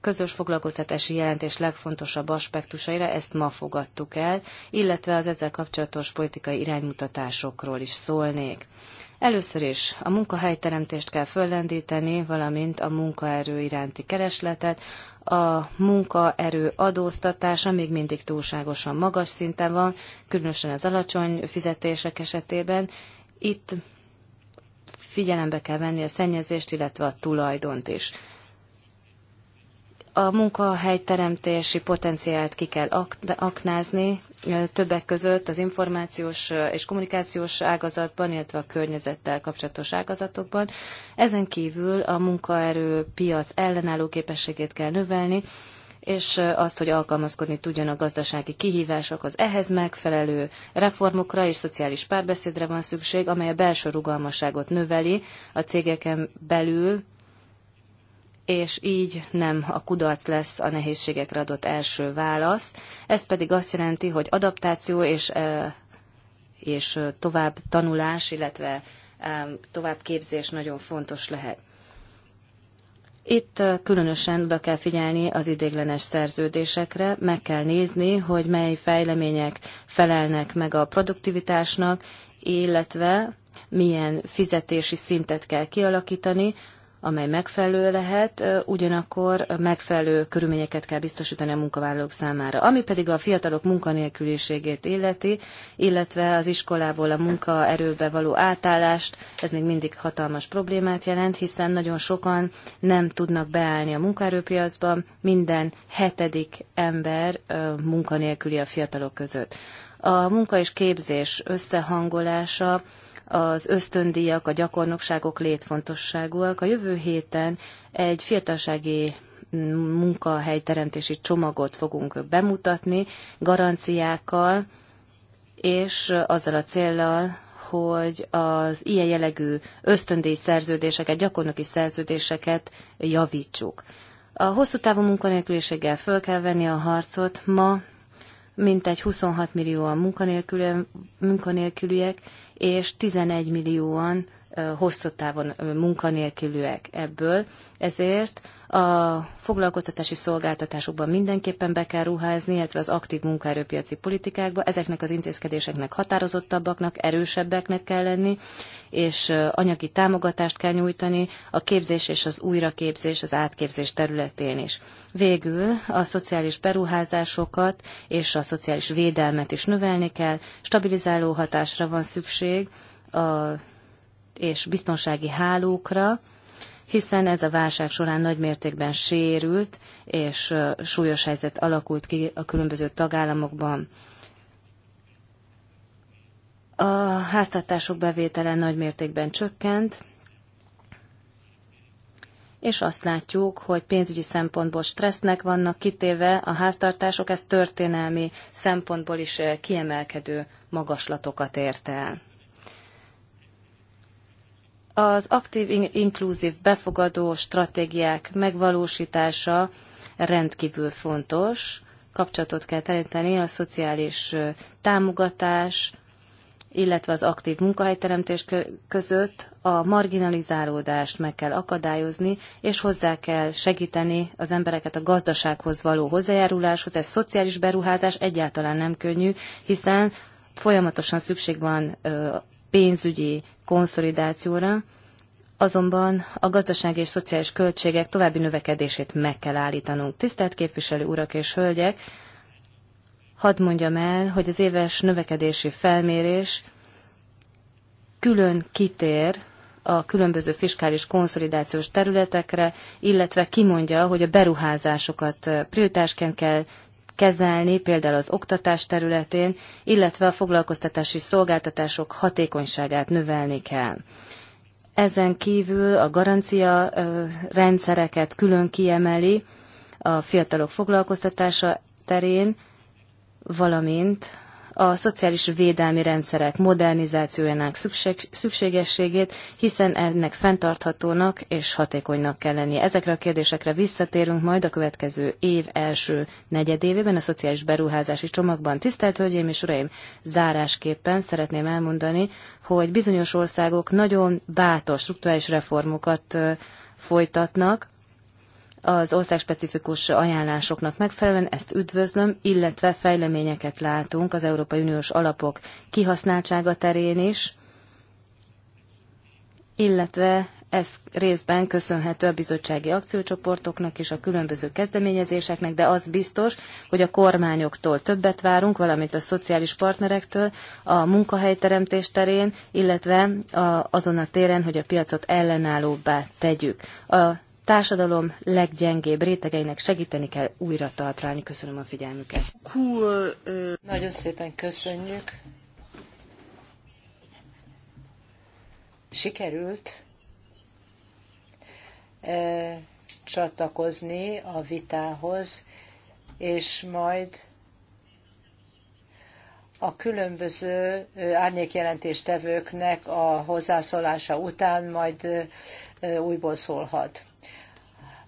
közös foglalkoztatási jelentés legfontosabb aspektusaira, ezt ma fogadtuk el, illetve az ezzel kapcsolatos politikai iránymutatásokról is szólnék. Először is a munkahelyteremtést kell föllendíteni, valamint a munkaerő iránti keresletet. A munkaerő adóztatása még mindig túlságosan magas szinten van, különösen az alacsony fizetések esetében. Itt figyelembe kell venni a szennyezést, illetve a tulajdont is a munkahelyteremtési potenciált ki kell aknázni, többek között az információs és kommunikációs ágazatban, illetve a környezettel kapcsolatos ágazatokban. Ezen kívül a munkaerő piac ellenálló képességét kell növelni, és azt, hogy alkalmazkodni tudjon a gazdasági kihívásokhoz. Ehhez megfelelő reformokra és szociális párbeszédre van szükség, amely a belső rugalmasságot növeli a cégeken belül, és így nem a kudarc lesz a nehézségekre adott első válasz. Ez pedig azt jelenti, hogy adaptáció és, e, és tovább tanulás, illetve e, tovább képzés nagyon fontos lehet. Itt e, különösen oda kell figyelni az idéglenes szerződésekre, meg kell nézni, hogy mely fejlemények felelnek meg a produktivitásnak, illetve milyen fizetési szintet kell kialakítani, amely megfelelő lehet, ugyanakkor megfelelő körülményeket kell biztosítani a munkavállalók számára. Ami pedig a fiatalok munkanélküliségét illeti, illetve az iskolából a munkaerőbe való átállást, ez még mindig hatalmas problémát jelent, hiszen nagyon sokan nem tudnak beállni a munkaerőpiacba. minden hetedik ember munkanélküli a fiatalok között. A munka és képzés összehangolása, az ösztöndíjak, a gyakornokságok létfontosságúak. A jövő héten egy fiatalsági mm, munkahelyteremtési csomagot fogunk bemutatni garanciákkal, és azzal a céllal, hogy az ilyen jellegű ösztöndíj szerződéseket, gyakornoki szerződéseket javítsuk. A hosszú távú munkanélküliséggel föl kell venni a harcot. Ma mintegy 26 millióan munkanélküliek, és 11 millióan hosszú távon munkanélkülőek ebből. Ezért a foglalkoztatási szolgáltatásokban mindenképpen be kell ruházni, illetve az aktív munkaerőpiaci politikákba. Ezeknek az intézkedéseknek határozottabbaknak, erősebbeknek kell lenni, és anyagi támogatást kell nyújtani a képzés és az újraképzés, az átképzés területén is. Végül a szociális beruházásokat és a szociális védelmet is növelni kell, stabilizáló hatásra van szükség, a, és biztonsági hálókra, hiszen ez a válság során nagymértékben sérült, és súlyos helyzet alakult ki a különböző tagállamokban. A háztartások bevétele nagymértékben csökkent, és azt látjuk, hogy pénzügyi szempontból stressznek vannak kitéve a háztartások, ez történelmi szempontból is kiemelkedő magaslatokat ért el. Az aktív, inkluzív, befogadó stratégiák megvalósítása rendkívül fontos. Kapcsolatot kell teremteni a szociális támogatás, illetve az aktív munkahelyteremtés között a marginalizálódást meg kell akadályozni, és hozzá kell segíteni az embereket a gazdasághoz való hozzájáruláshoz. Ez szociális beruházás egyáltalán nem könnyű, hiszen folyamatosan szükség van pénzügyi konszolidációra, azonban a gazdasági és szociális költségek további növekedését meg kell állítanunk. Tisztelt képviselő urak és hölgyek, hadd mondjam el, hogy az éves növekedési felmérés külön kitér a különböző fiskális konszolidációs területekre, illetve kimondja, hogy a beruházásokat prioritásként kell kezelni, például az oktatás területén, illetve a foglalkoztatási szolgáltatások hatékonyságát növelni kell. Ezen kívül a garancia rendszereket külön kiemeli a fiatalok foglalkoztatása terén, valamint a szociális védelmi rendszerek modernizációjának szükség, szükségességét, hiszen ennek fenntarthatónak és hatékonynak kell lennie. Ezekre a kérdésekre visszatérünk majd a következő év első negyedévében a szociális beruházási csomagban. Tisztelt Hölgyeim és Uraim, zárásképpen szeretném elmondani, hogy bizonyos országok nagyon bátor struktúrális reformokat folytatnak, az országspecifikus ajánlásoknak megfelelően ezt üdvözlöm, illetve fejleményeket látunk az Európai Uniós alapok kihasználtsága terén is, illetve ez részben köszönhető a bizottsági akciócsoportoknak és a különböző kezdeményezéseknek, de az biztos, hogy a kormányoktól többet várunk, valamint a szociális partnerektől a munkahelyteremtés terén, illetve azon a téren, hogy a piacot ellenállóbbá tegyük. A társadalom leggyengébb rétegeinek segíteni kell újra találni. Köszönöm a figyelmüket. Nagyon szépen köszönjük. Sikerült e, csatlakozni a vitához, és majd a különböző e, árnyékjelentéstevőknek a hozzászólása után majd e, újból szólhat.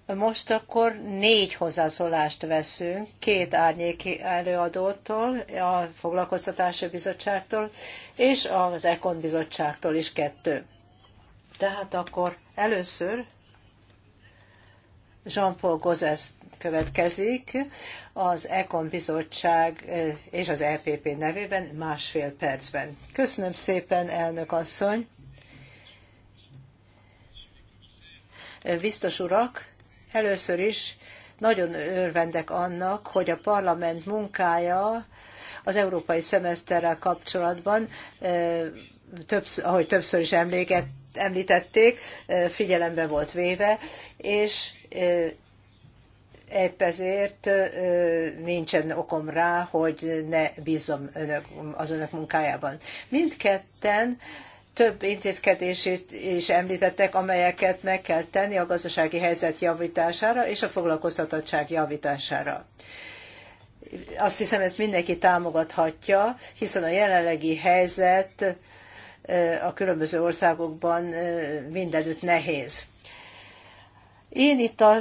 Most akkor négy hozzászólást veszünk, két árnyéki előadótól, a Foglalkoztatási Bizottságtól, és az Ekon Bizottságtól is kettő. Tehát akkor először Jean-Paul Gozes következik, az Ekon Bizottság és az EPP nevében másfél percben. Köszönöm szépen, elnök asszony! Biztos urak! Először is nagyon örvendek annak, hogy a parlament munkája az európai szemeszterrel kapcsolatban, többször, ahogy többször is említették, figyelembe volt véve, és épp ezért nincsen okom rá, hogy ne bízzam önök, az önök munkájában. Mindketten több intézkedését is említettek, amelyeket meg kell tenni a gazdasági helyzet javítására és a foglalkoztatottság javítására. Azt hiszem, ezt mindenki támogathatja, hiszen a jelenlegi helyzet a különböző országokban mindenütt nehéz. Én itt a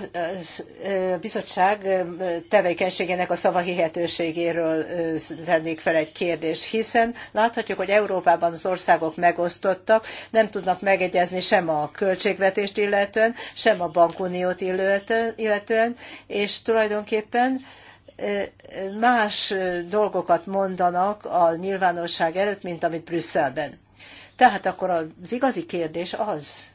bizottság tevékenységének a szavahihetőségéről tennék fel egy kérdést, hiszen láthatjuk, hogy Európában az országok megosztottak, nem tudnak megegyezni sem a költségvetést illetően, sem a bankuniót illetően, és tulajdonképpen más dolgokat mondanak a nyilvánosság előtt, mint amit Brüsszelben. Tehát akkor az igazi kérdés az,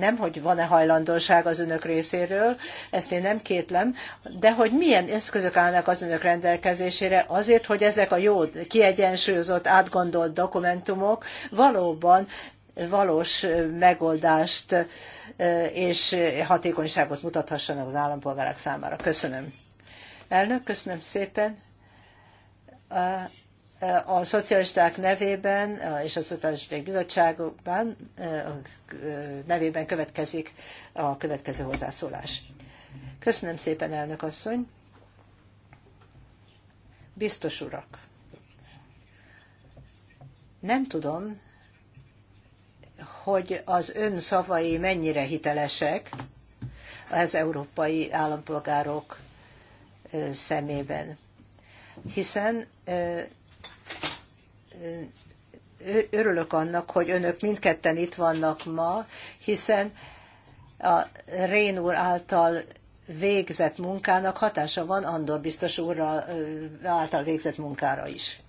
nem hogy van-e hajlandóság az önök részéről, ezt én nem kétlem, de hogy milyen eszközök állnak az önök rendelkezésére azért, hogy ezek a jó, kiegyensúlyozott, átgondolt dokumentumok valóban valós megoldást és hatékonyságot mutathassanak az állampolgárok számára. Köszönöm. Elnök, köszönöm szépen a szocialisták nevében és a Szocialisták bizottságokban nevében következik a következő hozzászólás. Köszönöm szépen, elnök asszony. Biztos urak, nem tudom, hogy az ön szavai mennyire hitelesek az európai állampolgárok szemében, hiszen örülök annak, hogy önök mindketten itt vannak ma, hiszen a Rén úr által végzett munkának hatása van Andor biztos úr által végzett munkára is.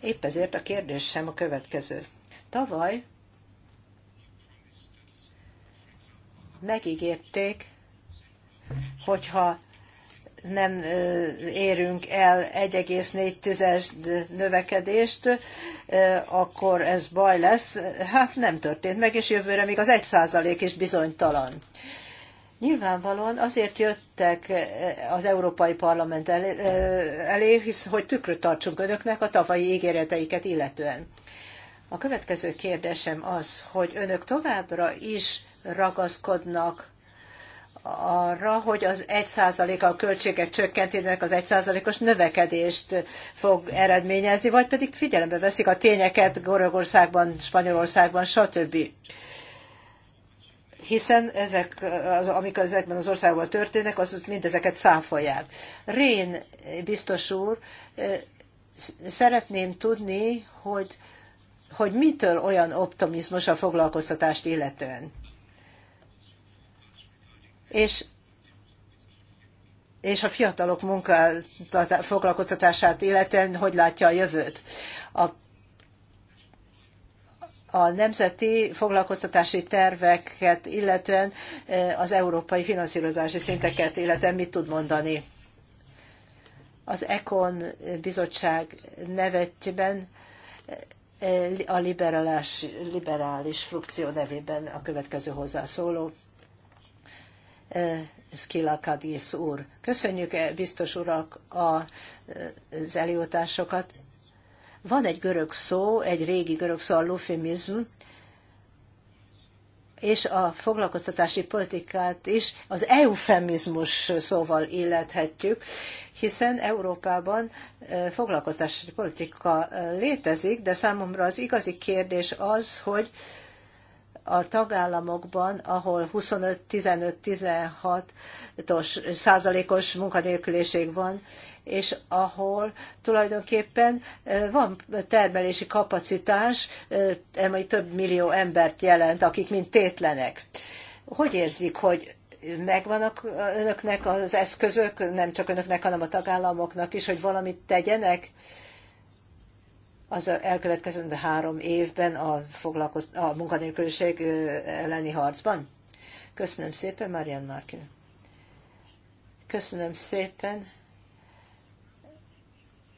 Épp ezért a kérdésem a következő. Tavaly megígérték, hogyha nem érünk el 1,4-es növekedést, akkor ez baj lesz. Hát nem történt meg, és jövőre még az 1% is bizonytalan. Nyilvánvalóan azért jöttek az Európai Parlament elé, elé hisz, hogy tükröt tartsunk önöknek a tavalyi ígéreteiket illetően. A következő kérdésem az, hogy önök továbbra is ragaszkodnak arra, hogy az 1 százaléka a költségek csökkentének az 1 százalékos növekedést fog eredményezni, vagy pedig figyelembe veszik a tényeket Görögországban, Spanyolországban, stb. Hiszen ezek, az, amik ezekben az országban történnek, az mindezeket száfolják. Rén biztos úr, szeretném tudni, hogy, hogy mitől olyan optimizmus a foglalkoztatást illetően és és a fiatalok munka foglalkoztatását illetően hogy látja a jövőt. A, a nemzeti foglalkoztatási terveket illetően e, az európai finanszírozási szinteket illetően mit tud mondani? Az ECON bizottság nevetjében e, a liberális, liberális frakció nevében a következő hozzászóló. Eh, Szkilakadis úr. Köszönjük, eh, biztos urak, eh, az előadásokat. Van egy görög szó, egy régi görög szó, a lufimizm, és a foglalkoztatási politikát is az eufemizmus szóval illethetjük, hiszen Európában foglalkoztatási politika létezik, de számomra az igazi kérdés az, hogy a tagállamokban, ahol 25-15-16 százalékos munkanélküliség van, és ahol tulajdonképpen van termelési kapacitás, ami több millió embert jelent, akik mind tétlenek. Hogy érzik, hogy megvannak önöknek az eszközök, nem csak önöknek, hanem a tagállamoknak is, hogy valamit tegyenek? az elkövetkezendő három évben a, foglalkoz, a munkanélküliség elleni harcban? Köszönöm szépen, Marian Markin. Köszönöm szépen.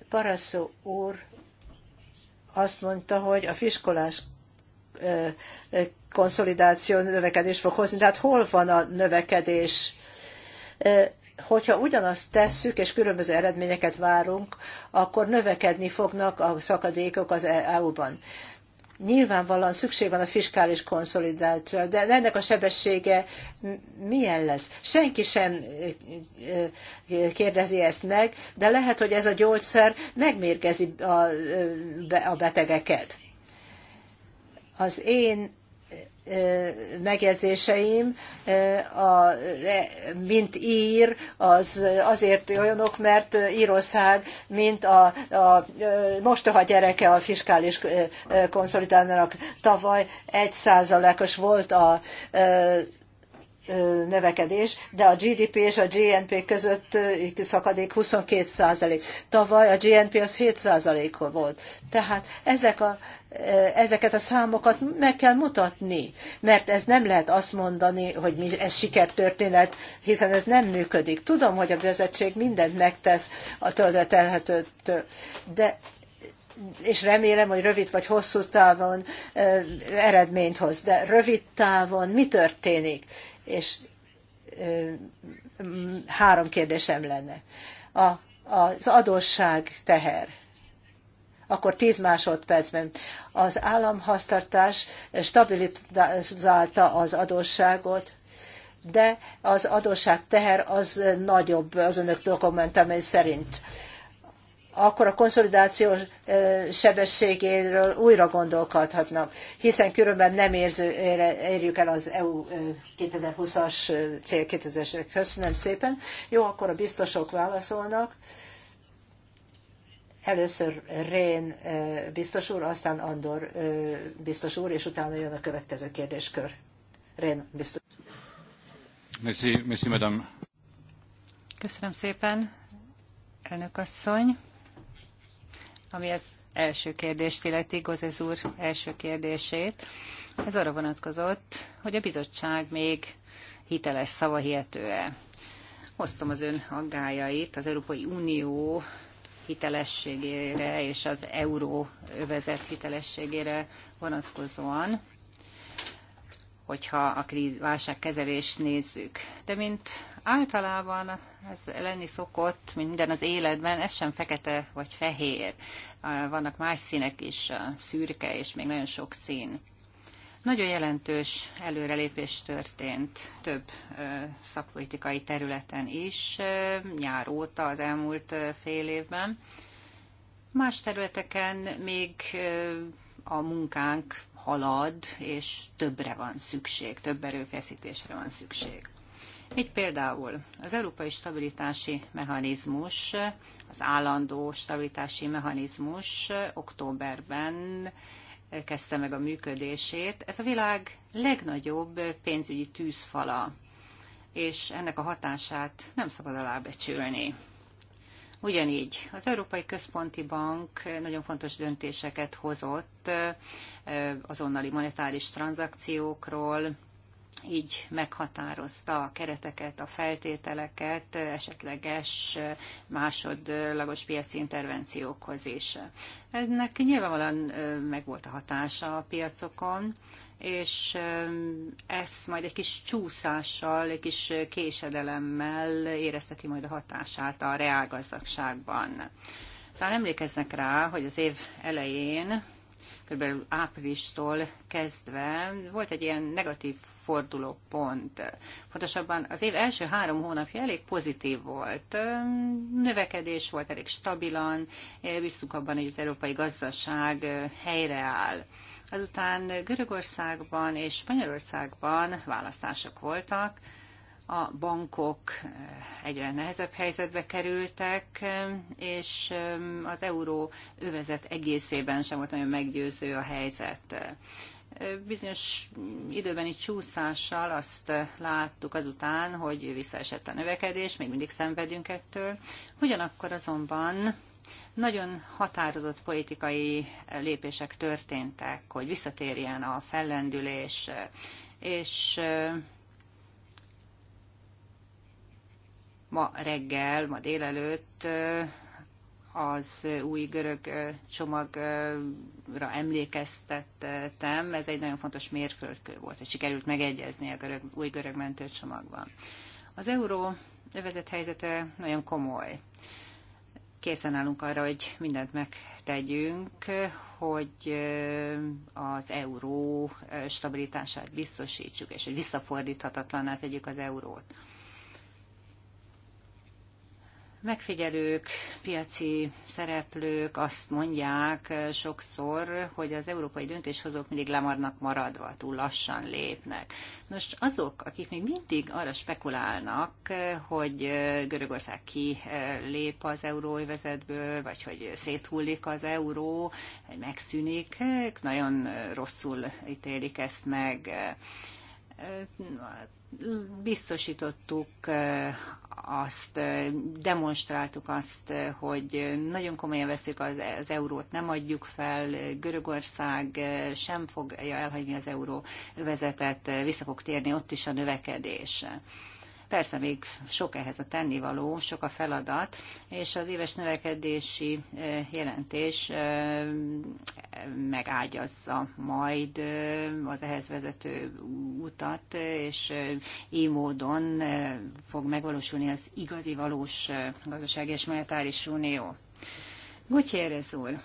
Paraszó úr azt mondta, hogy a fiskolás konszolidáció növekedés fog hozni. Tehát hol van a növekedés? hogyha ugyanazt tesszük, és különböző eredményeket várunk, akkor növekedni fognak a szakadékok az EU-ban. Nyilvánvalóan szükség van a fiskális konszolidációra, de ennek a sebessége milyen lesz? Senki sem kérdezi ezt meg, de lehet, hogy ez a gyógyszer megmérgezi a betegeket. Az én megjegyzéseim, a, mint ír, az azért olyanok, mert Írország, mint a, a mostoha gyereke a fiskális konszolidálnának tavaly egy százalékos volt a, növekedés, de a GDP és a GNP között szakadék 22 százalék. Tavaly a GNP az 7 százalék volt. Tehát ezek a, ezeket a számokat meg kell mutatni, mert ez nem lehet azt mondani, hogy mi, ez sikertörténet, hiszen ez nem működik. Tudom, hogy a vezetség mindent megtesz a töltetelhetőtől, de és remélem, hogy rövid vagy hosszú távon eredményt hoz, de rövid távon mi történik? és három kérdésem lenne. A, az adósság teher akkor tíz másodpercben. Az államhasztartás stabilizálta az adósságot, de az adósság teher az nagyobb az önök dokumentumai szerint akkor a konszolidáció eh, sebességéről újra gondolkodhatnak, hiszen különben nem érző, érjük el az EU 2020-as eh, eh, cél 2020 es Köszönöm szépen. Jó, akkor a biztosok válaszolnak. Először Rén biztos úr, aztán Andor biztos úr, és utána jön a következő kérdéskör. Rén biztos. Merci, merci, madame. Köszönöm szépen, elnök asszony. Ami az első kérdést illeti, Gozez úr első kérdését, ez arra vonatkozott, hogy a bizottság még hiteles hihető e Hoztam az ön aggájait az Európai Unió hitelességére és az euróövezet hitelességére vonatkozóan hogyha a kríz, válságkezelést nézzük. De mint általában ez lenni szokott, mint minden az életben, ez sem fekete vagy fehér. Vannak más színek is, szürke és még nagyon sok szín. Nagyon jelentős előrelépés történt több szakpolitikai területen is, nyár óta az elmúlt fél évben. Más területeken még a munkánk halad, és többre van szükség, több erőfeszítésre van szükség. Így például az európai stabilitási mechanizmus, az állandó stabilitási mechanizmus októberben kezdte meg a működését. Ez a világ legnagyobb pénzügyi tűzfala, és ennek a hatását nem szabad alábecsülni. Ugyanígy az Európai Központi Bank nagyon fontos döntéseket hozott azonnali monetáris tranzakciókról, így meghatározta a kereteket, a feltételeket esetleges másodlagos piaci intervenciókhoz is. Ennek nyilvánvalóan megvolt a hatása a piacokon, és ez majd egy kis csúszással, egy kis késedelemmel érezteti majd a hatását a reálgazdagságban. Talán emlékeznek rá, hogy az év elején kb. áprilistól kezdve volt egy ilyen negatív forduló pont. Pontosabban az év első három hónapja elég pozitív volt. Növekedés volt elég stabilan, bíztuk abban, hogy az európai gazdaság helyreáll. Azután Görögországban és Spanyolországban választások voltak, a bankok eh, egyre nehezebb helyzetbe kerültek, eh, és eh, az euró övezet egészében sem volt nagyon meggyőző a helyzet. Bizonyos időbeni csúszással azt láttuk azután, hogy visszaesett a növekedés, még mindig szenvedünk ettől. Ugyanakkor azonban nagyon határozott politikai lépések történtek, hogy visszatérjen a fellendülés, és Ma reggel, ma délelőtt az új görög csomagra emlékeztettem. Ez egy nagyon fontos mérföldkő volt, hogy sikerült megegyezni a görög, új görög mentőcsomagban. Az euró övezet helyzete nagyon komoly. Készen állunk arra, hogy mindent megtegyünk, hogy az euró stabilitását biztosítsuk, és hogy visszafordíthatatlaná tegyük az eurót megfigyelők, piaci szereplők azt mondják eh, sokszor, hogy az európai döntéshozók mindig lemarnak maradva, túl lassan lépnek. Most azok, akik még mindig arra spekulálnak, eh, hogy eh, Görögország ki lép az euróvezetből, vagy hogy széthullik az euró, vagy megszűnik, ők nagyon rosszul ítélik ezt meg biztosítottuk azt demonstráltuk azt, hogy nagyon komolyan veszük az, az eurót, nem adjuk fel, Görögország sem fogja elhagyni az euróvezetet, vissza fog térni ott is a növekedés. Persze még sok ehhez a tennivaló, sok a feladat, és az éves növekedési eh, jelentés eh, megágyazza majd eh, az ehhez vezető utat, és így módon fog megvalósulni az igazi valós gazdasági és monetáris unió. Gutierrez úr,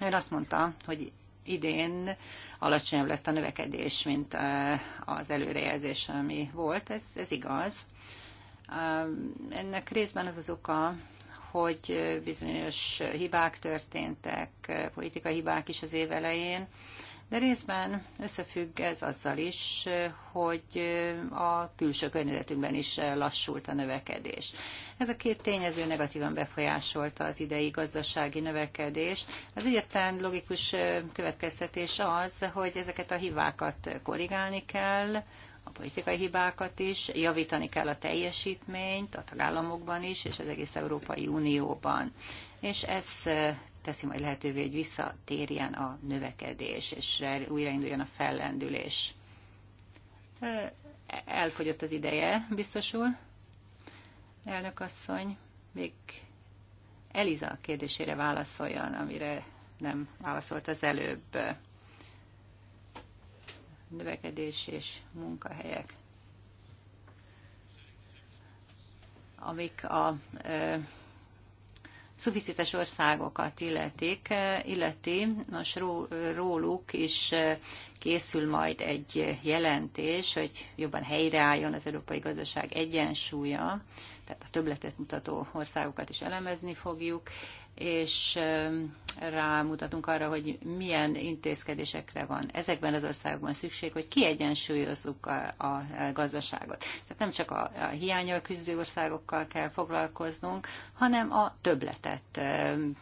ön azt mondta, hogy idén alacsonyabb lett a növekedés, mint az előrejelzés, ami volt. Ez, ez igaz. Ennek részben az az oka, hogy bizonyos hibák történtek, politikai hibák is az év elején, de részben összefügg ez azzal is, hogy a külső környezetünkben is lassult a növekedés. Ez a két tényező negatívan befolyásolta az idei gazdasági növekedést. Az egyetlen logikus következtetés az, hogy ezeket a hibákat korrigálni kell, a politikai hibákat is, javítani kell a teljesítményt a tagállamokban is, és az egész Európai Unióban. És ez teszi majd lehetővé, hogy visszatérjen a növekedés, és újrainduljon a fellendülés. Elfogyott az ideje, biztosul. Elnök asszony, még Eliza kérdésére válaszoljon, amire nem válaszolt az előbb. Növekedés és munkahelyek. Amik a szuficites országokat illetik, illeti, nos róluk is készül majd egy jelentés, hogy jobban helyreálljon az európai gazdaság egyensúlya, tehát a többletet mutató országokat is elemezni fogjuk, és rámutatunk arra, hogy milyen intézkedésekre van ezekben az országokban szükség, hogy kiegyensúlyozzuk a, a gazdaságot. Tehát nem csak a, a hiányal küzdő országokkal kell foglalkoznunk, hanem a többletet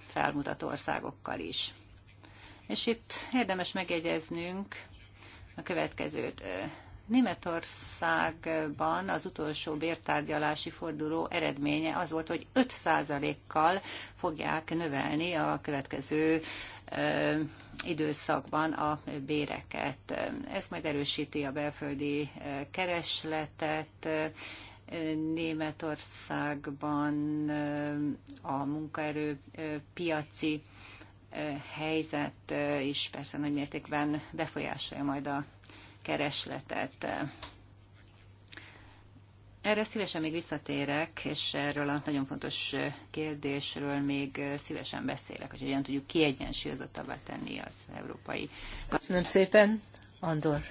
felmutató országokkal is. És itt érdemes megjegyeznünk a következőt Németországban az utolsó bértárgyalási forduló eredménye az volt, hogy 5%-kal fogják növelni a következő időszakban a béreket. Ez majd erősíti a belföldi keresletet, Németországban a munkaerő piaci helyzet is persze nagy mértékben befolyásolja majd a keresletet. Erre szívesen még visszatérek, és erről a nagyon fontos kérdésről még szívesen beszélek, hogy hogyan tudjuk kiegyensúlyozottabbá tenni az európai. Köszönöm szépen, Andor.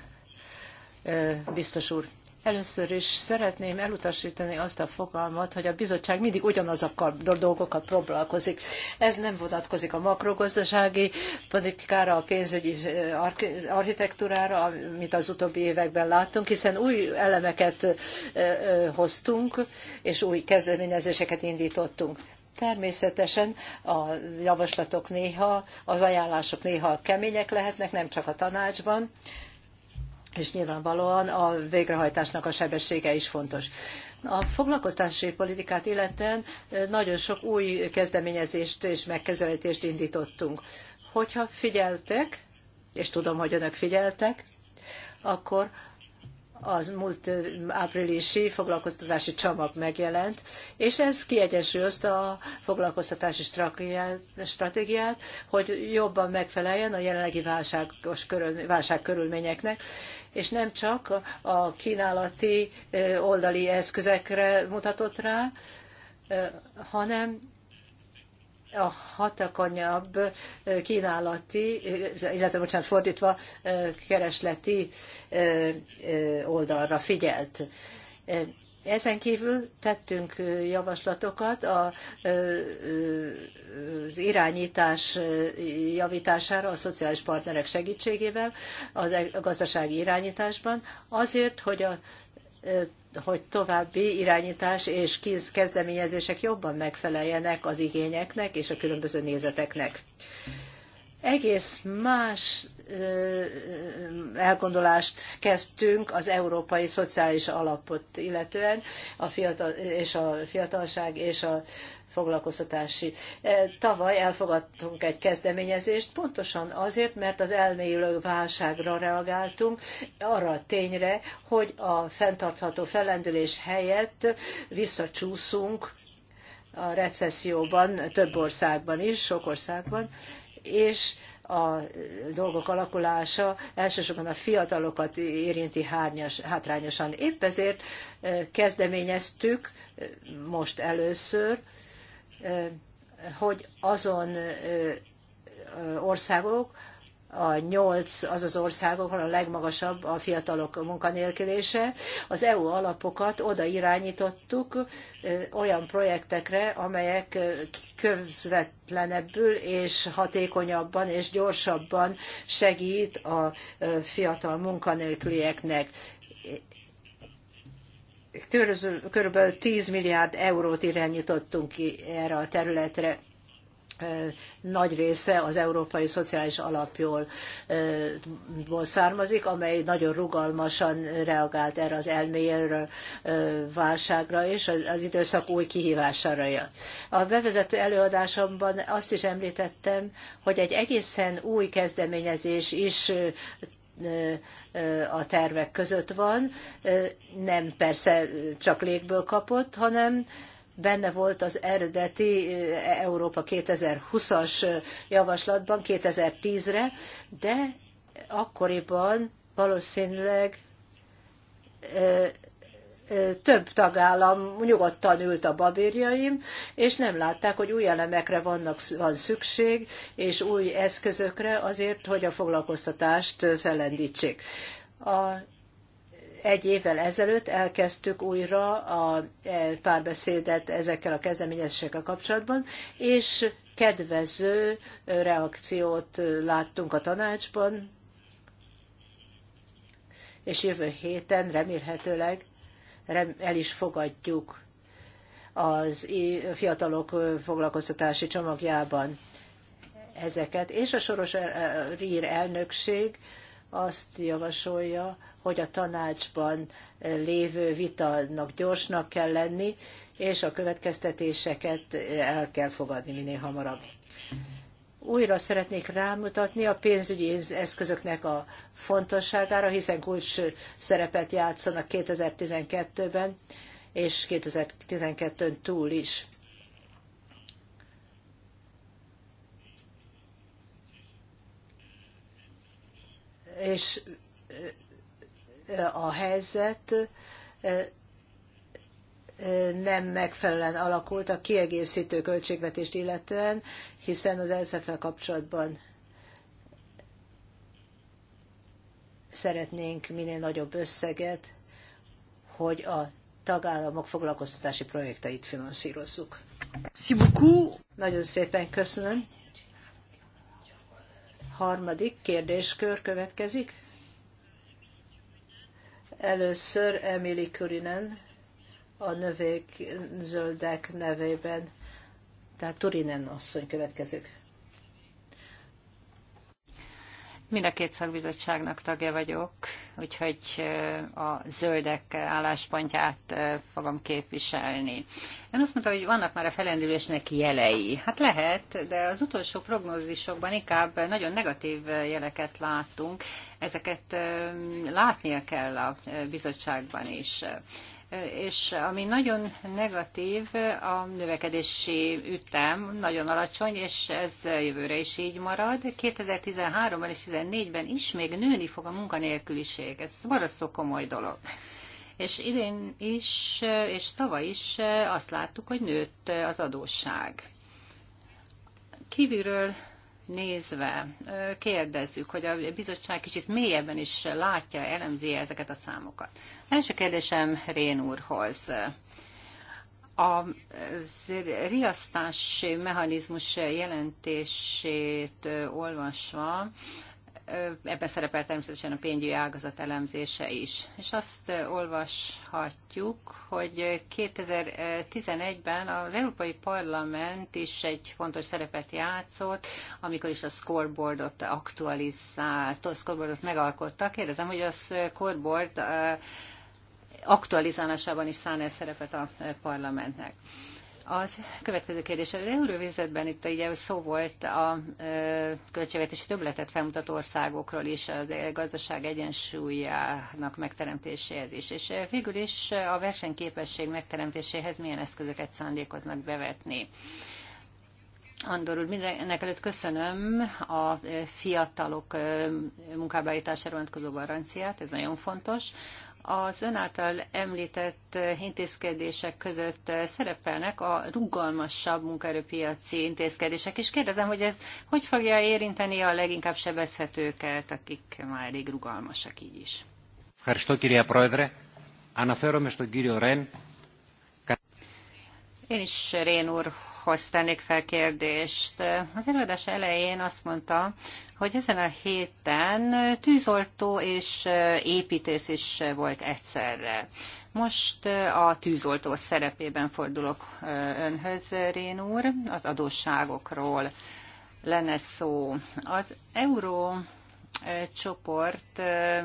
Biztos úr. Először is szeretném elutasítani azt a fogalmat, hogy a bizottság mindig ugyanazokkal a dolgokkal foglalkozik. Ez nem vonatkozik a makrogazdasági politikára, a pénzügyi architektúrára, amit az utóbbi években láttunk, hiszen új elemeket hoztunk, és új kezdeményezéseket indítottunk. Természetesen a javaslatok néha, az ajánlások néha kemények lehetnek, nem csak a tanácsban, és nyilvánvalóan a végrehajtásnak a sebessége is fontos. A foglalkoztatási politikát illetően nagyon sok új kezdeményezést és megközelítést indítottunk. Hogyha figyeltek, és tudom, hogy önök figyeltek, akkor az múlt áprilisi foglalkoztatási csomag megjelent, és ez kiegyensúlyozta a foglalkoztatási stratégiát, hogy jobban megfeleljen a jelenlegi válságos válság körülményeknek, és nem csak a kínálati oldali eszközekre mutatott rá, hanem a hatakanyabb kínálati, illetve bocsánat, fordítva keresleti oldalra figyelt. Ezen kívül tettünk javaslatokat az irányítás javítására a szociális partnerek segítségével, az e-, gazdasági irányításban, azért, hogy a hogy további irányítás és kezdeményezések jobban megfeleljenek az igényeknek és a különböző nézeteknek. Egész más elgondolást kezdtünk az európai szociális alapot illetően, a fiatal, és a fiatalság és a foglalkoztatási. Tavaly elfogadtunk egy kezdeményezést, pontosan azért, mert az elmélyülő válságra reagáltunk, arra a tényre, hogy a fenntartható fellendülés helyett visszacsúszunk a recesszióban, több országban is, sok országban, és a dolgok alakulása elsősorban a fiatalokat érinti hárnyas, hátrányosan. Épp ezért e, kezdeményeztük e, most először, e, hogy azon országok, a nyolc az az országokon a legmagasabb a fiatalok munkanélkülése. Az EU alapokat oda irányítottuk olyan projektekre, amelyek közvetlenebbül és hatékonyabban és gyorsabban segít a fiatal munkanélkülieknek körülbelül 10 milliárd eurót irányítottunk ki erre a területre nagy része az Európai Szociális Alapjól származik, amely nagyon rugalmasan reagált erre az elmélyelő válságra és az időszak új kihívására. A bevezető előadásomban azt is említettem, hogy egy egészen új kezdeményezés is a tervek között van, nem persze csak légből kapott, hanem benne volt az eredeti eh, Európa 2020-as eh, javaslatban 2010-re, de akkoriban valószínűleg eh, több tagállam nyugodtan ült a babérjaim, és nem látták, hogy új elemekre vannak, van szükség, és új eszközökre azért, hogy a foglalkoztatást felendítsék. A egy évvel ezelőtt elkezdtük újra a e, párbeszédet ezekkel a kezdeményezésekkel kapcsolatban, és kedvező reakciót láttunk a tanácsban, és jövő héten remélhetőleg el is fogadjuk az fiatalok foglalkoztatási csomagjában ezeket, és a soros rír e, e, elnökség azt javasolja, hogy a tanácsban eh, lévő vitának gyorsnak kell lenni, és a következtetéseket eh, el kell fogadni minél hamarabb. Újra szeretnék rámutatni a pénzügyi eszközöknek a fontosságára, hiszen kulcs eh, szerepet játszanak 2012-ben és 2012-ön túl is és a helyzet nem megfelelően alakult a kiegészítő költségvetést illetően, hiszen az ELSZEF-fel kapcsolatban szeretnénk minél nagyobb összeget, hogy a tagállamok foglalkoztatási projekteit finanszírozzuk. Nagyon szépen köszönöm. Harmadik kérdéskör következik. Először Emily Kurinen a növék zöldek nevében. Tehát Turinen asszony következik. Mind a két szakbizottságnak tagja vagyok, úgyhogy a zöldek álláspontját fogom képviselni. Én azt mondtam, hogy vannak már a felendülésnek jelei. Hát lehet, de az utolsó prognózisokban inkább nagyon negatív jeleket láttunk. Ezeket látnia kell a bizottságban is és ami nagyon negatív, a növekedési ütem nagyon alacsony, és ez jövőre is így marad. 2013-ban és 2014-ben is még nőni fog a munkanélküliség. Ez borosztó komoly dolog. És idén is, és tavaly is azt láttuk, hogy nőtt az adósság. Kívülről nézve kérdezzük, hogy a bizottság kicsit mélyebben is látja, elemzi -e ezeket a számokat. Első kérdésem Rén úrhoz. A riasztási mechanizmus jelentését olvasva ebben szerepel természetesen a pénzügyi ágazat elemzése is. És azt olvashatjuk, hogy 2011-ben az Európai Parlament is egy fontos szerepet játszott, amikor is a scoreboardot aktualizált, a scoreboardot megalkottak. Kérdezem, hogy a scoreboard aktualizálásában is szán szerepet a parlamentnek. Az következő kérdés, az Euróvizetben itt ugye szó volt a költségvetési többletet felmutató országokról is, az gazdaság egyensúlyának megteremtéséhez is. És végül is a versenyképesség megteremtéséhez milyen eszközöket szándékoznak bevetni? Andor úr, mindenek előtt köszönöm a fiatalok munkába állítására vonatkozó garanciát, ez nagyon fontos. Az ön által említett intézkedések között szerepelnek a rugalmasabb munkaerőpiaci intézkedések, és kérdezem, hogy ez hogy fogja érinteni a leginkább sebezhetőket, akik már elég rugalmasak így is. Én is Rén úr Bizottsághoz tennék fel kérdést. Az előadás elején azt mondta, hogy ezen a héten tűzoltó és építész is volt egyszerre. Most a tűzoltó szerepében fordulok önhöz, Rén úr, az adósságokról lenne szó. Az euró csoport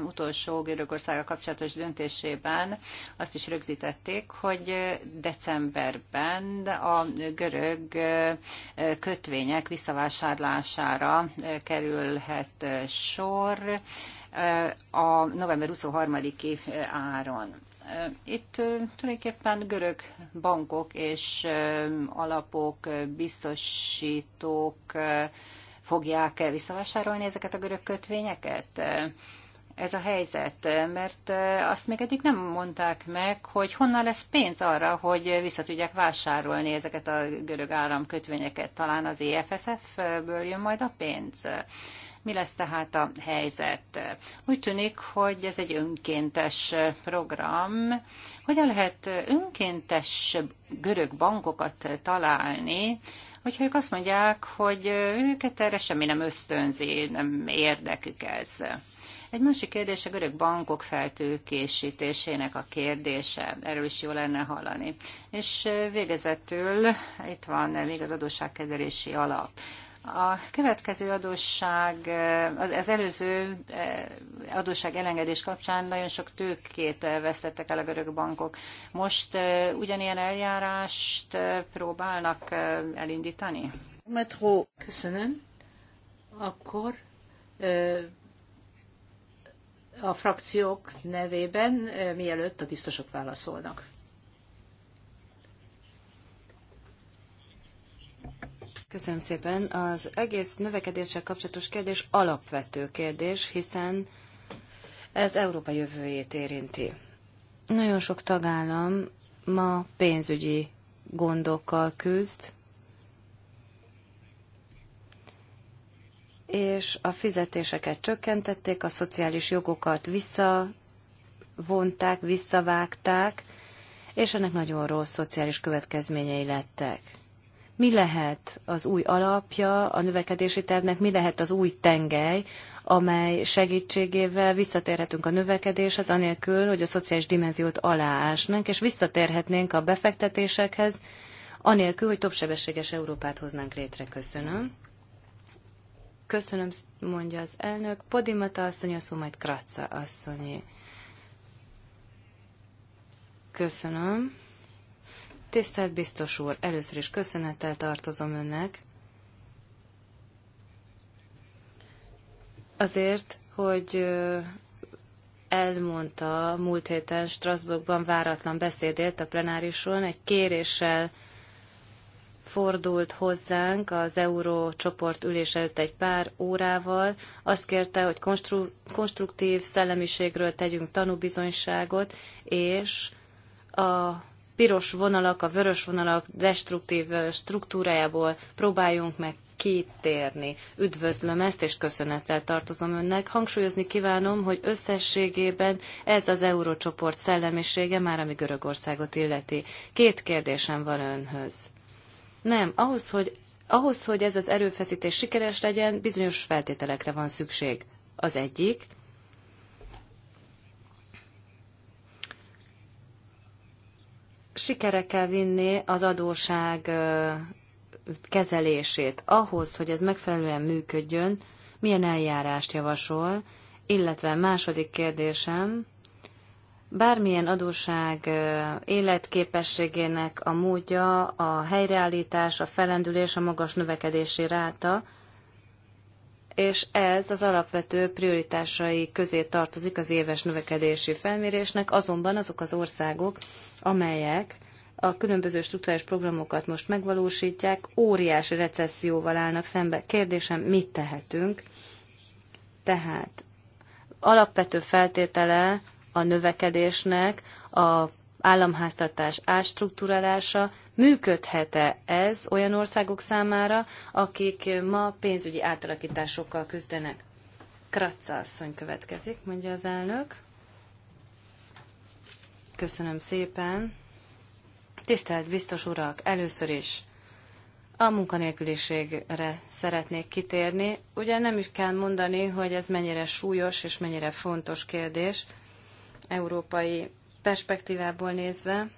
utolsó Görögországa kapcsolatos döntésében azt is rögzítették, hogy decemberben a görög kötvények visszavásárlására kerülhet sor a november 23-i áron. Itt tulajdonképpen görög bankok és alapok, biztosítók fogják visszavásárolni ezeket a görög kötvényeket? ez a helyzet, mert azt még eddig nem mondták meg, hogy honnan lesz pénz arra, hogy vissza tudják vásárolni ezeket a görög állam kötvényeket, Talán az EFSF-ből jön majd a pénz. Mi lesz tehát a helyzet? Úgy tűnik, hogy ez egy önkéntes program. Hogyan lehet önkéntes görög bankokat találni, Hogyha ők azt mondják, hogy őket erre semmi nem ösztönzi, nem érdekük ez. Egy másik kérdés a görög bankok feltőkésítésének a kérdése. Erről is jó lenne hallani. És végezetül itt van még az adósságkezelési alap. A következő adósság, az, előző eh, adósság elengedés kapcsán nagyon sok tőkét eh, vesztettek el a görög bankok. Most eh, ugyanilyen eljárást próbálnak elindítani? Köszönöm. Akkor a frakciók nevében, mielőtt a biztosok válaszolnak. Köszönöm szépen. Az egész növekedéssel kapcsolatos kérdés alapvető kérdés, hiszen ez Európa jövőjét érinti. Nagyon sok tagállam ma pénzügyi gondokkal küzd, és a fizetéseket csökkentették, a szociális jogokat visszavonták, visszavágták, és ennek nagyon rossz szociális következményei lettek mi lehet az új alapja a növekedési tervnek, mi lehet az új tengely, amely segítségével visszatérhetünk a növekedéshez, anélkül, hogy a szociális dimenziót aláásnánk, és visszatérhetnénk a befektetésekhez, anélkül, hogy többsebességes Európát hoznánk létre. Köszönöm. Köszönöm, mondja az elnök. Podimata asszony, a szó majd Kratza asszonyi. Köszönöm. Tisztelt biztos úr, először is köszönettel tartozom önnek. Azért, hogy elmondta múlt héten Strasbourgban váratlan beszédét a plenárison, egy kéréssel fordult hozzánk az eurócsoport ülés előtt egy pár órával. Azt kérte, hogy konstru- konstruktív szellemiségről tegyünk tanúbizonyságot, és a piros vonalak, a vörös vonalak destruktív struktúrájából próbáljunk meg kitérni. Üdvözlöm ezt, és köszönettel tartozom önnek. Hangsúlyozni kívánom, hogy összességében ez az eurócsoport szellemisége már ami Görögországot illeti. Két kérdésem van önhöz. Nem, ahhoz, hogy ahhoz, hogy ez az erőfeszítés sikeres legyen, bizonyos feltételekre van szükség. Az egyik, sikerekkel vinni az adóság kezelését. Ahhoz, hogy ez megfelelően működjön, milyen eljárást javasol, illetve második kérdésem, bármilyen adóság életképességének a módja, a helyreállítás, a felendülés, a magas növekedési ráta, és ez az alapvető prioritásai közé tartozik az éves növekedési felmérésnek, azonban azok az országok, amelyek a különböző struktúrális programokat most megvalósítják, óriási recesszióval állnak szembe. Kérdésem, mit tehetünk? Tehát alapvető feltétele a növekedésnek a államháztartás átstruktúrálása, Működhet-e ez olyan országok számára, akik ma pénzügyi átalakításokkal küzdenek? Kratza asszony következik, mondja az elnök. Köszönöm szépen. Tisztelt biztos urak, először is a munkanélküliségre szeretnék kitérni. Ugye nem is kell mondani, hogy ez mennyire súlyos és mennyire fontos kérdés európai perspektívából nézve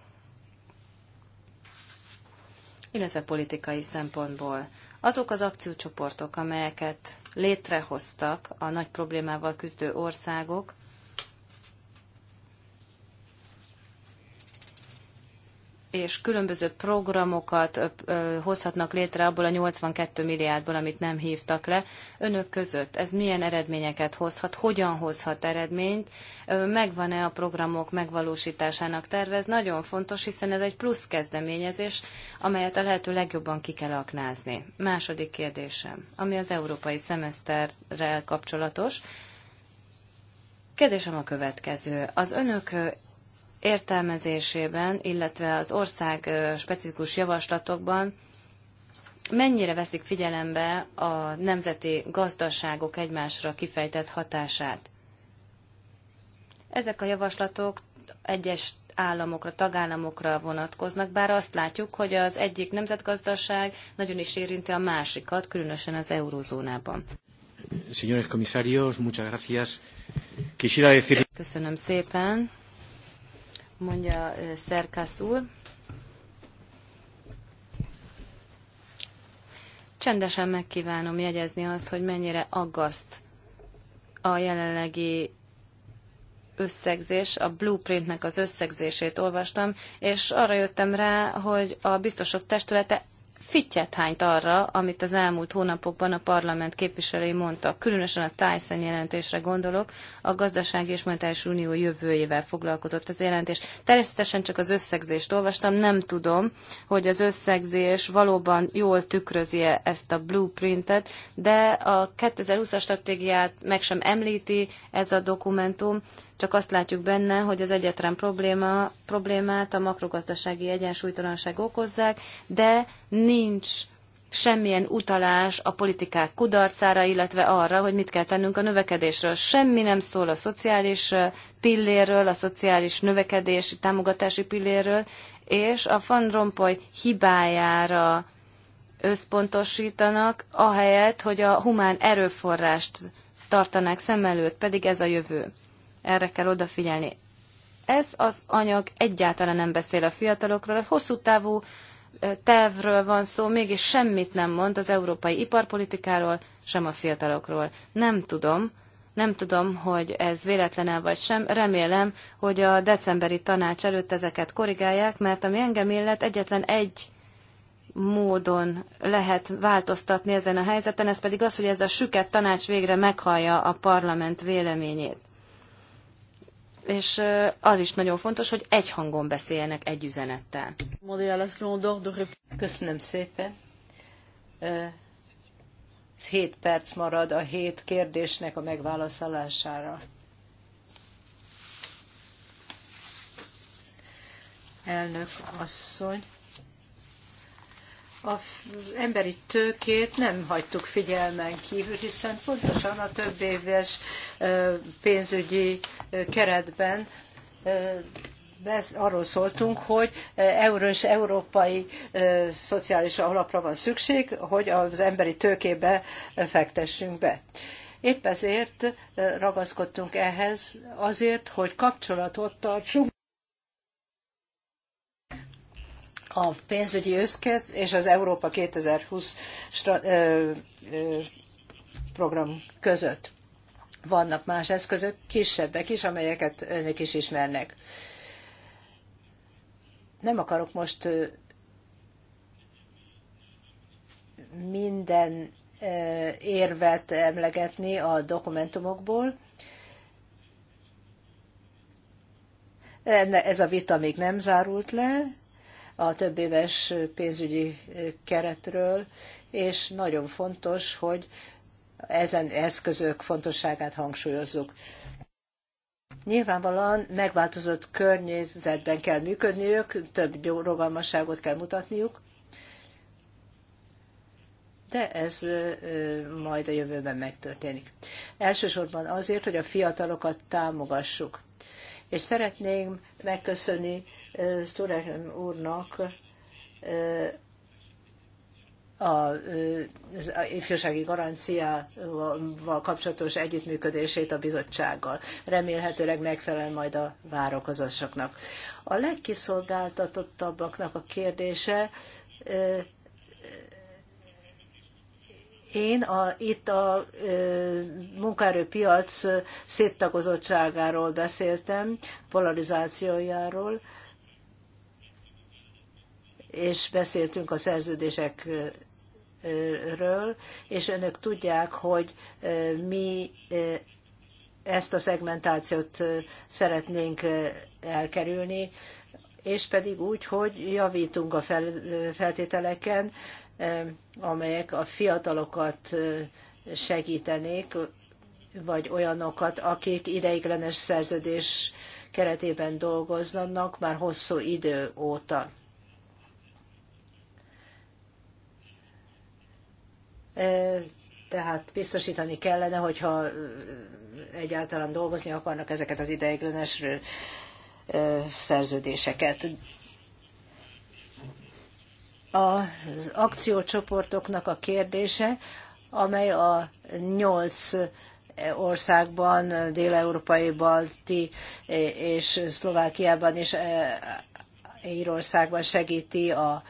illetve politikai szempontból. Azok az akciócsoportok, amelyeket létrehoztak a nagy problémával küzdő országok, és különböző programokat hozhatnak létre abból a 82 milliárdból, amit nem hívtak le. Önök között ez milyen eredményeket hozhat, hogyan hozhat eredményt, megvan-e a programok megvalósításának terve, ez nagyon fontos, hiszen ez egy plusz kezdeményezés, amelyet a lehető legjobban ki kell aknázni. Második kérdésem, ami az európai szemeszterrel kapcsolatos. Kérdésem a következő. Az önök értelmezésében, illetve az ország specifikus javaslatokban mennyire veszik figyelembe a nemzeti gazdaságok egymásra kifejtett hatását. Ezek a javaslatok egyes államokra, tagállamokra vonatkoznak, bár azt látjuk, hogy az egyik nemzetgazdaság nagyon is érinti a másikat, különösen az eurózónában. Señores comisarios, muchas gracias. Quisiera decir... Köszönöm szépen mondja Szerkász úr. Csendesen megkívánom jegyezni azt, hogy mennyire aggaszt a jelenlegi összegzés, a blueprintnek az összegzését olvastam, és arra jöttem rá, hogy a biztosok testülete fittyet hányt arra, amit az elmúlt hónapokban a parlament képviselői mondtak. Különösen a Tyson jelentésre gondolok, a gazdasági és monetáris unió jövőjével foglalkozott az jelentés. Természetesen csak az összegzést olvastam, nem tudom, hogy az összegzés valóban jól tükrözi -e ezt a blueprintet, de a 2020-as stratégiát meg sem említi ez a dokumentum, csak azt látjuk benne, hogy az egyetlen probléma, problémát a makrogazdasági egyensúlytalanság okozzák, de nincs semmilyen utalás a politikák kudarcára, illetve arra, hogy mit kell tennünk a növekedésről. Semmi nem szól a szociális pillérről, a szociális növekedési támogatási pillérről, és a Van Rompuy hibájára összpontosítanak, ahelyett, hogy a humán erőforrást tartanák szem előtt, pedig ez a jövő. Erre kell odafigyelni. Ez az anyag egyáltalán nem beszél a fiatalokról, a hosszú távú tervről van szó, mégis semmit nem mond az európai iparpolitikáról, sem a fiatalokról. Nem tudom, nem tudom, hogy ez véletlen -e vagy sem. Remélem, hogy a decemberi tanács előtt ezeket korrigálják, mert ami engem illet, egyetlen egy módon lehet változtatni ezen a helyzeten, ez pedig az, hogy ez a süket tanács végre meghallja a parlament véleményét és az is nagyon fontos, hogy egy hangon beszéljenek, egy üzenettel. Köszönöm szépen. Ez Hét perc marad a hét kérdésnek a megválaszolására. Elnök asszony az emberi tőkét nem hagytuk figyelmen kívül, hiszen pontosan a több éves pénzügyi keretben arról szóltunk, hogy eurós európai szociális alapra van szükség, hogy az emberi tőkébe fektessünk be. Épp ezért ragaszkodtunk ehhez, azért, hogy kapcsolatot tartsunk a pénzügyi összket és az Európa 2020 program között. Vannak más eszközök, kisebbek is, amelyeket önök is ismernek. Nem akarok most minden érvet emlegetni a dokumentumokból. Ez a vita még nem zárult le, a többéves pénzügyi keretről, és nagyon fontos, hogy ezen eszközök fontosságát hangsúlyozzuk. Nyilvánvalóan megváltozott környezetben kell működniük, több rugalmasságot kell mutatniuk, de ez majd a jövőben megtörténik. Elsősorban azért, hogy a fiatalokat támogassuk. És szeretném megköszönni Stureken úrnak az ifjúsági garanciával kapcsolatos együttműködését a bizottsággal. Remélhetőleg megfelel majd a várakozásoknak. A legkiszolgáltatottabbaknak a kérdése én a, itt a munkaerőpiac széttagozottságáról beszéltem, polarizációjáról, és beszéltünk a szerződésekről, és önök tudják, hogy mi ezt a szegmentációt szeretnénk elkerülni, és pedig úgy, hogy javítunk a feltételeken, amelyek a fiatalokat segítenék, vagy olyanokat, akik ideiglenes szerződés keretében dolgoznak már hosszú idő óta. tehát biztosítani kellene, hogyha egyáltalán dolgozni akarnak ezeket az ideiglenes szerződéseket. Az akciócsoportoknak a kérdése, amely a nyolc országban, dél-európai, balti és Szlovákiában és Írországban segíti a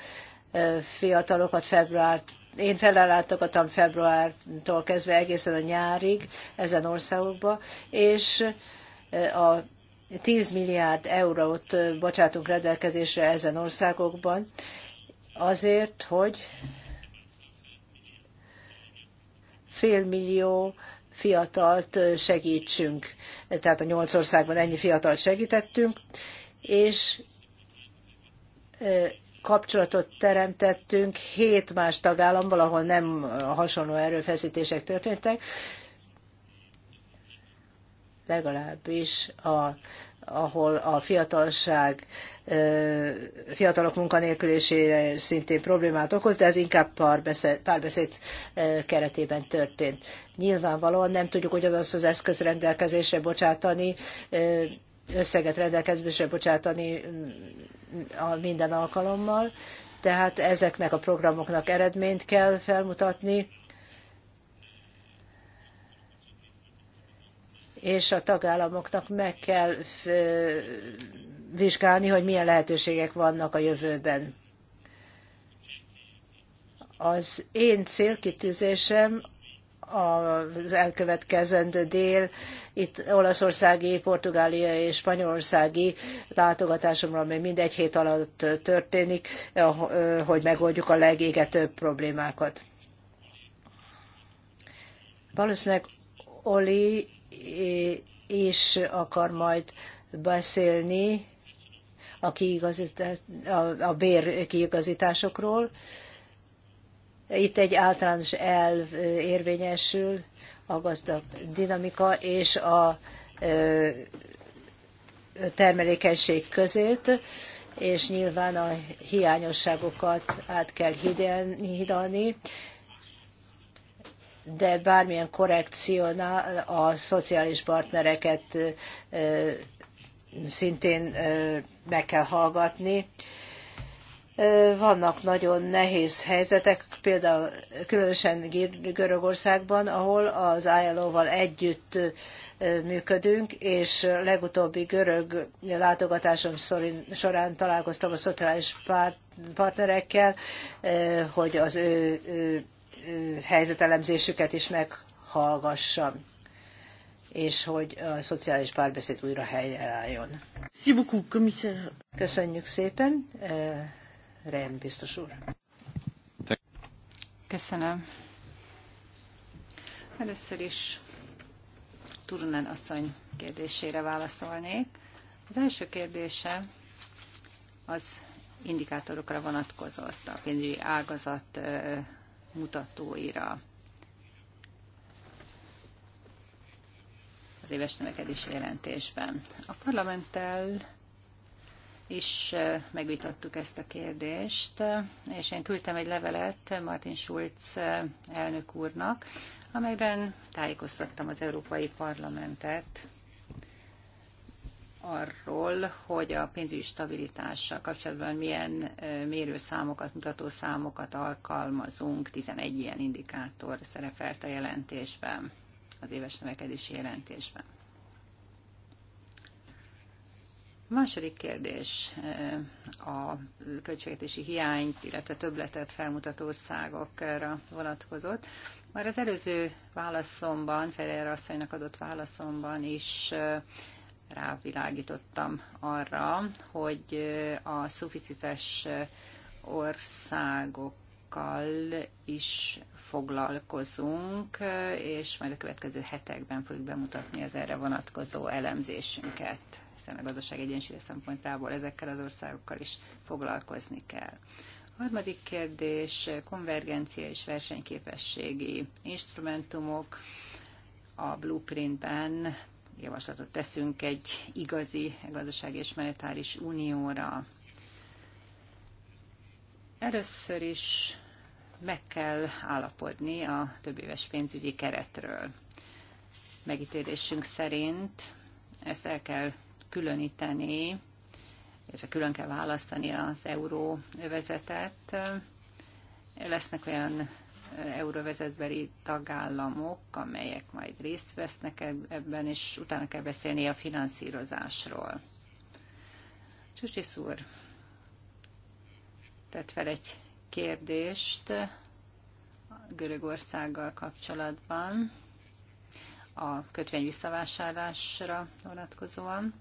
fiatalokat február én fellátogatom februártól kezdve egészen a nyárig ezen országokba, és eh, a 10 milliárd eurót eh, bocsátunk rendelkezésre ezen országokban, azért, hogy félmillió fiatalt eh, segítsünk. Tehát a nyolc országban ennyi fiatalt segítettünk, és kapcsolatot teremtettünk hét más tagállamban, ahol nem hasonló erőfeszítések történtek, legalábbis a, ahol a fiatalság, fiatalok munkanélkülésére szintén problémát okoz, de ez inkább párbeszéd, párbeszéd keretében történt. Nyilvánvalóan nem tudjuk ugyanazt az eszköz rendelkezésre bocsátani összeget rendelkezésre bocsátani mm, minden alkalommal, tehát ezeknek a programoknak eredményt kell felmutatni, és a tagállamoknak meg kell vizsgálni, hogy milyen lehetőségek vannak a jövőben. Az én célkitűzésem az elkövetkezendő dél, itt olaszországi, portugáliai és spanyolországi látogatásomra, ami mind egy hét alatt történik, eh, eh, hogy megoldjuk a legégetőbb problémákat. Valószínűleg Oli eh, is akar majd beszélni a, kiigazítás, a, a bér kiigazításokról, itt egy általános elv érvényesül, a gazdag dinamika és a termelékenység között, és nyilván a hiányosságokat át kell hidalni, de bármilyen korrekciónál a szociális partnereket szintén meg kell hallgatni, vannak nagyon nehéz helyzetek, például különösen Görögországban, ahol az ILO-val együtt működünk, és legutóbbi görög látogatásom során találkoztam a szociális partnerekkel, hogy az ő, helyzetelemzésüket is meghallgassam és hogy a szociális párbeszéd újra helyreálljon. Köszönjük szépen, biztos úr. Köszönöm. Először is Turunen asszony kérdésére válaszolnék. Az első kérdése az indikátorokra vonatkozott, a pénzügyi ágazat mutatóira. Az éves növekedési jelentésben. A parlamenttel is megvitattuk ezt a kérdést, és én küldtem egy levelet Martin Schulz elnök úrnak, amelyben tájékoztattam az Európai Parlamentet arról, hogy a pénzügyi stabilitással kapcsolatban milyen mérőszámokat, mutató számokat alkalmazunk. 11 ilyen indikátor szerepelt a jelentésben, az éves növekedési jelentésben. Második kérdés eh, a költségvetési hiányt, illetve többletet felmutató országokra vonatkozott. Már az előző válaszomban, Ferrer asszonynak adott válaszomban is eh, rávilágítottam arra, hogy eh, a szuficites országokkal is foglalkozunk, és majd a következő hetekben fogjuk bemutatni az erre vonatkozó elemzésünket, hiszen a gazdaság egyensúly szempontjából ezekkel az országokkal is foglalkozni kell. A harmadik kérdés, konvergencia és versenyképességi instrumentumok. A blueprintben javaslatot teszünk egy igazi gazdasági és monetáris unióra. Először is meg kell állapodni a többéves pénzügyi keretről. Megítélésünk szerint ezt el kell különíteni, és külön kell választani az euróvezetet. Lesznek olyan euróvezetbeli tagállamok, amelyek majd részt vesznek ebben, és utána kell beszélni a finanszírozásról. Csúcsis úr tett fel egy kérdést Görögországgal kapcsolatban, a kötvény visszavásárlásra vonatkozóan.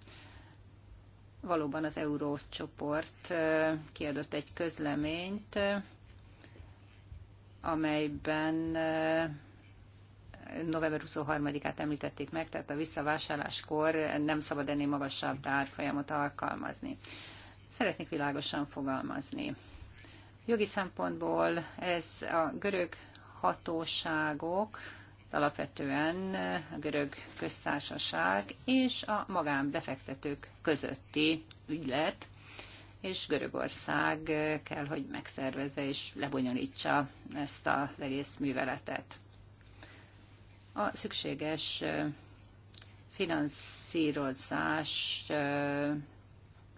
Valóban az eurócsoport kiadott egy közleményt, amelyben november 23-át említették meg, tehát a visszavásárláskor nem szabad ennél magasabb árfolyamot alkalmazni. Szeretnék világosan fogalmazni. Jogi szempontból ez a görög hatóságok, alapvetően a görög köztársaság és a magánbefektetők közötti ügylet, és Görögország kell, hogy megszervezze és lebonyolítsa ezt az egész műveletet. A szükséges finanszírozást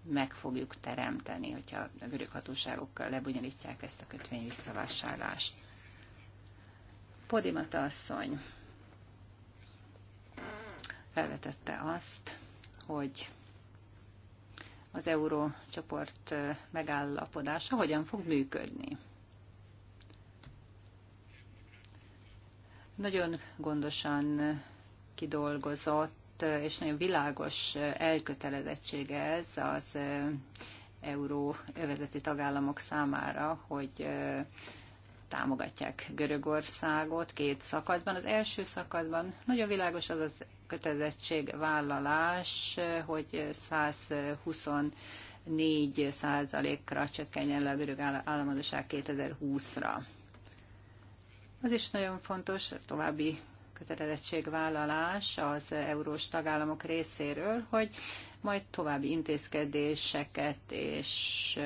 meg fogjuk teremteni, hogyha a görög hatóságokkal lebonyolítják ezt a kötvény visszavásárlást. Podimata asszony felvetette azt, hogy az eurócsoport megállapodása hogyan fog működni. Nagyon gondosan kidolgozott és nagyon világos elkötelezettsége ez az euró övezeti tagállamok számára, hogy támogatják Görögországot két szakaszban. Az első szakaszban nagyon világos az az kötelezettségvállalás, hogy 124 százalékra csökkenjen le a görög államadóság 2020-ra. Az is nagyon fontos, további kötelezettségvállalás az eurós tagállamok részéről, hogy majd további intézkedéseket és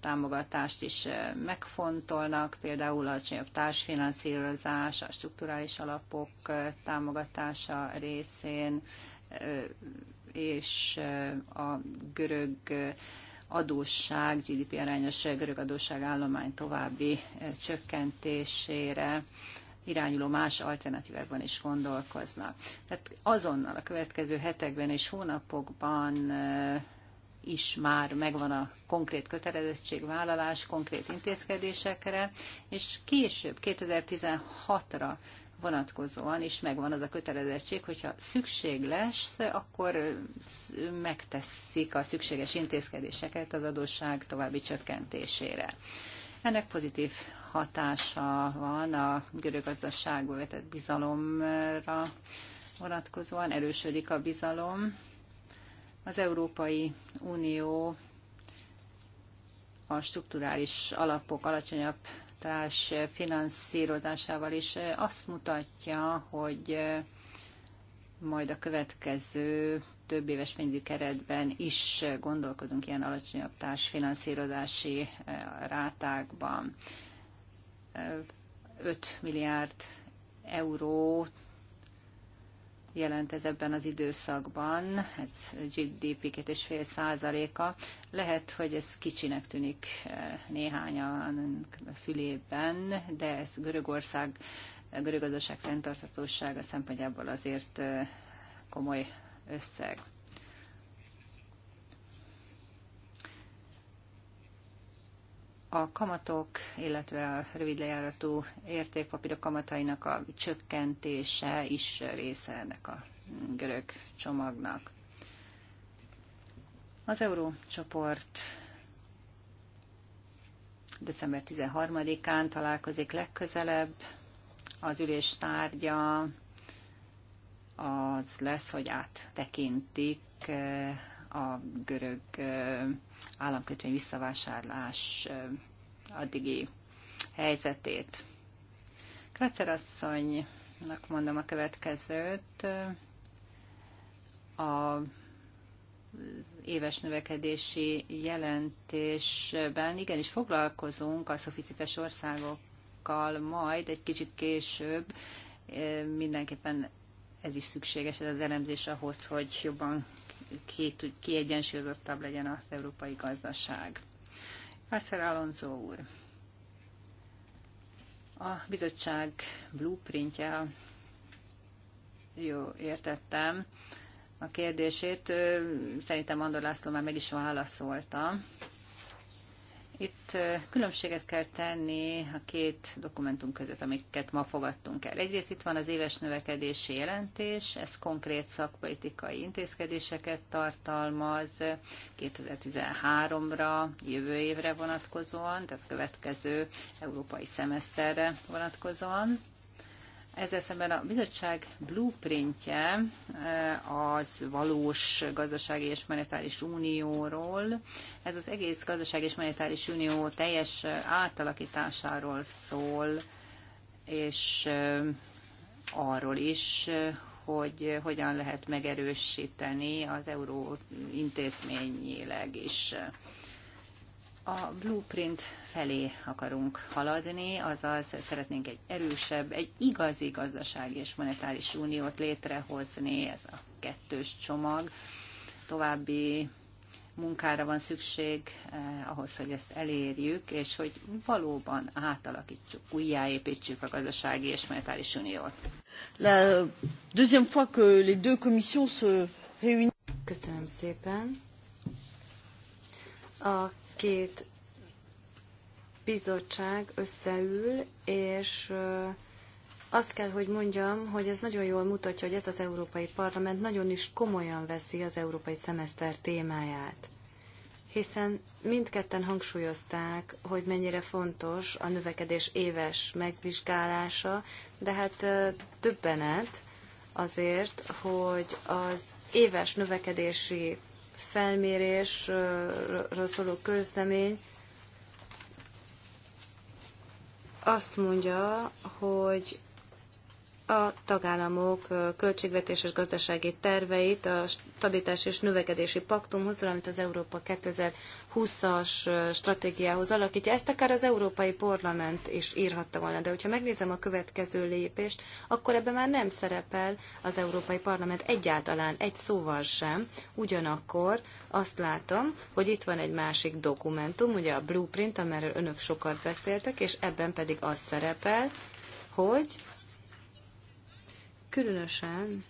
támogatást is megfontolnak, például a társfinanszírozás, a strukturális alapok támogatása részén, és a görög adósság, GDP arányos görög adósság állomány további csökkentésére irányuló más alternatívákban is gondolkoznak. Tehát azonnal a következő hetekben és hónapokban eh, is már megvan a konkrét kötelezettségvállalás, konkrét intézkedésekre, és később, 2016-ra vonatkozóan is megvan az a kötelezettség, hogyha szükség lesz, akkor megteszik a szükséges intézkedéseket az adósság további csökkentésére. Ennek pozitív hatása van a görög gazdaságból vetett bizalomra vonatkozóan, erősödik a bizalom. Az Európai Unió a strukturális alapok alacsonyabb társ finanszírozásával is azt mutatja, hogy majd a következő több éves pénzügyi keretben is gondolkodunk ilyen alacsonyabb társfinanszírozási rátákban. 5 milliárd euró jelent ez ebben az időszakban, ez GDP 2,5 százaléka. Lehet, hogy ez kicsinek tűnik eh, néhányan fülében, de ez Görögország, eh, görög gazdaság fenntarthatósága szempontjából azért eh, komoly összeg. a kamatok, illetve a rövid lejáratú értékpapírok kamatainak a csökkentése is része ennek a görög csomagnak. Az eurócsoport december 13-án találkozik legközelebb. Az ülés tárgya az lesz, hogy áttekintik a görög államkötvény visszavásárlás addigi helyzetét. Kracer asszonynak mondom a következőt. A éves növekedési jelentésben igenis foglalkozunk a szoficites országokkal majd egy kicsit később. Mindenképpen ez is szükséges, ez az elemzés ahhoz, hogy jobban két kiegyensúlyozottabb legyen az európai gazdaság. Fászer Alonso úr, a bizottság blueprintje, jó, értettem a kérdését, szerintem Andor László már meg is válaszolta, itt különbséget kell tenni a két dokumentum között, amiket ma fogadtunk el. Egyrészt itt van az éves növekedési jelentés, ez konkrét szakpolitikai intézkedéseket tartalmaz 2013-ra, jövő évre vonatkozóan, tehát következő európai szemeszterre vonatkozóan. Ezzel szemben a bizottság blueprintje eh, az valós gazdasági és monetáris unióról. Ez az egész gazdasági és monetáris unió teljes eh, átalakításáról szól, és eh, arról is, hogy hogyan lehet megerősíteni az euró intézményileg is a blueprint felé akarunk haladni, azaz szeretnénk egy erősebb, egy igazi gazdasági és monetáris uniót létrehozni, ez a kettős csomag. További munkára van szükség eh, ahhoz, hogy ezt elérjük, és hogy valóban átalakítsuk, újjáépítsük a gazdasági és monetáris uniót. La deuxième fois que les deux commissions se réunissent. Köszönöm szépen. A két bizottság összeül, és azt kell, hogy mondjam, hogy ez nagyon jól mutatja, hogy ez az Európai Parlament nagyon is komolyan veszi az európai szemeszter témáját. Hiszen mindketten hangsúlyozták, hogy mennyire fontos a növekedés éves megvizsgálása, de hát többenet azért, hogy az éves növekedési felmérésről szóló közlemény azt mondja, hogy a tagállamok költségvetés és gazdasági terveit a stabilitás és növekedési paktumhoz, valamint az Európa 2020-as stratégiához alakítja. Ezt akár az Európai Parlament is írhatta volna, de hogyha megnézem a következő lépést, akkor ebben már nem szerepel az Európai Parlament egyáltalán egy szóval sem. Ugyanakkor azt látom, hogy itt van egy másik dokumentum, ugye a blueprint, amiről önök sokat beszéltek, és ebben pedig az szerepel, hogy Különösen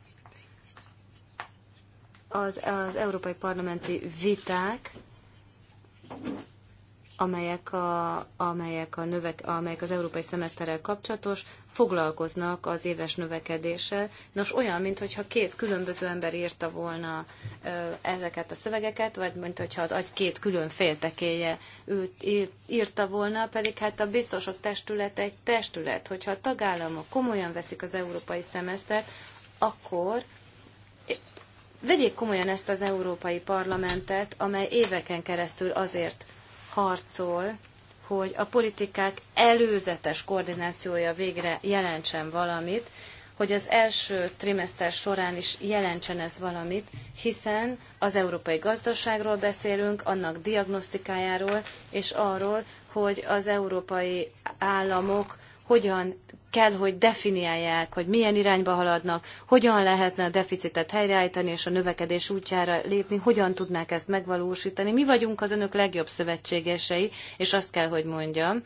az, az európai parlamenti viták amelyek, a, amelyek, a növek, amelyek az európai szemeszterrel kapcsolatos, foglalkoznak az éves növekedéssel. Nos, olyan, mintha két különböző ember írta volna ezeket a szövegeket, vagy mintha az agy két külön féltekéje őt írta volna, pedig hát a biztosok testület egy testület. Hogyha a tagállamok komolyan veszik az európai szemesztert, akkor vegyék komolyan ezt az Európai Parlamentet, amely éveken keresztül azért harcol, hogy a politikák előzetes koordinációja végre jelentsen valamit, hogy az első trimester során is jelentsen ez valamit, hiszen az európai gazdaságról beszélünk, annak diagnosztikájáról, és arról, hogy az európai államok hogyan kell, hogy definiálják, hogy milyen irányba haladnak, hogyan lehetne a deficitet helyreállítani és a növekedés útjára lépni, hogyan tudnák ezt megvalósítani. Mi vagyunk az önök legjobb szövetségesei, és azt kell, hogy mondjam,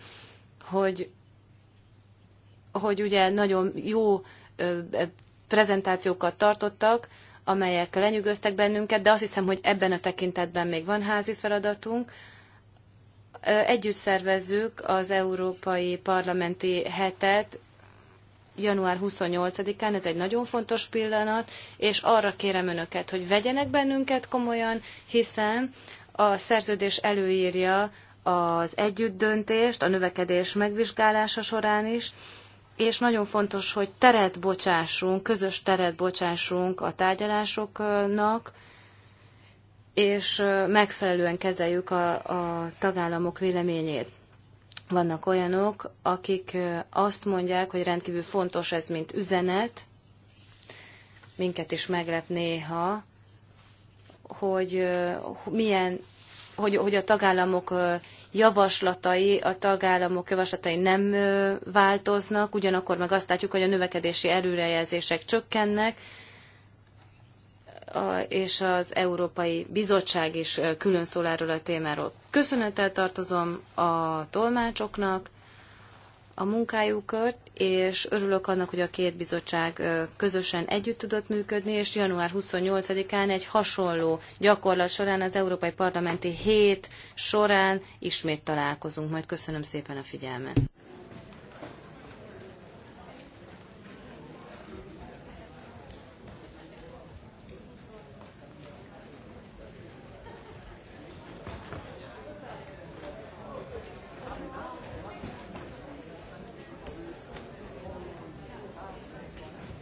hogy, hogy ugye nagyon jó prezentációkat tartottak, amelyek lenyűgöztek bennünket, de azt hiszem, hogy ebben a tekintetben még van házi feladatunk, Együtt szervezzük az Európai Parlamenti Hetet január 28-án, ez egy nagyon fontos pillanat, és arra kérem önöket, hogy vegyenek bennünket komolyan, hiszen a szerződés előírja az együttdöntést, a növekedés megvizsgálása során is, és nagyon fontos, hogy teret bocsássunk, közös teret bocsássunk a tárgyalásoknak, és megfelelően kezeljük a, a tagállamok véleményét. Vannak olyanok, akik azt mondják, hogy rendkívül fontos ez, mint üzenet. Minket is meglep néha, hogy milyen hogy, hogy a tagállamok javaslatai, a tagállamok javaslatai nem változnak, ugyanakkor meg azt látjuk, hogy a növekedési előrejelzések csökkennek, és az Európai Bizottság is külön szól erről a témáról. Köszönettel tartozom a tolmácsoknak, a munkájukat, és örülök annak, hogy a két bizottság közösen együtt tudott működni, és január 28-án egy hasonló gyakorlat során az Európai Parlamenti Hét során ismét találkozunk. Majd köszönöm szépen a figyelmet.